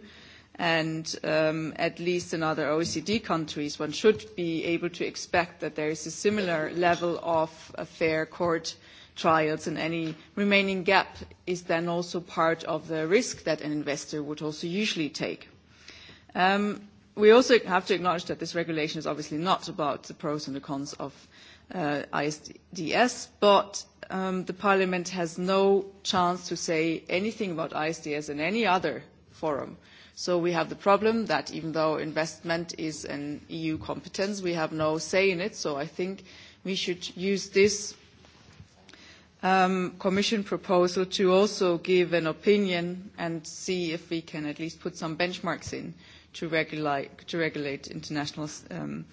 And um, at least in other OECD countries, one should be able to expect that there is a similar level of a fair court uh, trials and any remaining gap is then also part of the risk that an investor would also usually take. Um, we also have to acknowledge that this regulation is obviously not about the pros and the cons of uh, ISDS, but um, the Parliament has no chance to say anything about ISDS in any other forum. So we have the problem that even though investment is an EU competence, we have no say in it. So I think we should use this um, Commission proposal to also give an opinion and see if we can at least put some benchmarks in to regulate, to regulate international um,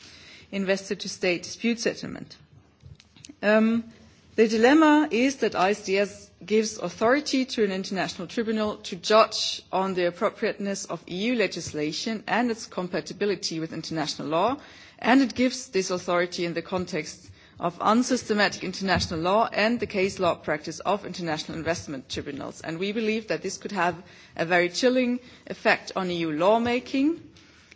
investor-to-state dispute settlement. Um, the dilemma is that ISDS gives authority to an international tribunal to judge on the appropriateness of EU legislation and its compatibility with international law, and it gives this authority in the context of unsystematic international law and the case law practice of international investment tribunals. And we believe that this could have a very chilling effect on EU lawmaking.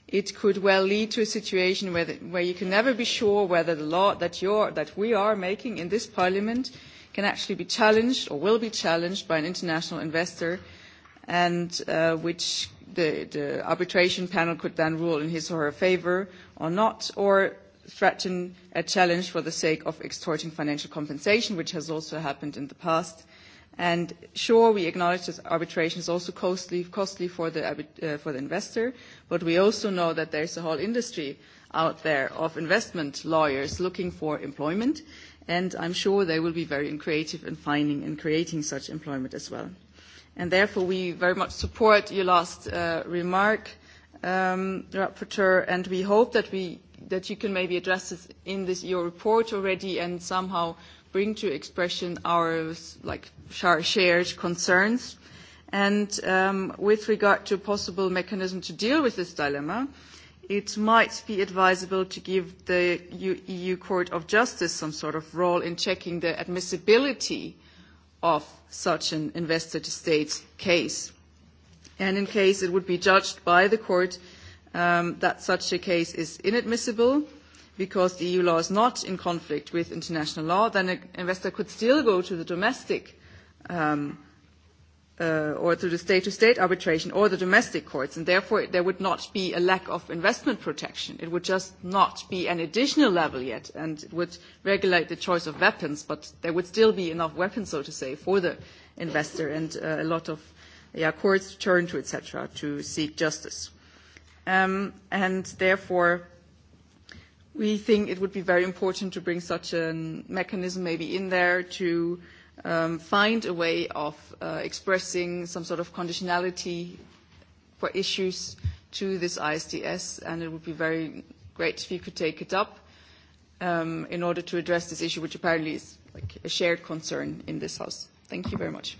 It could well lead to a situation where, the, where you can never be sure whether the law that, you're, that we are making in this parliament can actually be challenged or will be challenged by an international investor and uh, which the, the arbitration panel could then rule in his or her favour or not, or threaten a challenge for the sake of extorting financial compensation, which has also happened in the past. And sure, we acknowledge that arbitration is also costly, costly for, the, uh, for the investor, but we also know that there's a whole industry out there of investment lawyers looking for employment, and I'm sure they will be very creative in finding and creating such employment as well. And therefore, we very much support your last uh, remark um, rapporteur, and we hope that, we, that you can maybe address this in this, your report already and somehow bring to expression our like, shared concerns. And um, with regard to a possible mechanism to deal with this dilemma, it might be advisable to give the EU e Court of Justice some sort of role in checking the admissibility of such an investor-to-state case and in case it would be judged by the court um, that such a case is inadmissible because the EU law is not in conflict with international law, then an investor could still go to the domestic um, uh, or to the state-to-state arbitration or the domestic courts, and therefore there would not be a lack of investment protection. It would just not be an additional level yet, and it would regulate the choice of weapons, but there would still be enough weapons, so to say, for the investor, and uh, a lot of yeah, courts turn to, etc., to seek justice. Um, and therefore, we think it would be very important to bring such a mechanism maybe in there to um, find a way of uh, expressing some sort of conditionality for issues to this ISDS, and it would be very great if you could take it up um, in order to address this issue, which apparently is like a shared concern in this House. Thank you very much.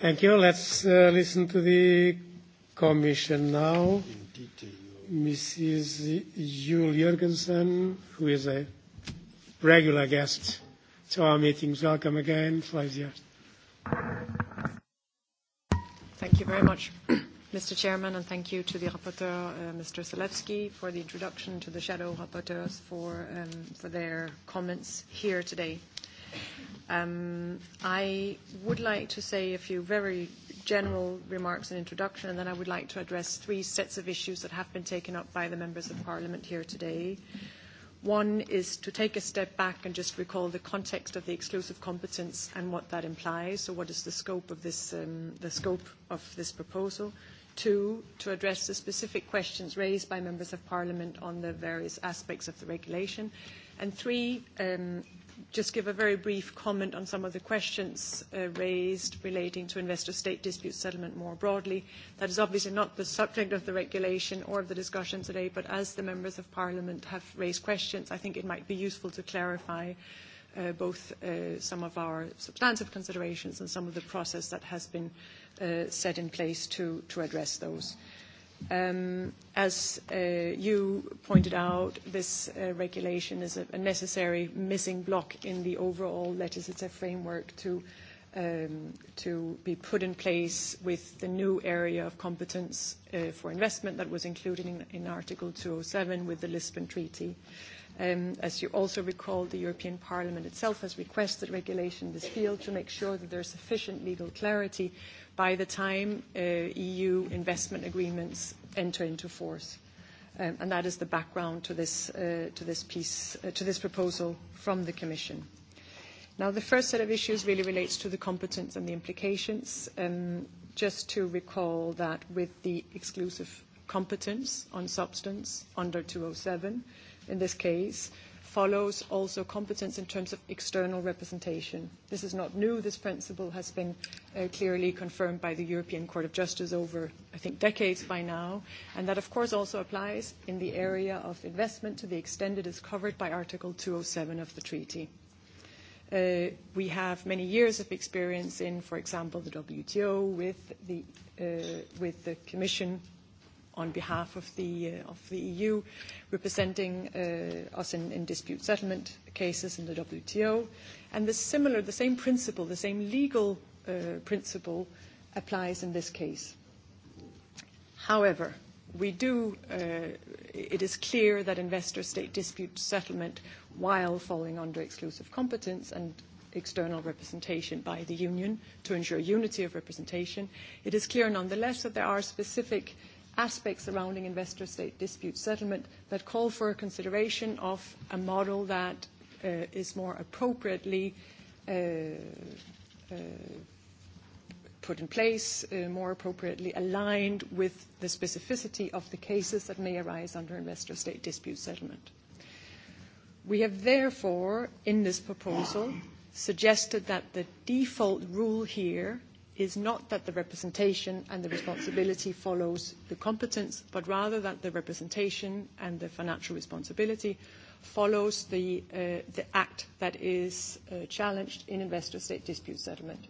Thank you. Let's uh, listen to the Commission now. Mrs. Jule Jurgensen, who is a regular guest to our meetings. Welcome again. Flavia. Thank you very much, Mr. Chairman, and thank you to the rapporteur, uh, Mr. Selevsky, for the introduction to the shadow rapporteurs for, um, for their comments here today. Um, I would like to say a few very general remarks and introduction, and then I would like to address three sets of issues that have been taken up by the members of parliament here today. One is to take a step back and just recall the context of the exclusive competence and what that implies. So, what is the scope of this, um, the scope of this proposal? Two, to address the specific questions raised by members of parliament on the various aspects of the regulation. And three, um, just give a very brief comment on some of the questions uh, raised relating to investor-state dispute settlement more broadly. That is obviously not the subject of the regulation or of the discussion today, but as the members of parliament have raised questions, I think it might be useful to clarify uh, both uh, some of our substantive considerations and some of the process that has been uh, set in place to, to address those. Um, as uh, you pointed out, this uh, regulation is a, a necessary missing block in the overall legislative framework to, um, to be put in place with the new area of competence uh, for investment that was included in, in Article 207 with the Lisbon Treaty. Um, as you also recall, the European Parliament itself has requested regulation in this field to make sure that there is sufficient legal clarity uh, by the time uh, EU investment agreements enter into force. Um, and that is the background to this, uh, to this piece, uh, to this proposal from the Commission. Now, the first set of issues really relates to the competence and the implications. Um, just to recall that with the exclusive competence on substance under 207, in this case, follows also competence in terms of external representation. This is not new. This principle has been uh, clearly confirmed by the European Court of Justice over, I think, decades by now. And that, of course, also applies in the area of investment to the extent it is covered by Article 207 of the treaty. Uh, we have many years of experience in, for example, the WTO with the, uh, with the Commission on behalf of the, uh, of the EU, representing uh, us in, in dispute settlement cases in the WTO. And the similar, the same principle, the same legal uh, principle applies in this case. However, we do, uh, it is clear that investor-state dispute settlement, while falling under exclusive competence and external representation by the union to ensure unity of representation, it is clear nonetheless that there are specific aspects surrounding investor-state dispute settlement that call for a consideration of a model that uh, is more appropriately uh, uh, put in place, uh, more appropriately aligned with the specificity of the cases that may arise under investor-state dispute settlement. We have therefore, in this proposal, suggested that the default rule here is not that the representation and the responsibility follows the competence, but rather that the representation and the financial responsibility follows the, uh, the act that is uh, challenged in investor-state dispute settlement.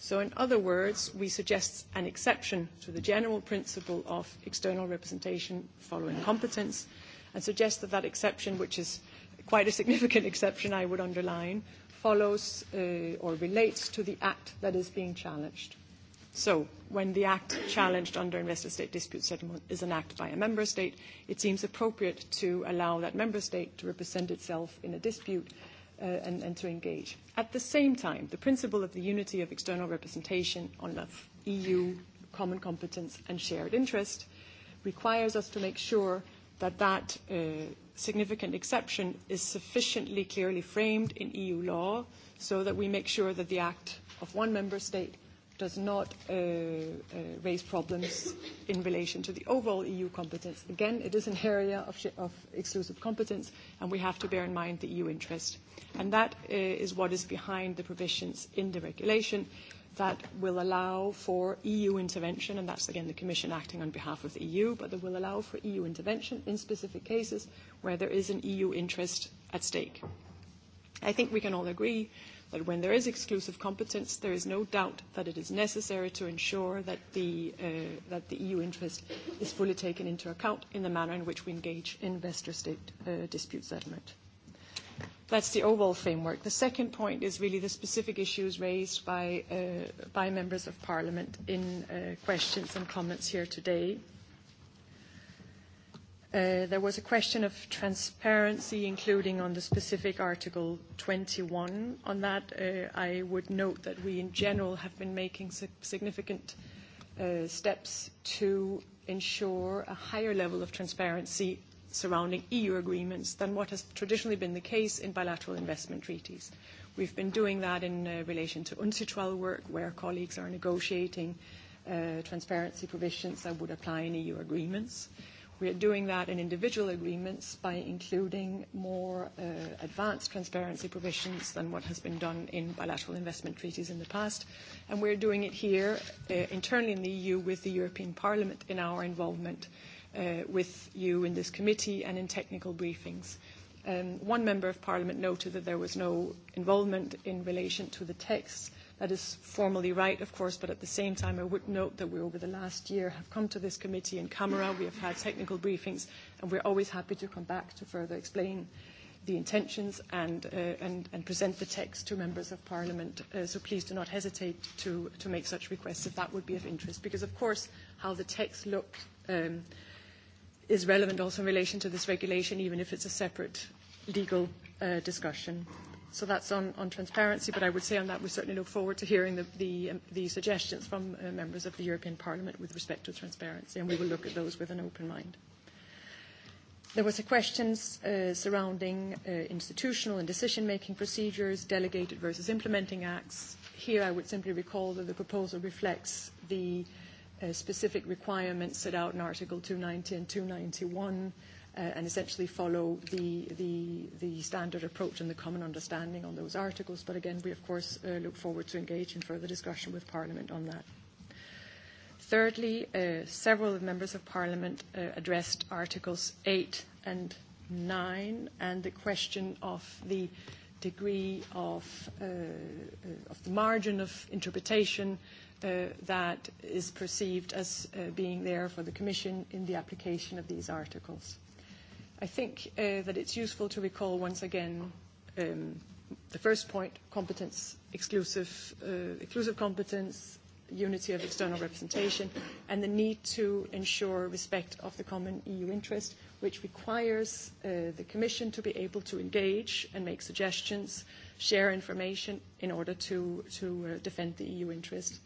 So in other words, we suggest an exception to the general principle of external representation following competence and suggest that that exception, which is quite a significant exception I would underline, follows uh, or relates to the act that is being challenged. So when the act challenged under investor state dispute settlement is an act by a member state, it seems appropriate to allow that member state to represent itself in a dispute uh, and, and to engage. At the same time, the principle of the unity of external representation on the EU common competence and shared interest requires us to make sure that that uh, significant exception is sufficiently clearly framed in EU law so that we make sure that the act of one member state does not uh, uh, raise problems in relation to the overall EU competence. Again, it is an area of, of exclusive competence, and we have to bear in mind the EU interest. And that uh, is what is behind the provisions in the regulation that will allow for EU intervention, and that's again the Commission acting on behalf of the EU, but that will allow for EU intervention in specific cases where there is an EU interest at stake. I think we can all agree that when there is exclusive competence, there is no doubt that it is necessary to ensure that the, uh, that the EU interest is fully taken into account in the manner in which we engage in investor-state uh, dispute settlement. That's the overall framework. The second point is really the specific issues raised by, uh, by members of parliament in uh, questions and comments here today. Uh, there was a question of transparency, including on the specific Article 21. On that, uh, I would note that we in general have been making significant uh, steps to ensure a higher level of transparency surrounding EU agreements than what has traditionally been the case in bilateral investment treaties. We've been doing that in uh, relation to UNCITRAL work, where colleagues are negotiating uh, transparency provisions that would apply in EU agreements. We are doing that in individual agreements by including more uh, advanced transparency provisions than what has been done in bilateral investment treaties in the past. And we're doing it here uh, internally in the EU with the European Parliament in our involvement uh, uh, with you in this committee and in technical briefings. Um, one member of parliament noted that there was no involvement in relation to the text. That is formally right, of course, but at the same time, I would note that we, over the last year, have come to this committee in camera. We have had technical briefings, and we're always happy to come back to further explain the intentions and, uh, and, and present the text to members of parliament. Uh, so please do not hesitate to, to make such requests if that would be of interest, because, of course, how the text looked. Um, is relevant also in relation to this regulation, even if it's a separate legal uh, discussion. So that's on, on transparency, but I would say on that we certainly look forward to hearing the, the, um, the suggestions from uh, members of the European Parliament with respect to transparency, and we will look at those with an open mind. There was a question uh, surrounding uh, institutional and decision-making procedures, delegated versus implementing acts. Here I would simply recall that the proposal reflects the uh, Uh, specific requirements set out in Article 290 and 291 uh, and essentially follow the, the, the standard approach and the common understanding on those articles. But again, we of course uh, look forward to engage in further discussion with Parliament on that. Thirdly, uh, several of members of Parliament uh, addressed Articles 8 and 9 and the question of the degree of, uh, uh of the margin of interpretation uh, uh, that is perceived as uh, being there for the Commission in the application of these articles. I think uh, that it's useful to recall once again um, the first point, competence, exclusive, uh, exclusive competence, unity of external representation, and the need to ensure respect of the common EU interest, which requires uh, the Commission to be able to engage and make suggestions, share information in order to, to uh, defend the EU interest.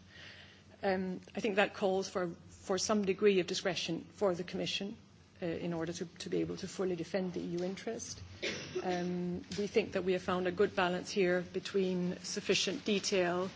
Um, I think that calls for, for some degree of discretion for the Commission uh, in order to, to be able to fully defend the EU interest. Um, we think that we have found a good balance here between sufficient detail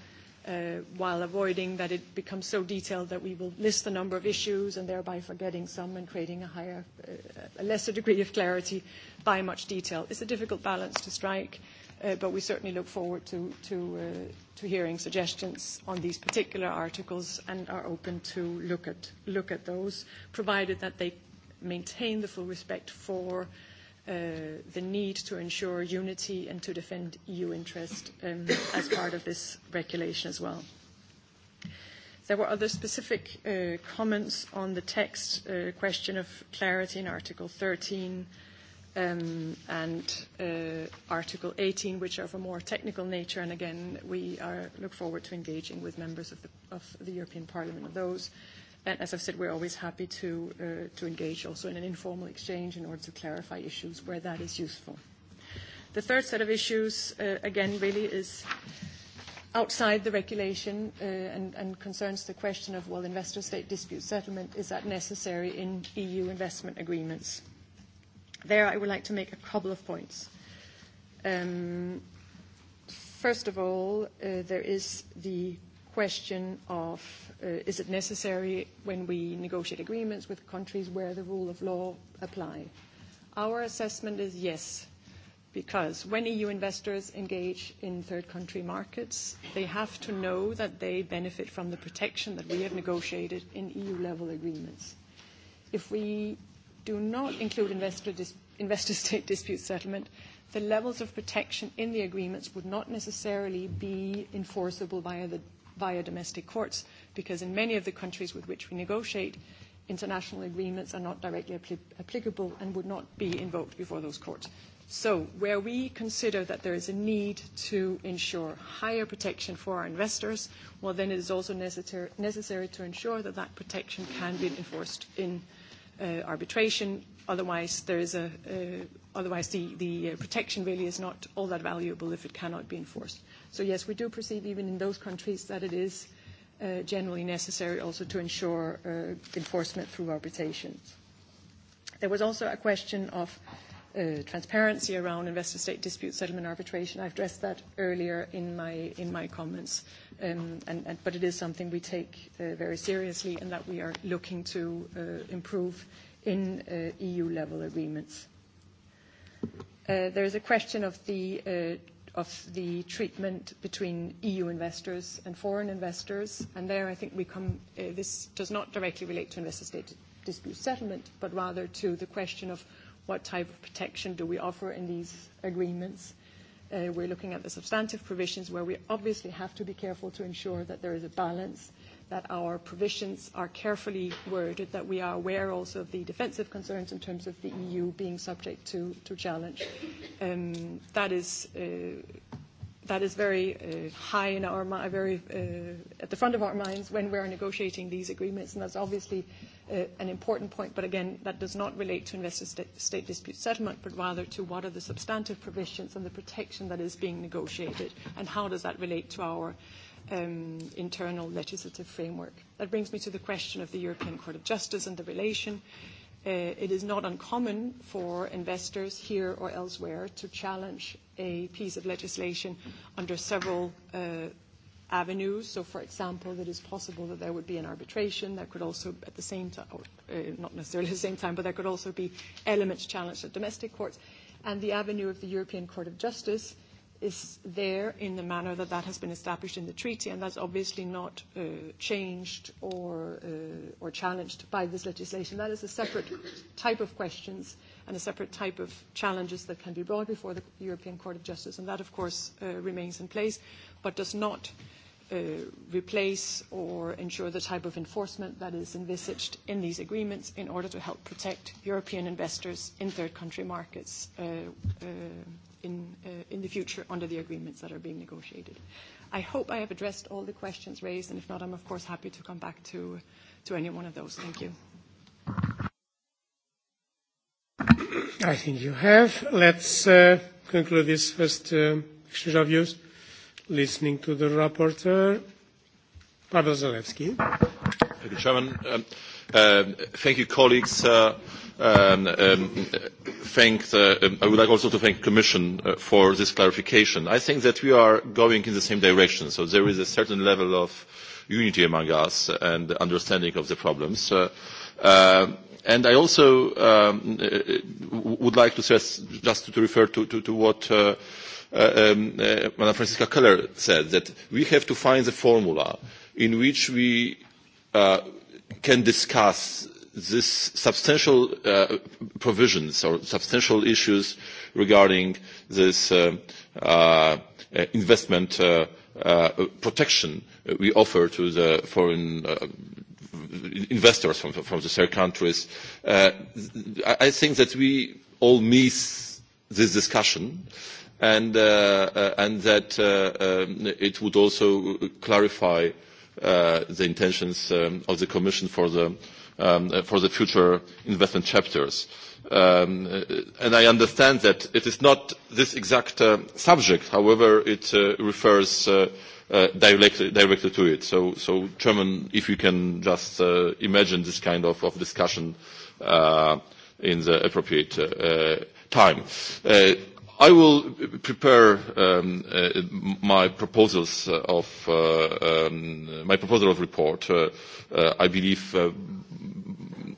uh, while avoiding that it becomes so detailed that we will list the number of issues and thereby forgetting some and creating a higher, uh, a lesser degree of clarity by much detail. It's a difficult balance to strike. Uh, but we certainly look forward to, to, uh, to hearing suggestions on these particular articles and are open to look at, look at those, provided that they maintain the full respect for uh, the need to ensure unity and to defend EU interest um, as part of this regulation as well. There were other specific uh, comments on the text, uh, question of clarity in Article 13, um, and uh, Article 18, which are of a more technical nature. And again, we are, look forward to engaging with members of the, of the European Parliament on those. And as I've said, we're always happy to, uh, to engage also in an informal exchange in order to clarify issues where that is useful. The third set of issues, uh, again, really is outside the regulation uh, and, and concerns the question of, well, investor-state dispute settlement, is that necessary in EU investment agreements? There, I would like to make a couple of points. Um, first of all, uh, there is the question of uh, is it necessary when we negotiate agreements with countries where the rule of law apply? Our assessment is yes, because when EU investors engage in third country markets, they have to know that they benefit from the protection that we have negotiated in EU level agreements. If we do not include investor, state dispute settlement, the levels of protection in the agreements would not necessarily be enforceable via, the, via domestic courts, because in many of the countries with which we negotiate, international agreements are not directly apl- applicable and would not be invoked before those courts. So where we consider that there is a need to ensure higher protection for our investors, well, then it is also necessary, necessary to ensure that that protection can be enforced in uh, arbitration. Otherwise, there is a, uh, otherwise the, the uh, protection really is not all that valuable if it cannot be enforced. So yes, we do perceive even in those countries that it is uh, generally necessary also to ensure uh, enforcement through arbitration. There was also a question of Uh, transparency around investor-state dispute settlement arbitration. I've addressed that earlier in my, in my comments, um, and, and, but it is something we take uh, very seriously and that we are looking to uh, improve in uh, EU-level agreements. Uh, there is a question of the, uh, of the treatment between EU investors and foreign investors, and there I think we come, uh, this does not directly relate to investor-state dispute settlement, but rather to the question of what type of protection do we offer in these agreements. Uh, we're looking at the substantive provisions where we obviously have to be careful to ensure that there is a balance, that our provisions are carefully worded, that we are aware also of the defensive concerns in terms of the EU being subject to, to challenge. Um, that is uh, that is very uh, high in our mind, very uh, at the front of our minds when we are negotiating these agreements, and that's obviously uh, an important point, but again, that does not relate to investor-state dispute settlement, but rather to what are the substantive provisions and the protection that is being negotiated, and how does that relate to our um, internal legislative framework. That brings me to the question of the European Court of Justice and the relation. Uh, it is not uncommon for investors here or elsewhere to challenge a piece of legislation under several uh, avenues. So, for example, it is possible that there would be an arbitration. There could also, at the same time, or uh, not necessarily at the same time, but there could also be elements challenged at domestic courts. And the avenue of the European Court of Justice is there in the manner that that has been established in the treaty, and that's obviously not uh, changed or, uh, or challenged by this legislation. That is a separate type of questions and a separate type of challenges that can be brought before the European Court of Justice, and that, of course, uh, remains in place but does not uh, replace or ensure the type of enforcement that is envisaged in these agreements in order to help protect European investors in third country markets uh, uh, in, uh, in the future under the agreements that are being negotiated. I hope I have addressed all the questions raised, and if not, I'm of course happy to come back to, to any one of those. Thank you. I think you have. Let's uh, conclude this first uh, exchange of views listening to the rapporteur. Pavel Zalewski. Thank you, Chairman. Um, uh, thank you, colleagues. Uh, um, um, thank the, um, I would like also to thank Commission uh, for this clarification. I think that we are going in the same direction, so there is a certain level of unity among us and understanding of the problems. Uh, uh, and I also um, uh, would like to stress, just to refer to, to, to what Uh, um, uh, Madam Francisca Keller said, that we have to find the formula in which we uh, can discuss these substantial uh, provisions or substantial issues regarding this uh, uh, investment uh, uh, protection we offer to the foreign uh, investors from, from the third countries. Uh, I think that we all miss this discussion. Uh, Uh, uh, and, that uh, um, it would also clarify the intentions um, of the Commission for the, um, for the future investment chapters. and I understand that it is not this exact subject, however, it refers Uh, directly, directly to it. So, so, Chairman, if you can just uh, imagine this kind of, of discussion uh, in the appropriate time. I will prepare um, uh, my proposals uh, of uh, um, my proposal of report. Uh, uh, I believe uh,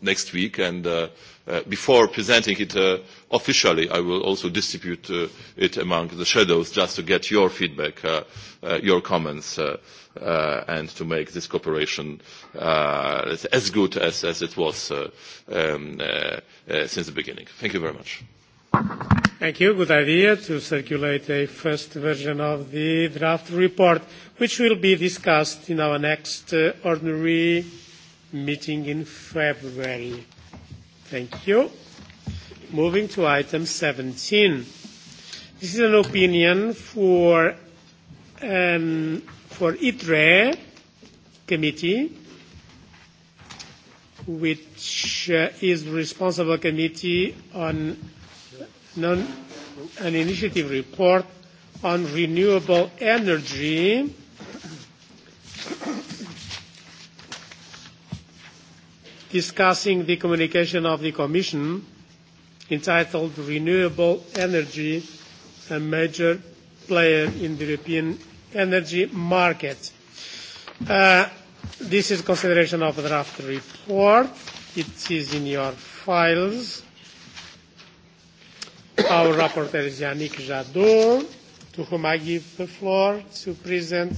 next week, and uh, uh, before presenting it uh, officially, I will also distribute uh, it among the shadows just to get your feedback, uh, uh, your comments, uh, uh, and to make this cooperation uh, as good as, as it was uh, um, uh, uh, since the beginning. Thank you very much. Thank you. Good idea to circulate a first version of the draft report, which will be discussed in our next uh, ordinary meeting in February. Thank you. Moving to item 17. This is an opinion for, um, for ITRE committee, which uh, is the responsible committee on an initiative report on renewable energy. discussing the communication of the Commission entitled Renewable Energy, a Major Player in the European Energy Market. Uh, this is consideration of the draft report. It is in your files. Our rapporteur is Yannick Jadot, to whom I give the floor to present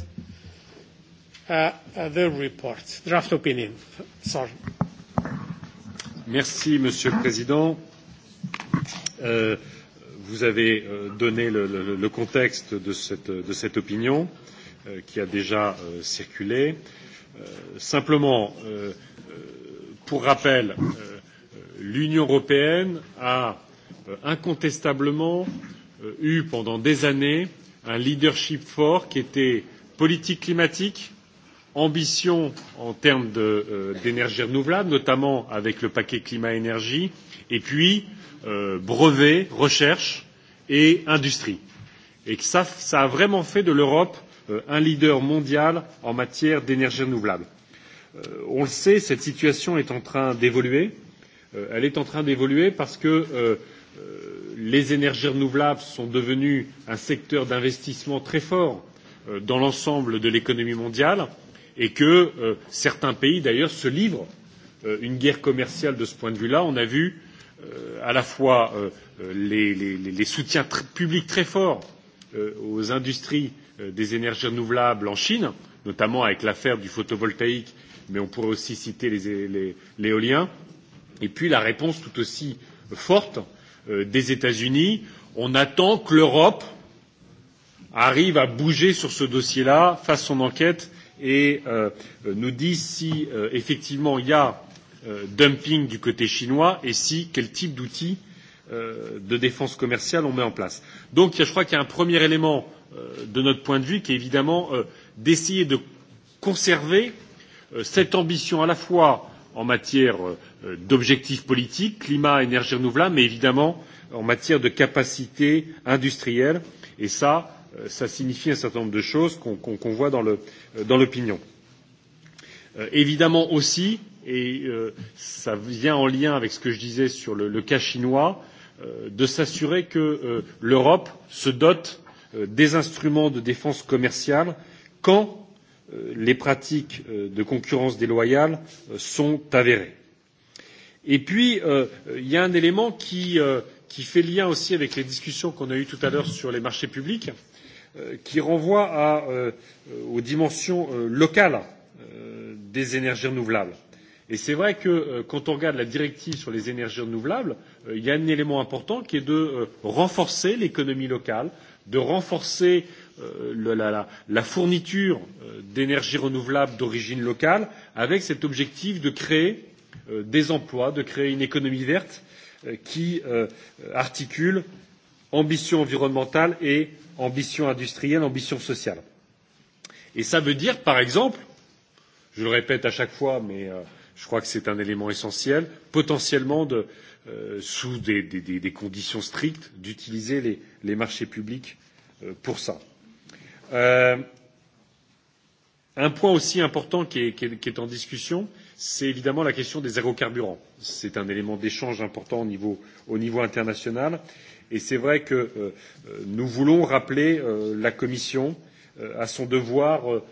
uh, uh the report, draft opinion. Sorry. Merci, Monsieur le Président. Euh, vous avez euh, donné le, le, le contexte de cette, de cette opinion euh, qui a déjà euh, circulé. Euh, simplement, euh, euh pour rappel, euh, euh, l'Union européenne a Euh, incontestablement euh, eu pendant des années un leadership fort qui était politique climatique, ambition en termes euh, d'énergie euh, renouvelable, notamment avec le paquet climat-énergie, et puis euh, brevet, recherche et industrie. Et que ça, ça a vraiment fait de l'Europe euh, un leader mondial en matière d'énergie renouvelable. Euh, on le sait, cette situation est en train d'évoluer. Euh, elle est en train d'évoluer parce que euh, Euh, les énergies renouvelables sont devenues un secteur d'investissement très fort euh, dans l'ensemble de l'économie mondiale et que euh, certains pays d'ailleurs se livrent une guerre commerciale de ce point de vue là. On a vu à la fois les, les, les soutiens publics très forts aux industries des énergies renouvelables en Chine, notamment avec l'affaire du photovoltaïque, mais on pourrait aussi citer l'éolien, les, les, et puis la réponse tout aussi forte euh, Euh, des États-Unis. On attend que l'Europe arrive à bouger sur ce dossier-là, fasse son enquête et euh, nous dise si euh, effectivement il y a euh, dumping du côté chinois et si quel type d'outils euh, de défense commerciale on met en place. Donc je crois qu'il y a un premier élément euh, de notre point de vue qui est évidemment euh, d'essayer de conserver euh, cette ambition à la fois en matière euh, Euh, d'objectifs politiques climat énergies renouvelables mais évidemment en matière de capacité industrielle et cela euh, ça signifie un certain nombre de choses qu'on qu qu voit euh, dans l'opinion. Euh, évidemment aussi et euh, ça vient en lien avec ce que je disais sur le, le cas chinois euh, de s'assurer que euh, l'Europe se dote euh, des instruments de défense commerciale quand euh, les pratiques euh, de concurrence déloyale euh, sont avérées Et puis, euh, il y a un élément qui, euh, qui fait lien aussi avec les discussions qu'on a eues tout à l'heure sur les marchés publics, euh, qui renvoie à, euh, aux dimensions euh, locales euh, des énergies renouvelables. Et c'est vrai que euh, quand on regarde la directive sur les énergies renouvelables, euh, il y a un élément important qui est de euh, renforcer l'économie locale, de renforcer euh, la, la, la fourniture euh, d'énergie renouvelable d'origine locale, avec cet objectif de créer Euh, des emplois, de créer une économie verte euh, qui euh, articule ambition environnementale et ambition industrielle, ambition sociale. Et ça veut dire, par exemple, je le répète à chaque fois, mais je crois que c'est un élément essentiel, potentiellement de, euh, sous des, des, des, conditions strictes, d'utiliser les, les marchés publics pour ça. Euh, un point aussi important qui est, qui est, qui est en discussion, c'est évidemment la question des agrocarburants. C'est un élément d'échange important au niveau, au niveau international et c'est vrai que euh, euh, nous voulons rappeler euh, la Commission euh, à son devoir euh,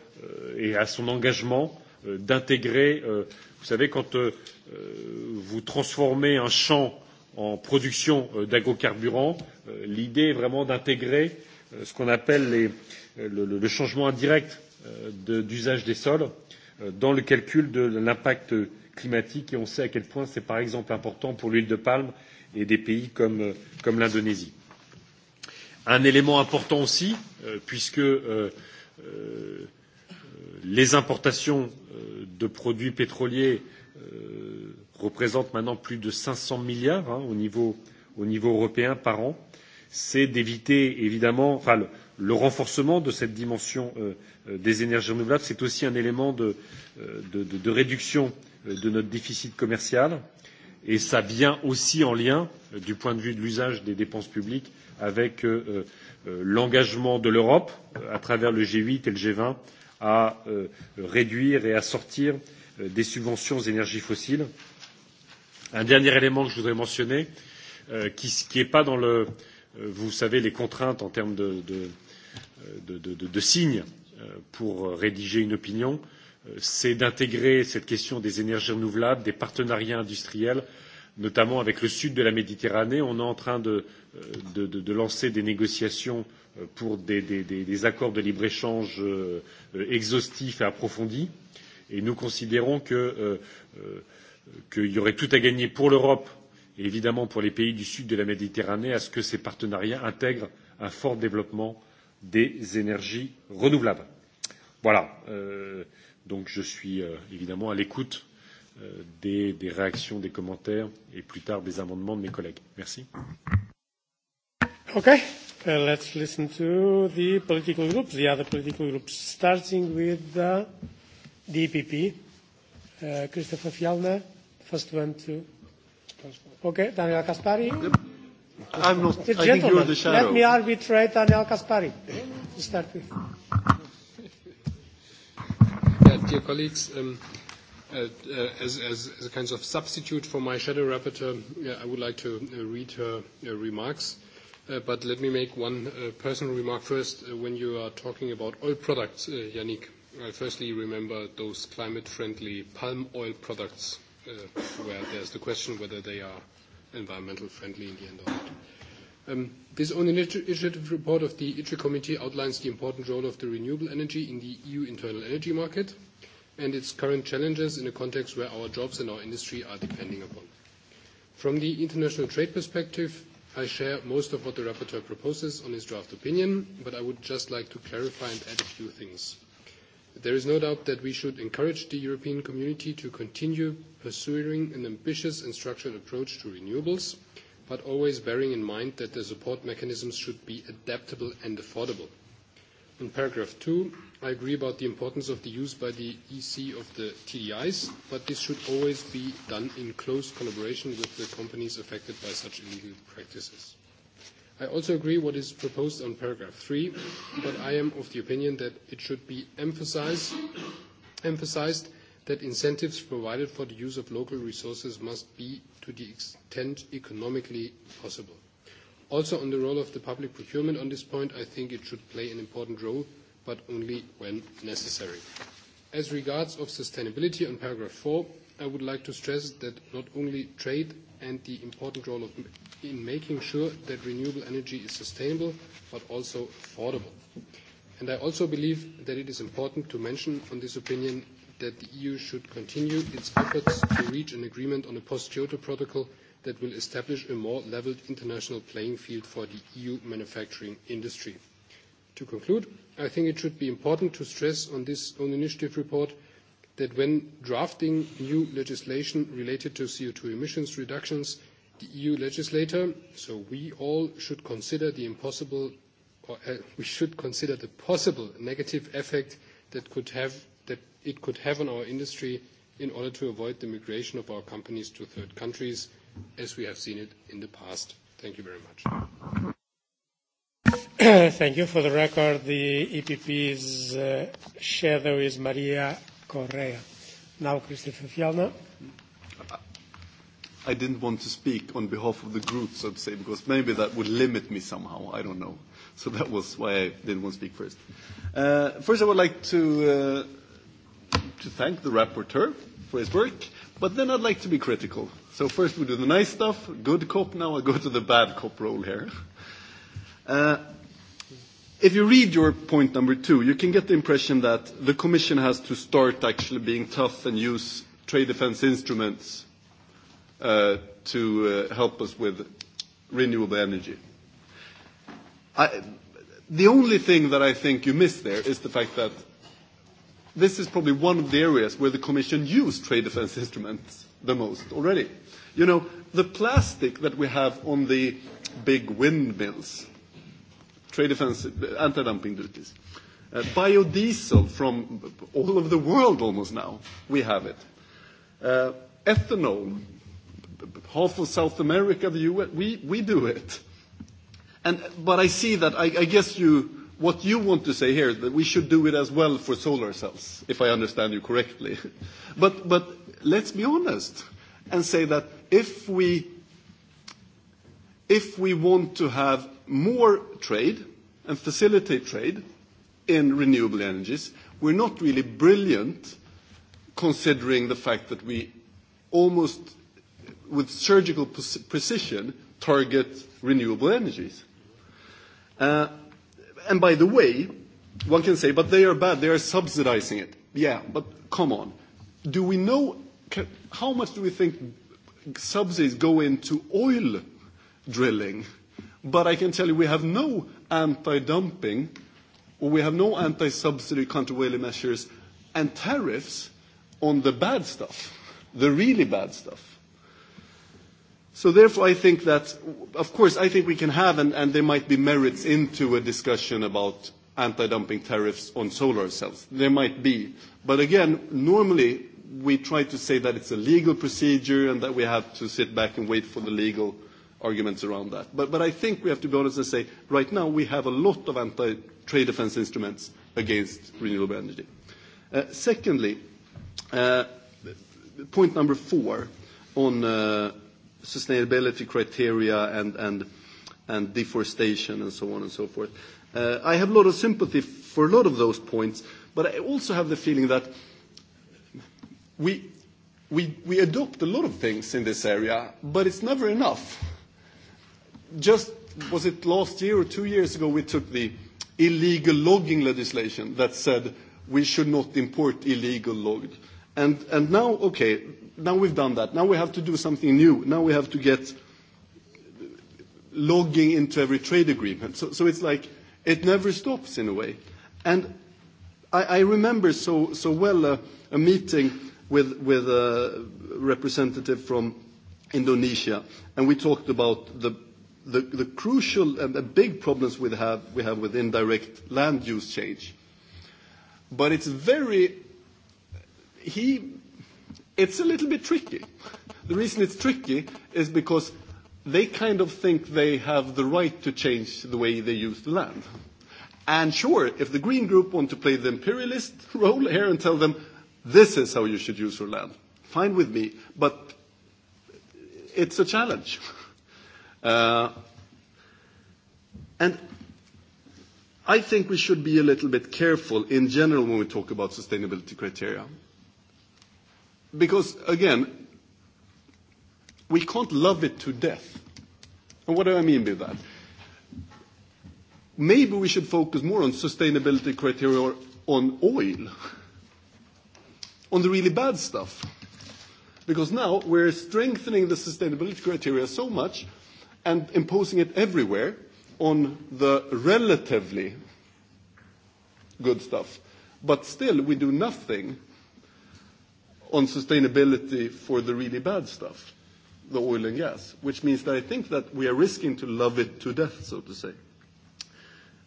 et à son engagement euh, d'intégrer euh, vous savez quand euh, euh vous transformez un champ en production euh, d'agrocarburants, euh, l'idée est vraiment d'intégrer euh, ce qu'on appelle les, euh, le, le changement indirect euh, d'usage de, des sols euh, Euh, dans le calcul de l'impact climatique et on sait à quel point c'est par exemple important pour l'huile de palme et des pays comme, euh, comme l'Indonésie. Un élément important aussi, euh, puisque euh, euh, les importations euh, de produits pétroliers euh, représentent maintenant plus de 500 milliards hein, au, niveau, au niveau européen par an, c'est d'éviter évidemment, enfin, le, le renforcement de cette dimension euh, euh, des énergies renouvelables, c'est aussi un élément de, euh, de, de, de réduction de notre déficit commercial et ça vient aussi en lien, du point de vue de l'usage des dépenses publiques, avec l'engagement de l'Europe, à travers le G8 et le G20, à réduire et à sortir des subventions aux énergies fossiles. Un dernier élément que je voudrais mentionner, qui n'est qui pas dans le, vous savez, les contraintes en termes de, de, de, de, de, de signes euh, pour euh, rédiger une opinion, euh, c'est d'intégrer cette question des énergies renouvelables, des partenariats industriels, notamment avec le sud de la Méditerranée. On est en train de, de, de, de lancer des négociations pour des, des, des, des accords de libre-échange exhaustifs et approfondis. Et nous considérons qu'il euh, euh, y aurait tout à gagner pour l'Europe et évidemment pour les pays du sud de la Méditerranée à ce que ces partenariats intègrent un fort développement des énergies renouvelables. Voilà. Euh, donc je suis euh, évidemment à l'écoute euh, des, des réactions, des commentaires et plus tard des amendements de mes collègues. Merci. Okay. Uh, let's listen to the political groups, the other political groups, starting with uh, the DPP. E uh, Christopher Fjellner, first one to. Okay, Daniel Kaspari. Yep. I'm not. I think you're the shadow. Let me arbitrate Daniel Kaspari to start with. Yeah, dear colleagues, um, uh, as, as, as a kind of substitute for my shadow rapporteur, uh, I would like to uh, read her uh, remarks. Uh, but let me make one uh, personal remark first. Uh, when you are talking about oil products, uh, Yannick, I firstly remember those climate-friendly palm oil products uh, where there's the question whether they are environmental friendly in the end of it. Um, this own initiative report of the ITRE committee outlines the important role of the renewable energy in the EU internal energy market and its current challenges in a context where our jobs and our industry are depending upon. From the international trade perspective, I share most of what the rapporteur proposes on his draft opinion, but I would just like to clarify and add a few things. There is no doubt that we should encourage the European community to continue pursuing an ambitious and structured approach to renewables, but always bearing in mind that the support mechanisms should be adaptable and affordable. In paragraph two, I agree about the importance of the use by the EC of the TDIs, but this should always be done in close collaboration with the companies affected by such illegal practices. I also agree what is proposed on paragraph three, but I am of the opinion that it should be emphasized, emphasized that incentives provided for the use of local resources must be to the extent economically possible. Also on the role of the public procurement on this point, I think it should play an important role, but only when necessary. As regards of sustainability on paragraph four, I would like to stress that not only trade and the important role of, in making sure that renewable energy is sustainable but also affordable. And I also believe that it is important to mention on this opinion that the EU should continue its efforts to reach an agreement on a post-Kyoto protocol that will establish a more leveled international playing field for the EU manufacturing industry. To conclude, I think it should be important to stress on this own initiative report that when drafting new legislation related to CO2 emissions reductions, the EU legislator, so we all should consider the impossible or uh, we should consider the possible negative effect that it could have on our industry in order to avoid the migration of our companies to third countries as we have seen it in the past. Thank you very much. Thank you. For the record, the EPP's uh, shadow is Maria Correa. Now, Christopher Fjellner. I didn't want to speak on behalf of the group, so to say, because maybe that would limit me somehow. I don't know. So that was why I didn't want to speak first. Uh, first, I would like to, uh, to thank the rapporteur for his work, but then I'd like to be critical. So first we do the nice stuff, good cop, now I go to the bad cop role here. Uh, If you read your point number two, you can get the impression that the Commission has to start actually being tough and use trade defence instruments uh, to uh, help us with renewable energy. I, the only thing that I think you miss there is the fact that this is probably one of the areas where the Commission used trade defence instruments the most already. You know, the plastic that we have on the big windmills – trade defense, anti-dumping duties. Uh, biodiesel from all over the world almost now, we have it. Uh, ethanol, half of South America, the US, we, we do it. And, but I see that, I, I guess you, what you want to say here is that we should do it as well for solar cells, if I understand you correctly. but, but let's be honest and say that if we, if we want to have more trade and facilitate trade in renewable energies. We're not really brilliant considering the fact that we almost, with surgical precision, target renewable energies. Uh, and by the way, one can say, but they are bad, they are subsidizing it. Yeah, but come on. Do we know how much do we think subsidies go into oil drilling? But I can tell you we have no anti-dumping or we have no anti-subsidy countervailing measures and tariffs on the bad stuff, the really bad stuff. So therefore, I think that, of course, I think we can have, and, and there might be merits into a discussion about anti-dumping tariffs on solar cells. There might be. But again, normally we try to say that it's a legal procedure and that we have to sit back and wait for the legal arguments around that. But, I think we have to be honest and say, right now we have a lot of anti-trade defense instruments against renewable energy. Uh, secondly, uh, point number four on uh, sustainability criteria and, and, and deforestation and so on and so forth. I have a lot of sympathy for a lot of those points, but I also have the feeling that we, we, we adopt a lot of things in this area, but it's never enough just was it last year or two years ago we took the illegal logging legislation that said we should not import illegal logs, And, and now, okay, now we've done that. Now we have to do something new. Now we have to get logging into every trade agreement. So, so it's like it never stops in a way. And I, I remember so, so well a, a meeting with, with a representative from Indonesia, and we talked about the the, the crucial and the big problems we have, we have with indirect land use change. But it's very, he, it's a little bit tricky. The reason it's tricky is because they kind of think they have the right to change the way they use the land. And sure, if the Green Group want to play the imperialist role here and tell them, this is how you should use your land, fine with me, but it's a challenge. Uh, and I think we should be a little bit careful in general when we talk about sustainability criteria. Because, again, we can't love it to death. And what do I mean by that? Maybe we should focus more on sustainability criteria on oil, on the really bad stuff. Because now we're strengthening the sustainability criteria so much and imposing it everywhere on the relatively good stuff. But still, we do nothing on sustainability for the really bad stuff, the oil and gas, which means that I think that we are risking to love it to death, so to say.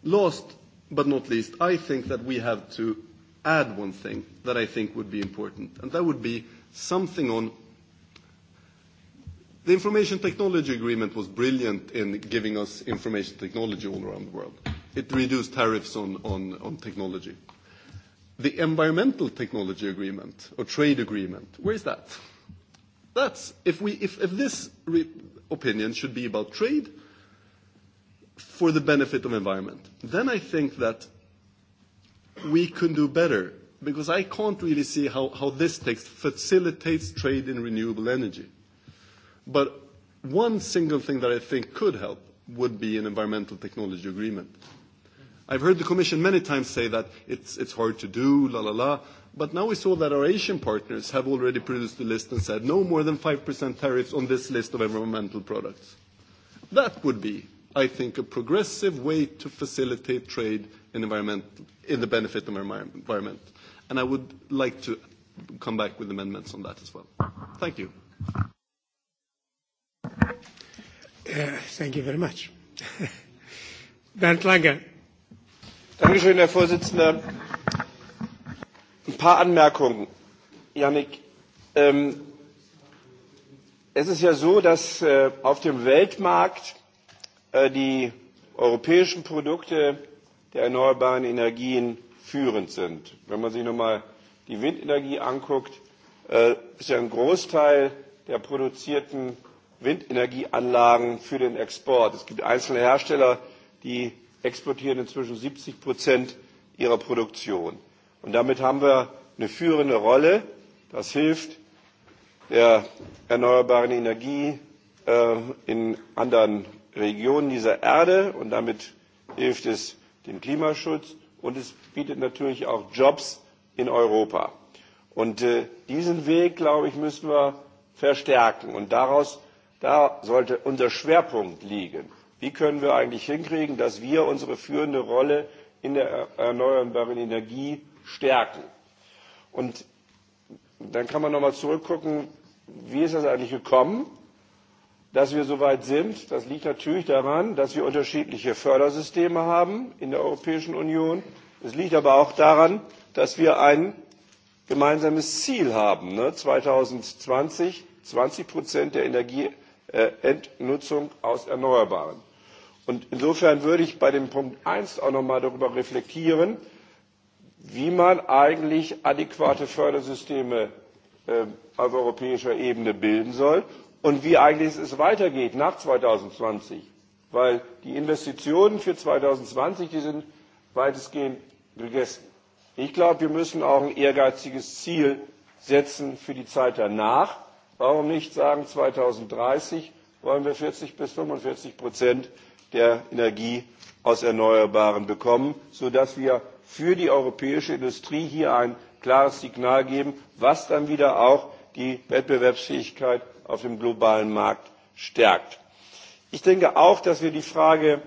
Last but not least, I think that we have to add one thing that I think would be important, and that would be something on The information technology agreement was brilliant in giving us information technology all around the world. It reduced tariffs on, on, on technology. The environmental technology agreement or trade agreement, where is that? That's if we if, if this re- opinion should be about trade for the benefit of environment, then I think that we can do better because I can't really see how, how this text facilitates trade in renewable energy. But one single thing that I think could help would be an environmental technology agreement. I've heard the Commission many times say that it's, it's hard to do, la la la, but now we saw that our Asian partners have already produced a list and said no more than 5% tariffs on this list of environmental products. That would be, I think, a progressive way to facilitate trade in, environment, in the benefit of environment. And I would like to come back with amendments on that as well. Thank you. Eh, thank you very much. Bernd Lange. Dankeschön, Herr Vorsitzender. Ein paar Anmerkungen, Janik. Ähm, es ist ja so, dass äh, auf dem Weltmarkt äh, die europäischen Produkte der erneuerbaren Energien führend sind. Wenn man sich nochmal die Windenergie anguckt, äh, ist ja ein Großteil der produzierten Windenergieanlagen für den Export. Es gibt einzelne Hersteller, die exportieren inzwischen 70 Prozent ihrer Produktion. Und damit haben wir eine führende Rolle. Das hilft der erneuerbaren Energie äh, in anderen Regionen dieser Erde und damit hilft es dem Klimaschutz und es bietet natürlich auch Jobs in Europa. Und äh, diesen Weg, glaube ich, müssen wir verstärken und daraus Da sollte unser Schwerpunkt liegen. Wie können wir eigentlich hinkriegen, dass wir unsere führende Rolle in der erneuerbaren Energie stärken? Und dann kann man nochmal zurückgucken, wie ist das eigentlich gekommen, dass wir so weit sind. Das liegt natürlich daran, dass wir unterschiedliche Fördersysteme haben in der Europäischen Union. Es liegt aber auch daran, dass wir ein gemeinsames Ziel haben, ne? 2020 20 Prozent der Energie Äh, Endnutzung aus Erneuerbaren. Und insofern würde ich bei dem Punkt 1 auch nochmal darüber reflektieren, wie man eigentlich adäquate Fördersysteme äh, auf europäischer Ebene bilden soll und wie eigentlich es weitergeht nach 2020. Weil die Investitionen für 2020, die sind weitestgehend gegessen. Ich glaube, wir müssen auch ein ehrgeiziges Ziel setzen für die Zeit danach Warum nicht sagen, 2030 wollen wir 40 bis 45 Prozent der Energie aus Erneuerbaren bekommen, sodass wir für die europäische Industrie hier ein klares Signal geben, was dann wieder auch die Wettbewerbsfähigkeit auf dem globalen Markt stärkt. Ich denke auch, dass wir die Frage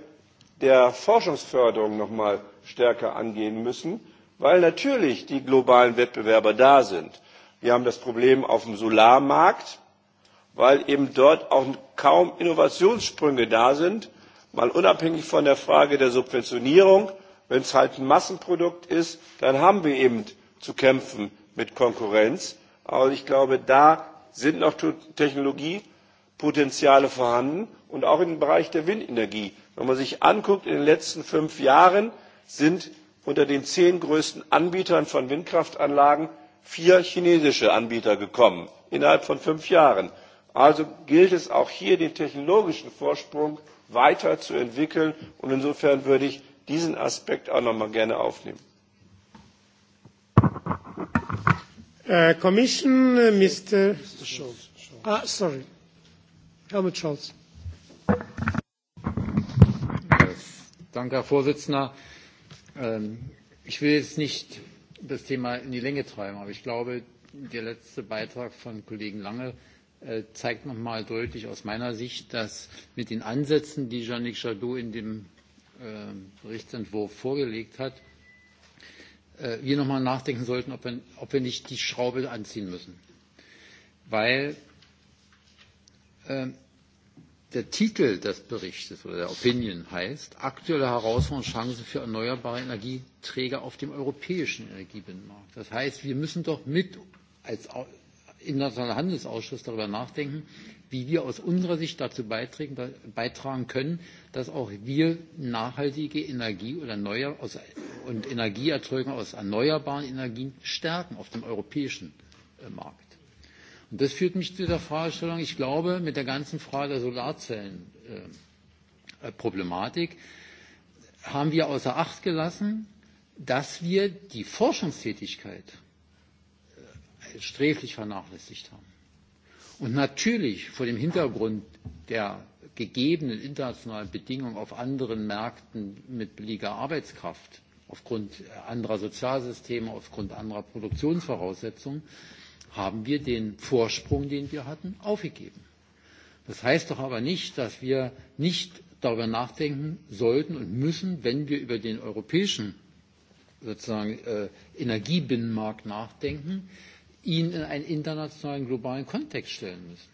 der Forschungsförderung noch mal stärker angehen müssen, weil natürlich die globalen Wettbewerber da sind wir haben das problem auf dem solarmarkt weil eben dort auch kaum innovationssprünge da sind mal unabhängig von der frage der subventionierung wenn es halt ein massenprodukt ist dann haben wir eben zu kämpfen mit konkurrenz. aber ich glaube da sind noch technologiepotenziale vorhanden und auch im bereich der windenergie wenn man sich anguckt in den letzten fünf jahren sind unter den zehn größten anbietern von windkraftanlagen vier chinesische anbieter gekommen innerhalb von fünf jahren. also gilt es auch hier den technologischen vorsprung weiter zu entwickeln und insofern würde ich diesen aspekt auch noch mal gerne aufnehmen. Äh, äh, ah, Herr Vorsitzender. Ähm, ich will jetzt nicht das Thema in die Länge treiben. Aber ich glaube, der letzte Beitrag von Kollegen Lange äh, zeigt nochmal deutlich aus meiner Sicht, dass mit den Ansätzen, die Jean-Luc Jadot in dem äh, Berichtsentwurf vorgelegt hat, äh, wir nochmal nachdenken sollten, ob wir, ob wir nicht die Schraube anziehen müssen. Weil der Titel des Berichts oder der Opinion heißt Aktuelle Herausforderungen und Chancen für erneuerbare Energieträger auf dem europäischen Energiebinnenmarkt. Das heißt, wir müssen doch mit als Internationaler Handelsausschuss darüber nachdenken, wie wir aus unserer Sicht dazu beitragen können, dass auch wir nachhaltige Energie oder neue aus, und Energieerzeugung aus erneuerbaren Energien stärken auf dem europäischen äh, Markt. Und das führt mich zu der Fragestellung, ich glaube, mit der ganzen Frage der Solarzellenproblematik äh, äh haben wir außer Acht gelassen, dass wir die Forschungstätigkeit äh, sträflich vernachlässigt haben. Und natürlich vor dem Hintergrund der gegebenen internationalen Bedingungen auf anderen Märkten mit billiger Arbeitskraft, aufgrund äh, anderer Sozialsysteme, aufgrund anderer Produktionsvoraussetzungen, haben wir den Vorsprung, den wir hatten, aufgegeben. Das heißt doch aber nicht, dass wir nicht darüber nachdenken sollten und müssen, wenn wir über den europäischen sozusagen äh, Energiebinnenmarkt nachdenken, ihn in einen internationalen globalen Kontext stellen müssen.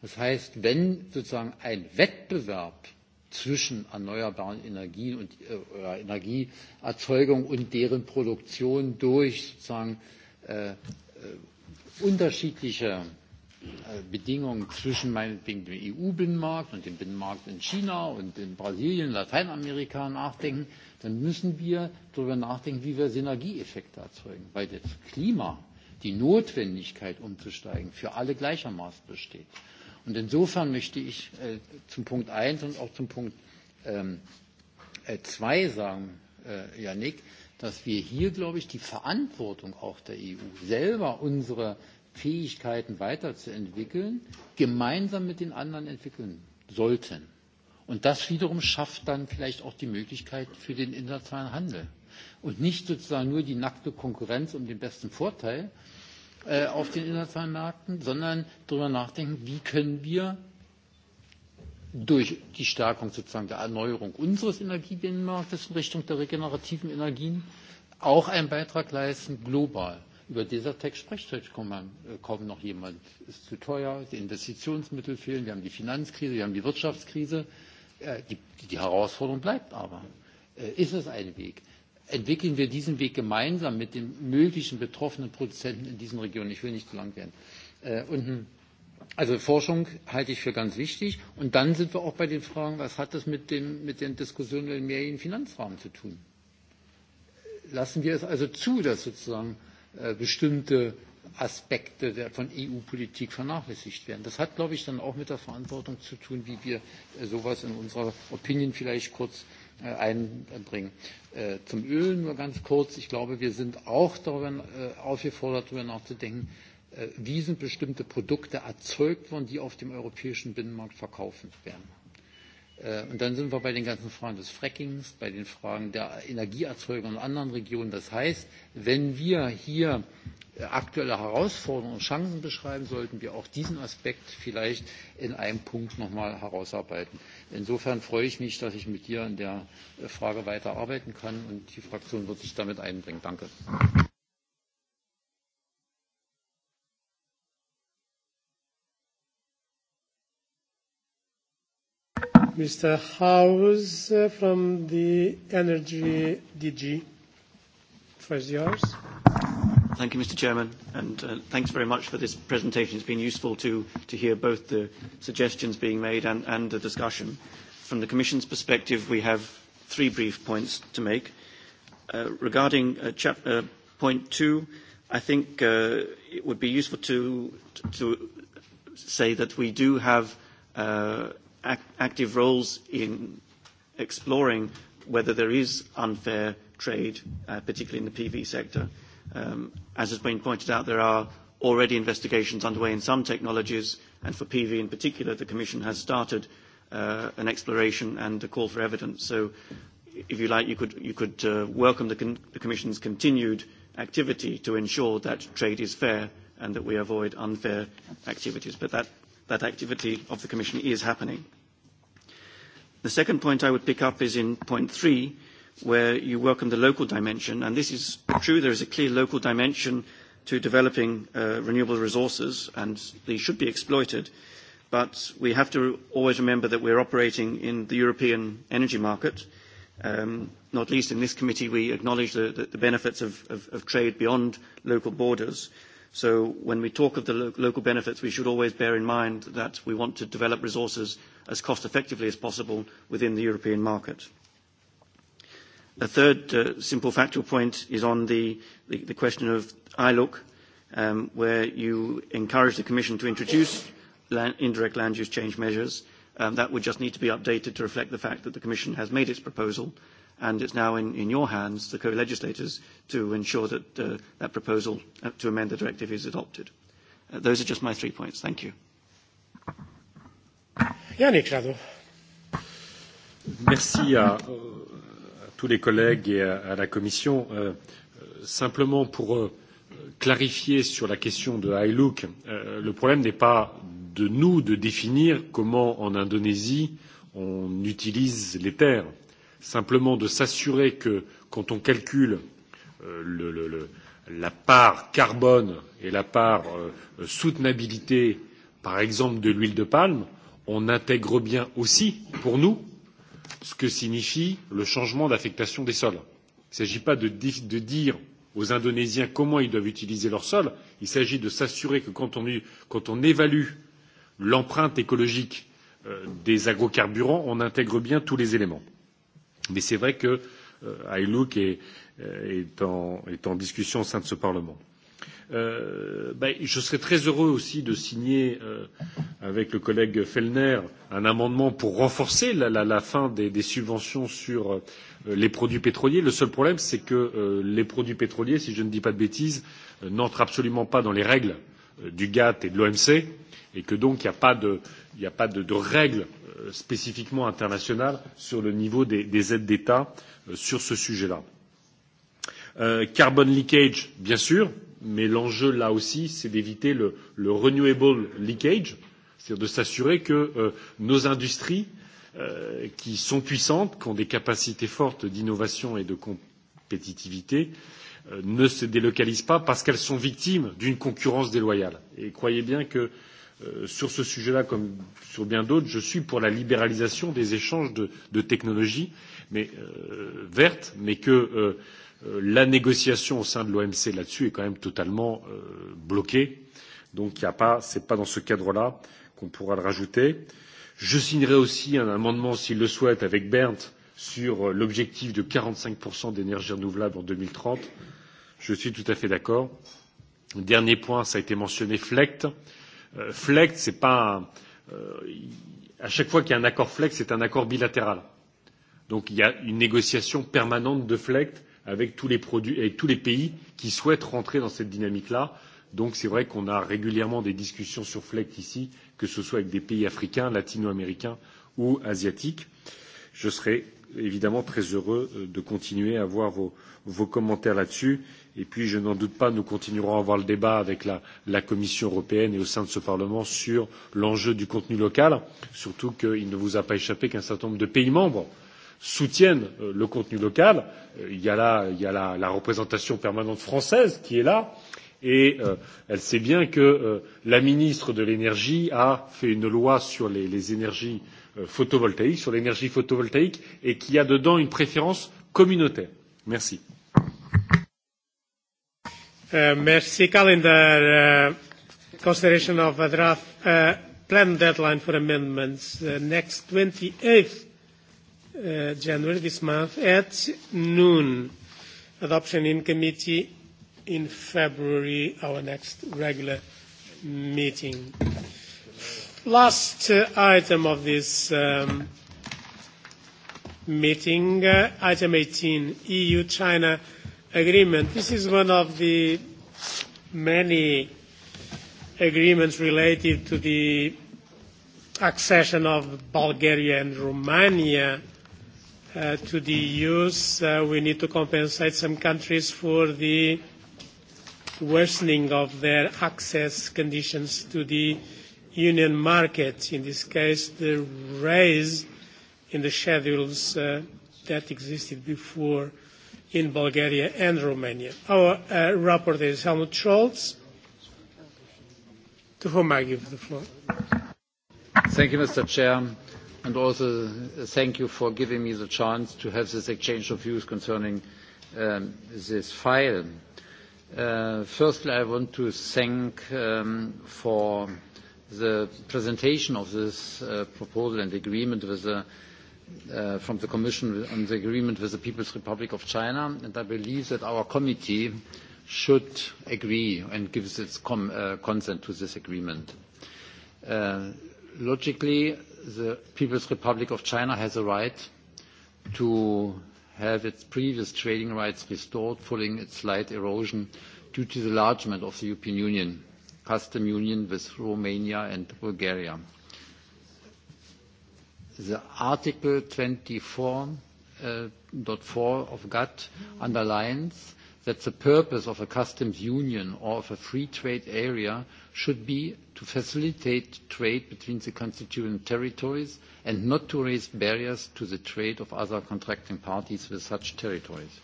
Das heißt, wenn sozusagen ein Wettbewerb zwischen erneuerbaren Energien und äh, Energieerzeugung und deren Produktion durch sozusagen äh, äh unterschiedliche äh, Bedingungen zwischen meinetwegen dem EU-Binnenmarkt und dem Binnenmarkt in China und in Brasilien, Lateinamerika nachdenken, dann müssen wir darüber nachdenken, wie wir Synergieeffekte erzeugen, weil das Klima, die Notwendigkeit umzusteigen, für alle gleichermaßen besteht. Und insofern möchte ich äh, zum Punkt 1 und auch zum Punkt 2 ähm, äh, sagen, äh, Janik, dass wir hier, glaube ich, die Verantwortung auch der EU, selber unsere Fähigkeiten weiterzuentwickeln, gemeinsam mit den anderen entwickeln sollten. Und das wiederum schafft dann vielleicht auch die Möglichkeit für den internationalen Handel. Und nicht sozusagen nur die nackte Konkurrenz um den besten Vorteil äh, auf den internationalen Märkten, sondern darüber nachdenken, wie können wir durch die Stärkung sozusagen der Erneuerung unseres Energiebinnenmarktes in Richtung der regenerativen Energien auch einen Beitrag leisten, global. Über Desertec spricht heute äh, kaum noch jemand. Ist zu teuer, die Investitionsmittel fehlen, wir haben die Finanzkrise, wir haben die Wirtschaftskrise. Äh, die, die Herausforderung bleibt aber. Äh, ist es ein Weg? Entwickeln wir diesen Weg gemeinsam mit den möglichen betroffenen Produzenten in diesen Regionen? Ich will nicht zu lang werden. Und ein Also Forschung halte ich für ganz wichtig. Und dann sind wir auch bei den Fragen, was hat das mit, dem, mit den Diskussionen über den mehrjährigen Finanzrahmen zu tun? Lassen wir es also zu, dass sozusagen äh, bestimmte Aspekte der, von EU-Politik vernachlässigt werden. Das hat, glaube ich, dann auch mit der Verantwortung zu tun, wie wir äh, sowas in unserer Opinion vielleicht kurz äh, einbringen. Äh, zum Öl nur ganz kurz. Ich glaube, wir sind auch darin äh, aufgefordert, darüber nachzudenken, äh, Äh, wie sind bestimmte Produkte erzeugt worden, die auf dem europäischen Binnenmarkt verkauft werden. Äh, und dann sind wir bei den ganzen Fragen des Frackings, bei den Fragen der Energieerzeugung in anderen Regionen. Das heißt, wenn wir hier äh, aktuelle Herausforderungen und Chancen beschreiben, sollten wir auch diesen Aspekt vielleicht in einem Punkt nochmal herausarbeiten. Insofern freue ich mich, dass ich mit dir in der Frage weiterarbeiten kann und die Fraktion wird sich damit einbringen. Danke. Mr. House uh, from the Energy DG. First yours. Thank you, Mr. Chairman, and uh, thanks very much for this presentation. It's been useful to, to hear both the suggestions being made and, and the discussion. From the Commission's perspective, we have three brief points to make. Uh, regarding uh, chap, uh, point two, I think uh, it would be useful to, to say that we do have uh, active roles in exploring whether there is unfair trade, uh, particularly in the PV sector. Um, as has been pointed out, there are already investigations underway in some technologies, and for PV in particular, the Commission has started uh, an exploration and a call for evidence. So, if you like, you could, you could uh, welcome the, con- the Commission's continued activity to ensure that trade is fair and that we avoid unfair activities. But that that activity of the Commission is happening. The second point I would pick up is in point three, where you welcome the local dimension. And this is true, there is a clear local dimension to developing uh, renewable resources, and they should be exploited. But we have to always remember that we're operating in the European energy market. Um, not least in this committee, we acknowledge the, the, the benefits of, of, of trade beyond local borders. So when we talk of the lo local benefits, we should always bear in mind that we want to develop resources as cost effectively as possible within the European market. A third uh, simple factual point is on the, the, the question of ILOOC, um, where you encourage the Commission to introduce land, indirect land use change measures. Um, that would just need to be updated to reflect the fact that the Commission has made its proposal and it's now in, in your hands, the co-legislators, to ensure that uh, that proposal uh, to amend the directive is adopted. Uh, those are just my three points. Thank you. Yannick Jadot. Merci à, euh, à tous les collègues et à, à la Commission. Euh, simplement pour euh, clarifier sur la question de High Look, euh, le problème n'est pas de nous de définir comment en Indonésie on utilise les terres simplement de s'assurer que quand on calcule euh, le, le, le, la part carbone et la part euh, soutenabilité, par exemple, de l'huile de palme, on intègre bien aussi, pour nous, ce que signifie le changement d'affectation des sols. Il ne s'agit pas de, de dire aux Indonésiens comment ils doivent utiliser leur sol, il s'agit de s'assurer que quand on, quand on évalue l'empreinte écologique euh, des agrocarburants, on intègre bien tous les éléments. Mais c'est vrai que euh, iLook est, euh, est, en, est en discussion au sein de ce Parlement. Euh, ben, je serais très heureux aussi de signer euh, avec le collègue Fellner un amendement pour renforcer la, la, la fin des, des subventions sur euh, les produits pétroliers. Le seul problème, c'est que euh, les produits pétroliers, si je ne dis pas de bêtises, euh, n'entrent absolument pas dans les règles euh, du GATT et de l'OMC. Euh, et que donc il n'y a a pas de, de règles euh, spécifiquement internationales sur le niveau des, des aides d'État euh, sur ce sujet-là. Euh, carbon leakage, bien sûr, mais l'enjeu là aussi, c'est d'éviter le, le renewable leakage, c'est-à-dire de s'assurer que euh, nos industries euh, qui sont puissantes, qui ont des capacités fortes d'innovation et de compétitivité, euh, ne se délocalisent pas parce qu'elles sont victimes d'une concurrence déloyale. Et croyez bien que euh, Euh, sur ce sujet-là, comme sur bien d'autres, je suis pour la libéralisation des échanges de, de technologies mais, euh, vertes, mais que euh, euh la négociation au sein de l'OMC là-dessus est quand même totalement euh, bloquée. Donc ce n'est pas, pas dans ce cadre-là qu'on pourra le rajouter. Je signerai aussi un amendement, s'il le souhaite, avec Bernd sur euh, l'objectif de 45% d'énergie renouvelable en 2030. Je suis tout à fait d'accord. Dernier point, ça a été mentionné, FLECT. Euh, euh, flex, c'est pas un, euh, à chaque fois qu'il y a un accord flex, c'est un accord bilatéral. Donc il y a une négociation permanente de flex avec tous les produits, avec tous les pays qui souhaitent rentrer dans cette dynamique-là. Donc c'est vrai qu'on a régulièrement des discussions sur flex ici, que ce soit avec des pays africains, latino-américains ou asiatiques. Je serai évidemment très heureux euh, de continuer à voir vos, vos commentaires là-dessus Et puis, je n'en doute pas, nous continuerons à avoir le débat avec la, la Commission européenne et au sein de ce Parlement sur l'enjeu du contenu local, surtout qu'il ne vous a pas échappé qu'un certain nombre de pays membres soutiennent euh, le contenu local. Euh, il y a là, il y a là la représentation permanente française qui est là, et euh, elle sait bien que euh, la ministre de l'énergie a fait une loi sur les, les énergies euh, photovoltaïques, sur l'énergie photovoltaïque, et qu'il y a dedans une préférence communautaire. Merci. Uh, merci. Calendar uh, consideration of a draft uh, plan deadline for amendments uh, next 28th uh, January this month at noon. Adoption in committee in February, our next regular meeting. Last uh, item of this um, meeting, uh, item 18, EU-China agreement. This is one of the many agreements related to the accession of Bulgaria and Romania uh, to the EU. Uh, we need to compensate some countries for the worsening of their access conditions to the union market, in this case the raise in the schedules uh, that existed before in Bulgaria and Romania. Our uh, rapporteur is Helmut Scholz, to whom I give the floor. Thank you, Mr. Chair, and also uh, thank you for giving me the chance to have this exchange of views concerning um, this file. Uh, firstly, I want to thank um, for the presentation of this uh, proposal and agreement with the uh, from the Commission on the agreement with the People's Republic of China, and I believe that our committee should agree and give its com, uh, consent to this agreement. Uh, logically, the People's Republic of China has a right to have its previous trading rights restored following its slight erosion due to the enlargement of the European Union, custom union with Romania and Bulgaria the Article 24.4 uh, of GATT underlines that the purpose of a customs union or of a free trade area should be to facilitate trade between the constituent territories and not to raise barriers to the trade of other contracting parties with such territories.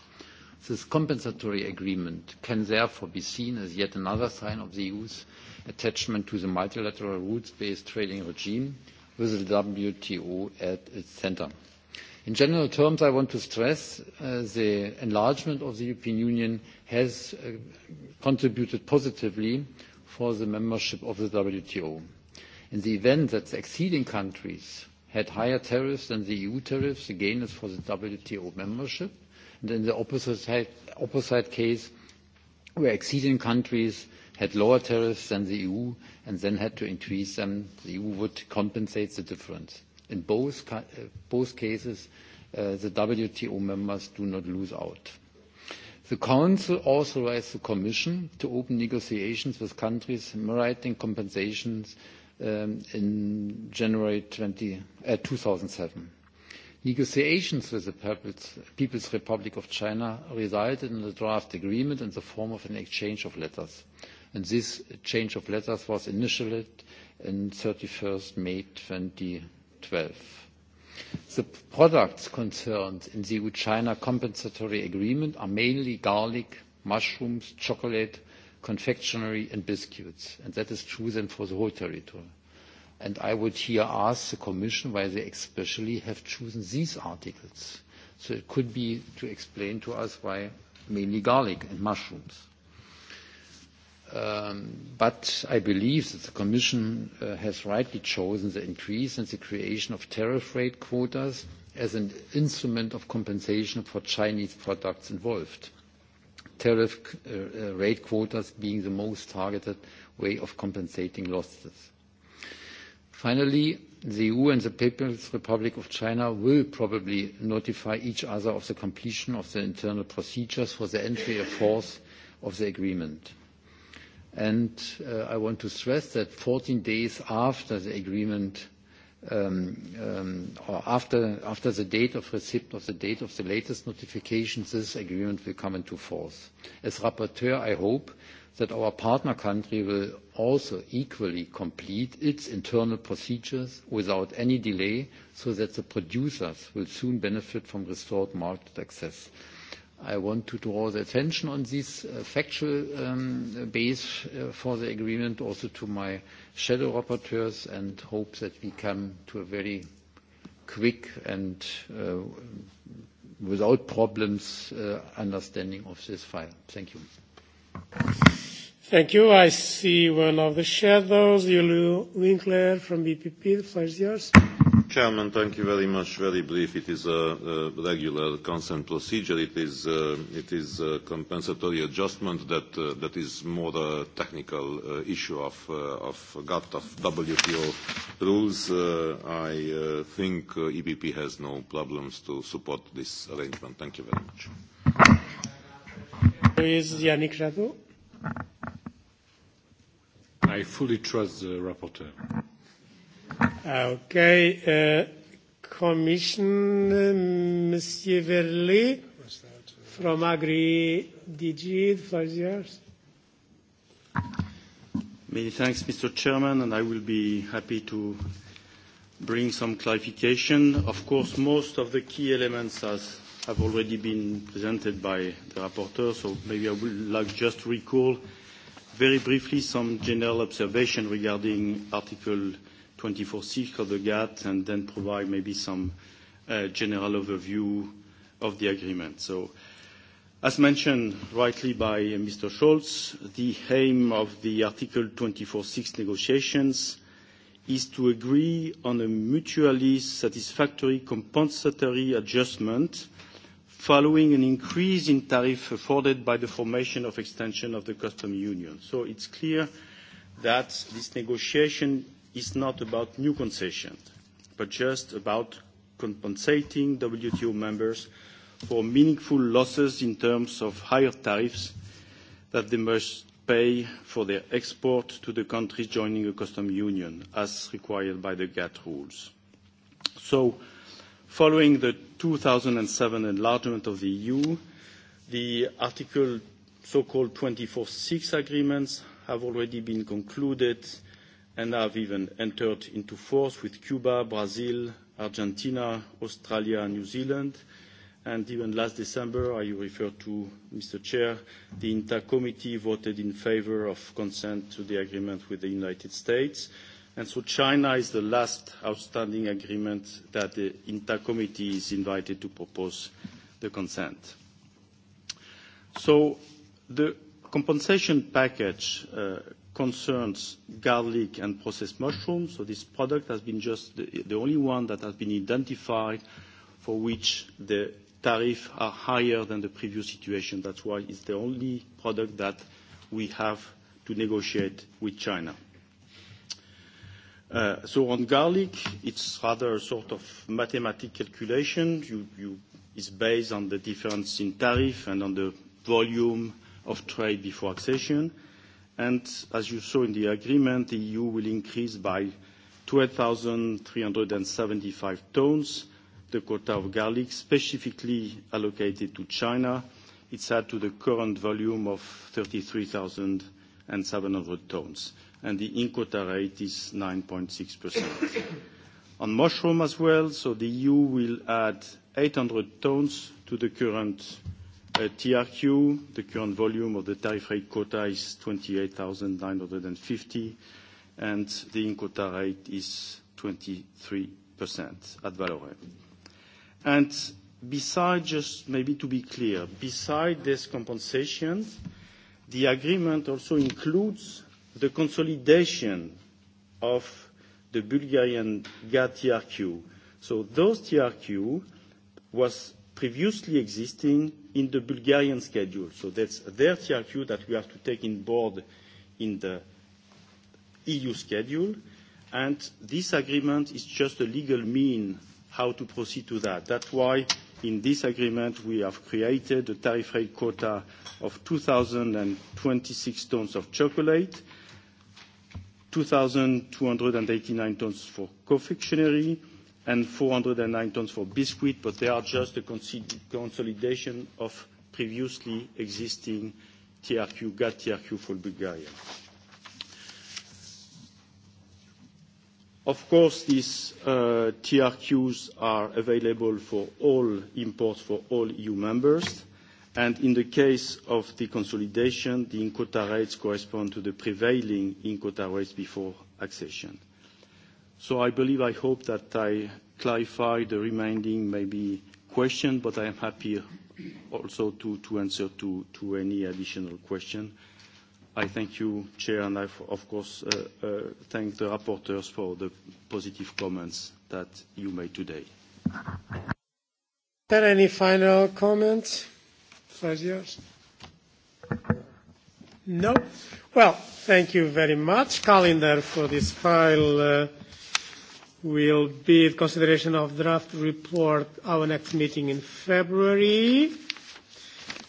This compensatory agreement can therefore be seen as yet another sign of the EU's attachment to the multilateral rules-based trading regime, with the WTO at its center. In general terms, I want to stress that uh, the enlargement of the European Union has uh, contributed positively for the membership of the WTO. In the event that the acceding countries had higher tariffs than the EU tariffs, the gain is for the WTO membership. And in the opposite case, where acceding countries had lower tariffs than the EU and then had to increase them, the EU would compensate the difference. In both, uh, both cases, uh, the WTO members do not lose out. The Council authorized the Commission to open negotiations with countries meriting compensations um, in January 20, uh, 2007. Negotiations with the People's, People's Republic of China resulted in a draft agreement in the form of an exchange of letters and this change of letters was initiated on 31st May 2012. The products concerned in the EU-China compensatory agreement are mainly garlic, mushrooms, chocolate, confectionery, and biscuits, and that is true then for the whole territory. I would here ask the Commission why they especially have chosen these articles. it could be to explain to us why mainly garlic and mushrooms. Um, but I believe that the Commission uh, has rightly chosen the increase and the creation of tariff rate quotas as an instrument of compensation for Chinese products involved, tariff uh, uh rate quotas being the most targeted way of compensating losses. Finally, the EU and the People's Republic of China will probably notify each other of the completion of the internal procedures for the entry of force of the agreement And uh, I want to stress that 14 days after the agreement, um, um, or after, after the date of receipt of the date of the latest notification, this agreement will come into force. As rapporteur, I hope that our partner country will also equally complete its internal procedures without any delay so that the producers will soon benefit from restored market access. I want to draw the attention on this uh, factual um, base uh, for the agreement, also to my shadow rapporteurs, and hope that we come to a very quick and uh, without problems uh, understanding of this file. Thank you. Thank you. I see one of the shadows, Yulu Winkler from BPP. The floor is yours. Chairman, thank you very much. Very brief. It is a, a regular consent procedure. It is, uh, it is a compensatory adjustment that, uh, that is more a technical uh, issue of, uh, of GATT, of WTO rules. Uh, I uh, think uh, EPP has no problems to support this arrangement. Thank you very much. There is Yannick Jadot. I fully trust the rapporteur. Okay. Uh, Commission, Monsieur from Agri DG, for yours. Many thanks, Mr. Chairman, and I will be happy to bring some clarification. Of course, most of the key elements has, have already been presented by the rapporteur, so maybe I would like just to recall very briefly some general observation regarding Article 24-6 of the GATT and then provide maybe some uh, general overview of the agreement. So, as mentioned rightly by Mr. Scholz, the aim of the Article 24 24.6 negotiations is to agree on a mutually satisfactory compensatory adjustment following an increase in tariff afforded by the formation of extension of the customs union. So it's clear that this negotiation is not about new concessions, but just about compensating WTO members for meaningful losses in terms of higher tariffs that they must pay for their export to the countries joining a customs union, as required by the GATT rules. So, following the 2007 enlargement of the EU, the Article so-called 24/6 agreements have already been concluded and have even entered into force with Cuba, Brazil, Argentina, Australia, New Zealand, and even last December, I refer to Mr. Chair, the INTA committee voted in favor of consent to the agreement with the United States. And so China is the last outstanding agreement that the INTA committee is invited to propose the consent. So the compensation package uh, concerns garlic and processed mushrooms. So this product has been just the, the only one that has been identified for which the tariffs are higher than the previous situation. That's why it's the only product that we have to negotiate with China. Uh, so on garlic, it's rather a sort of mathematical calculation. You, you, it's based on the difference in tariff and on the volume of trade before accession and as you saw in the agreement, the EU will increase by 12,375 tons the quota of garlic specifically allocated to China. It's add to the current volume of 33,700 tons, and the in-quota rate is 9.6%. On mushroom as well, the EU will add 800 tons to the current Uh, TRQ, the current volume of the tariff rate quota is 28,950, and the in-quota rate is 23% at Vallourec. Besides, just maybe to be clear, besides this compensation, the agreement also includes the consolidation of the Bulgarian gas TRQ. those TRQ was previously existing in the Bulgarian schedule. So that's their TRQ that we have to take in board in the EU schedule. And this agreement is just a legal mean how to proceed to that. That's why in this agreement we have created a tariff rate quota of 2,026 tons of chocolate, 2,289 tons for confectionery, and 409 tons for biscuit, but they are just a consolidation of previously existing TRQ, GATT TRQ for Bulgaria. Of course, these uh, TRQs are available for all imports for all EU members, and in the case of the consolidation, the Incoterms correspond to the prevailing Incoterms rates before accession. So I believe, I hope that I clarify the remaining maybe question, but I am happy also to, to answer to, to any additional question. I thank you, Chair, and I, of course, uh, uh, thank the rapporteurs for the positive comments that you made today. Are any final comments? Five years. No? Well, thank you very much, calendar, for this file. Uh, will be the consideration of draft report our next meeting in February.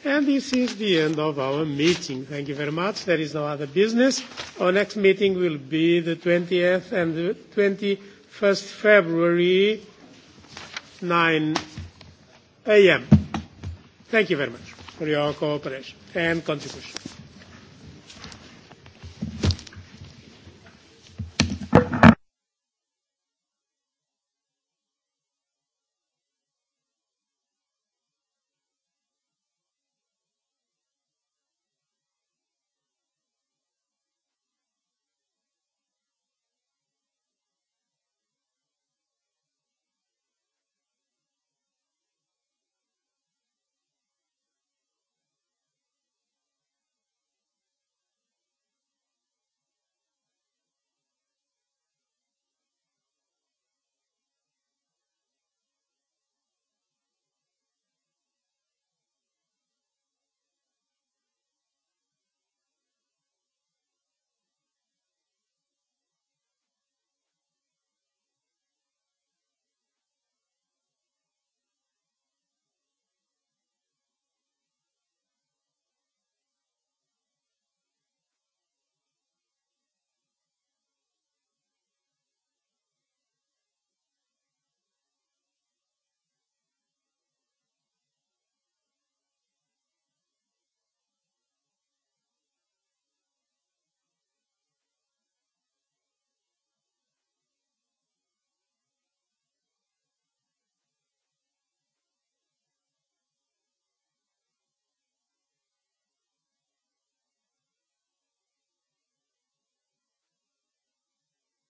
And this is the end of our meeting. Thank you very much. There is no other business. Our next meeting will be the 20th and the 21st February, 9 a.m. Thank you very much for your cooperation and contribution.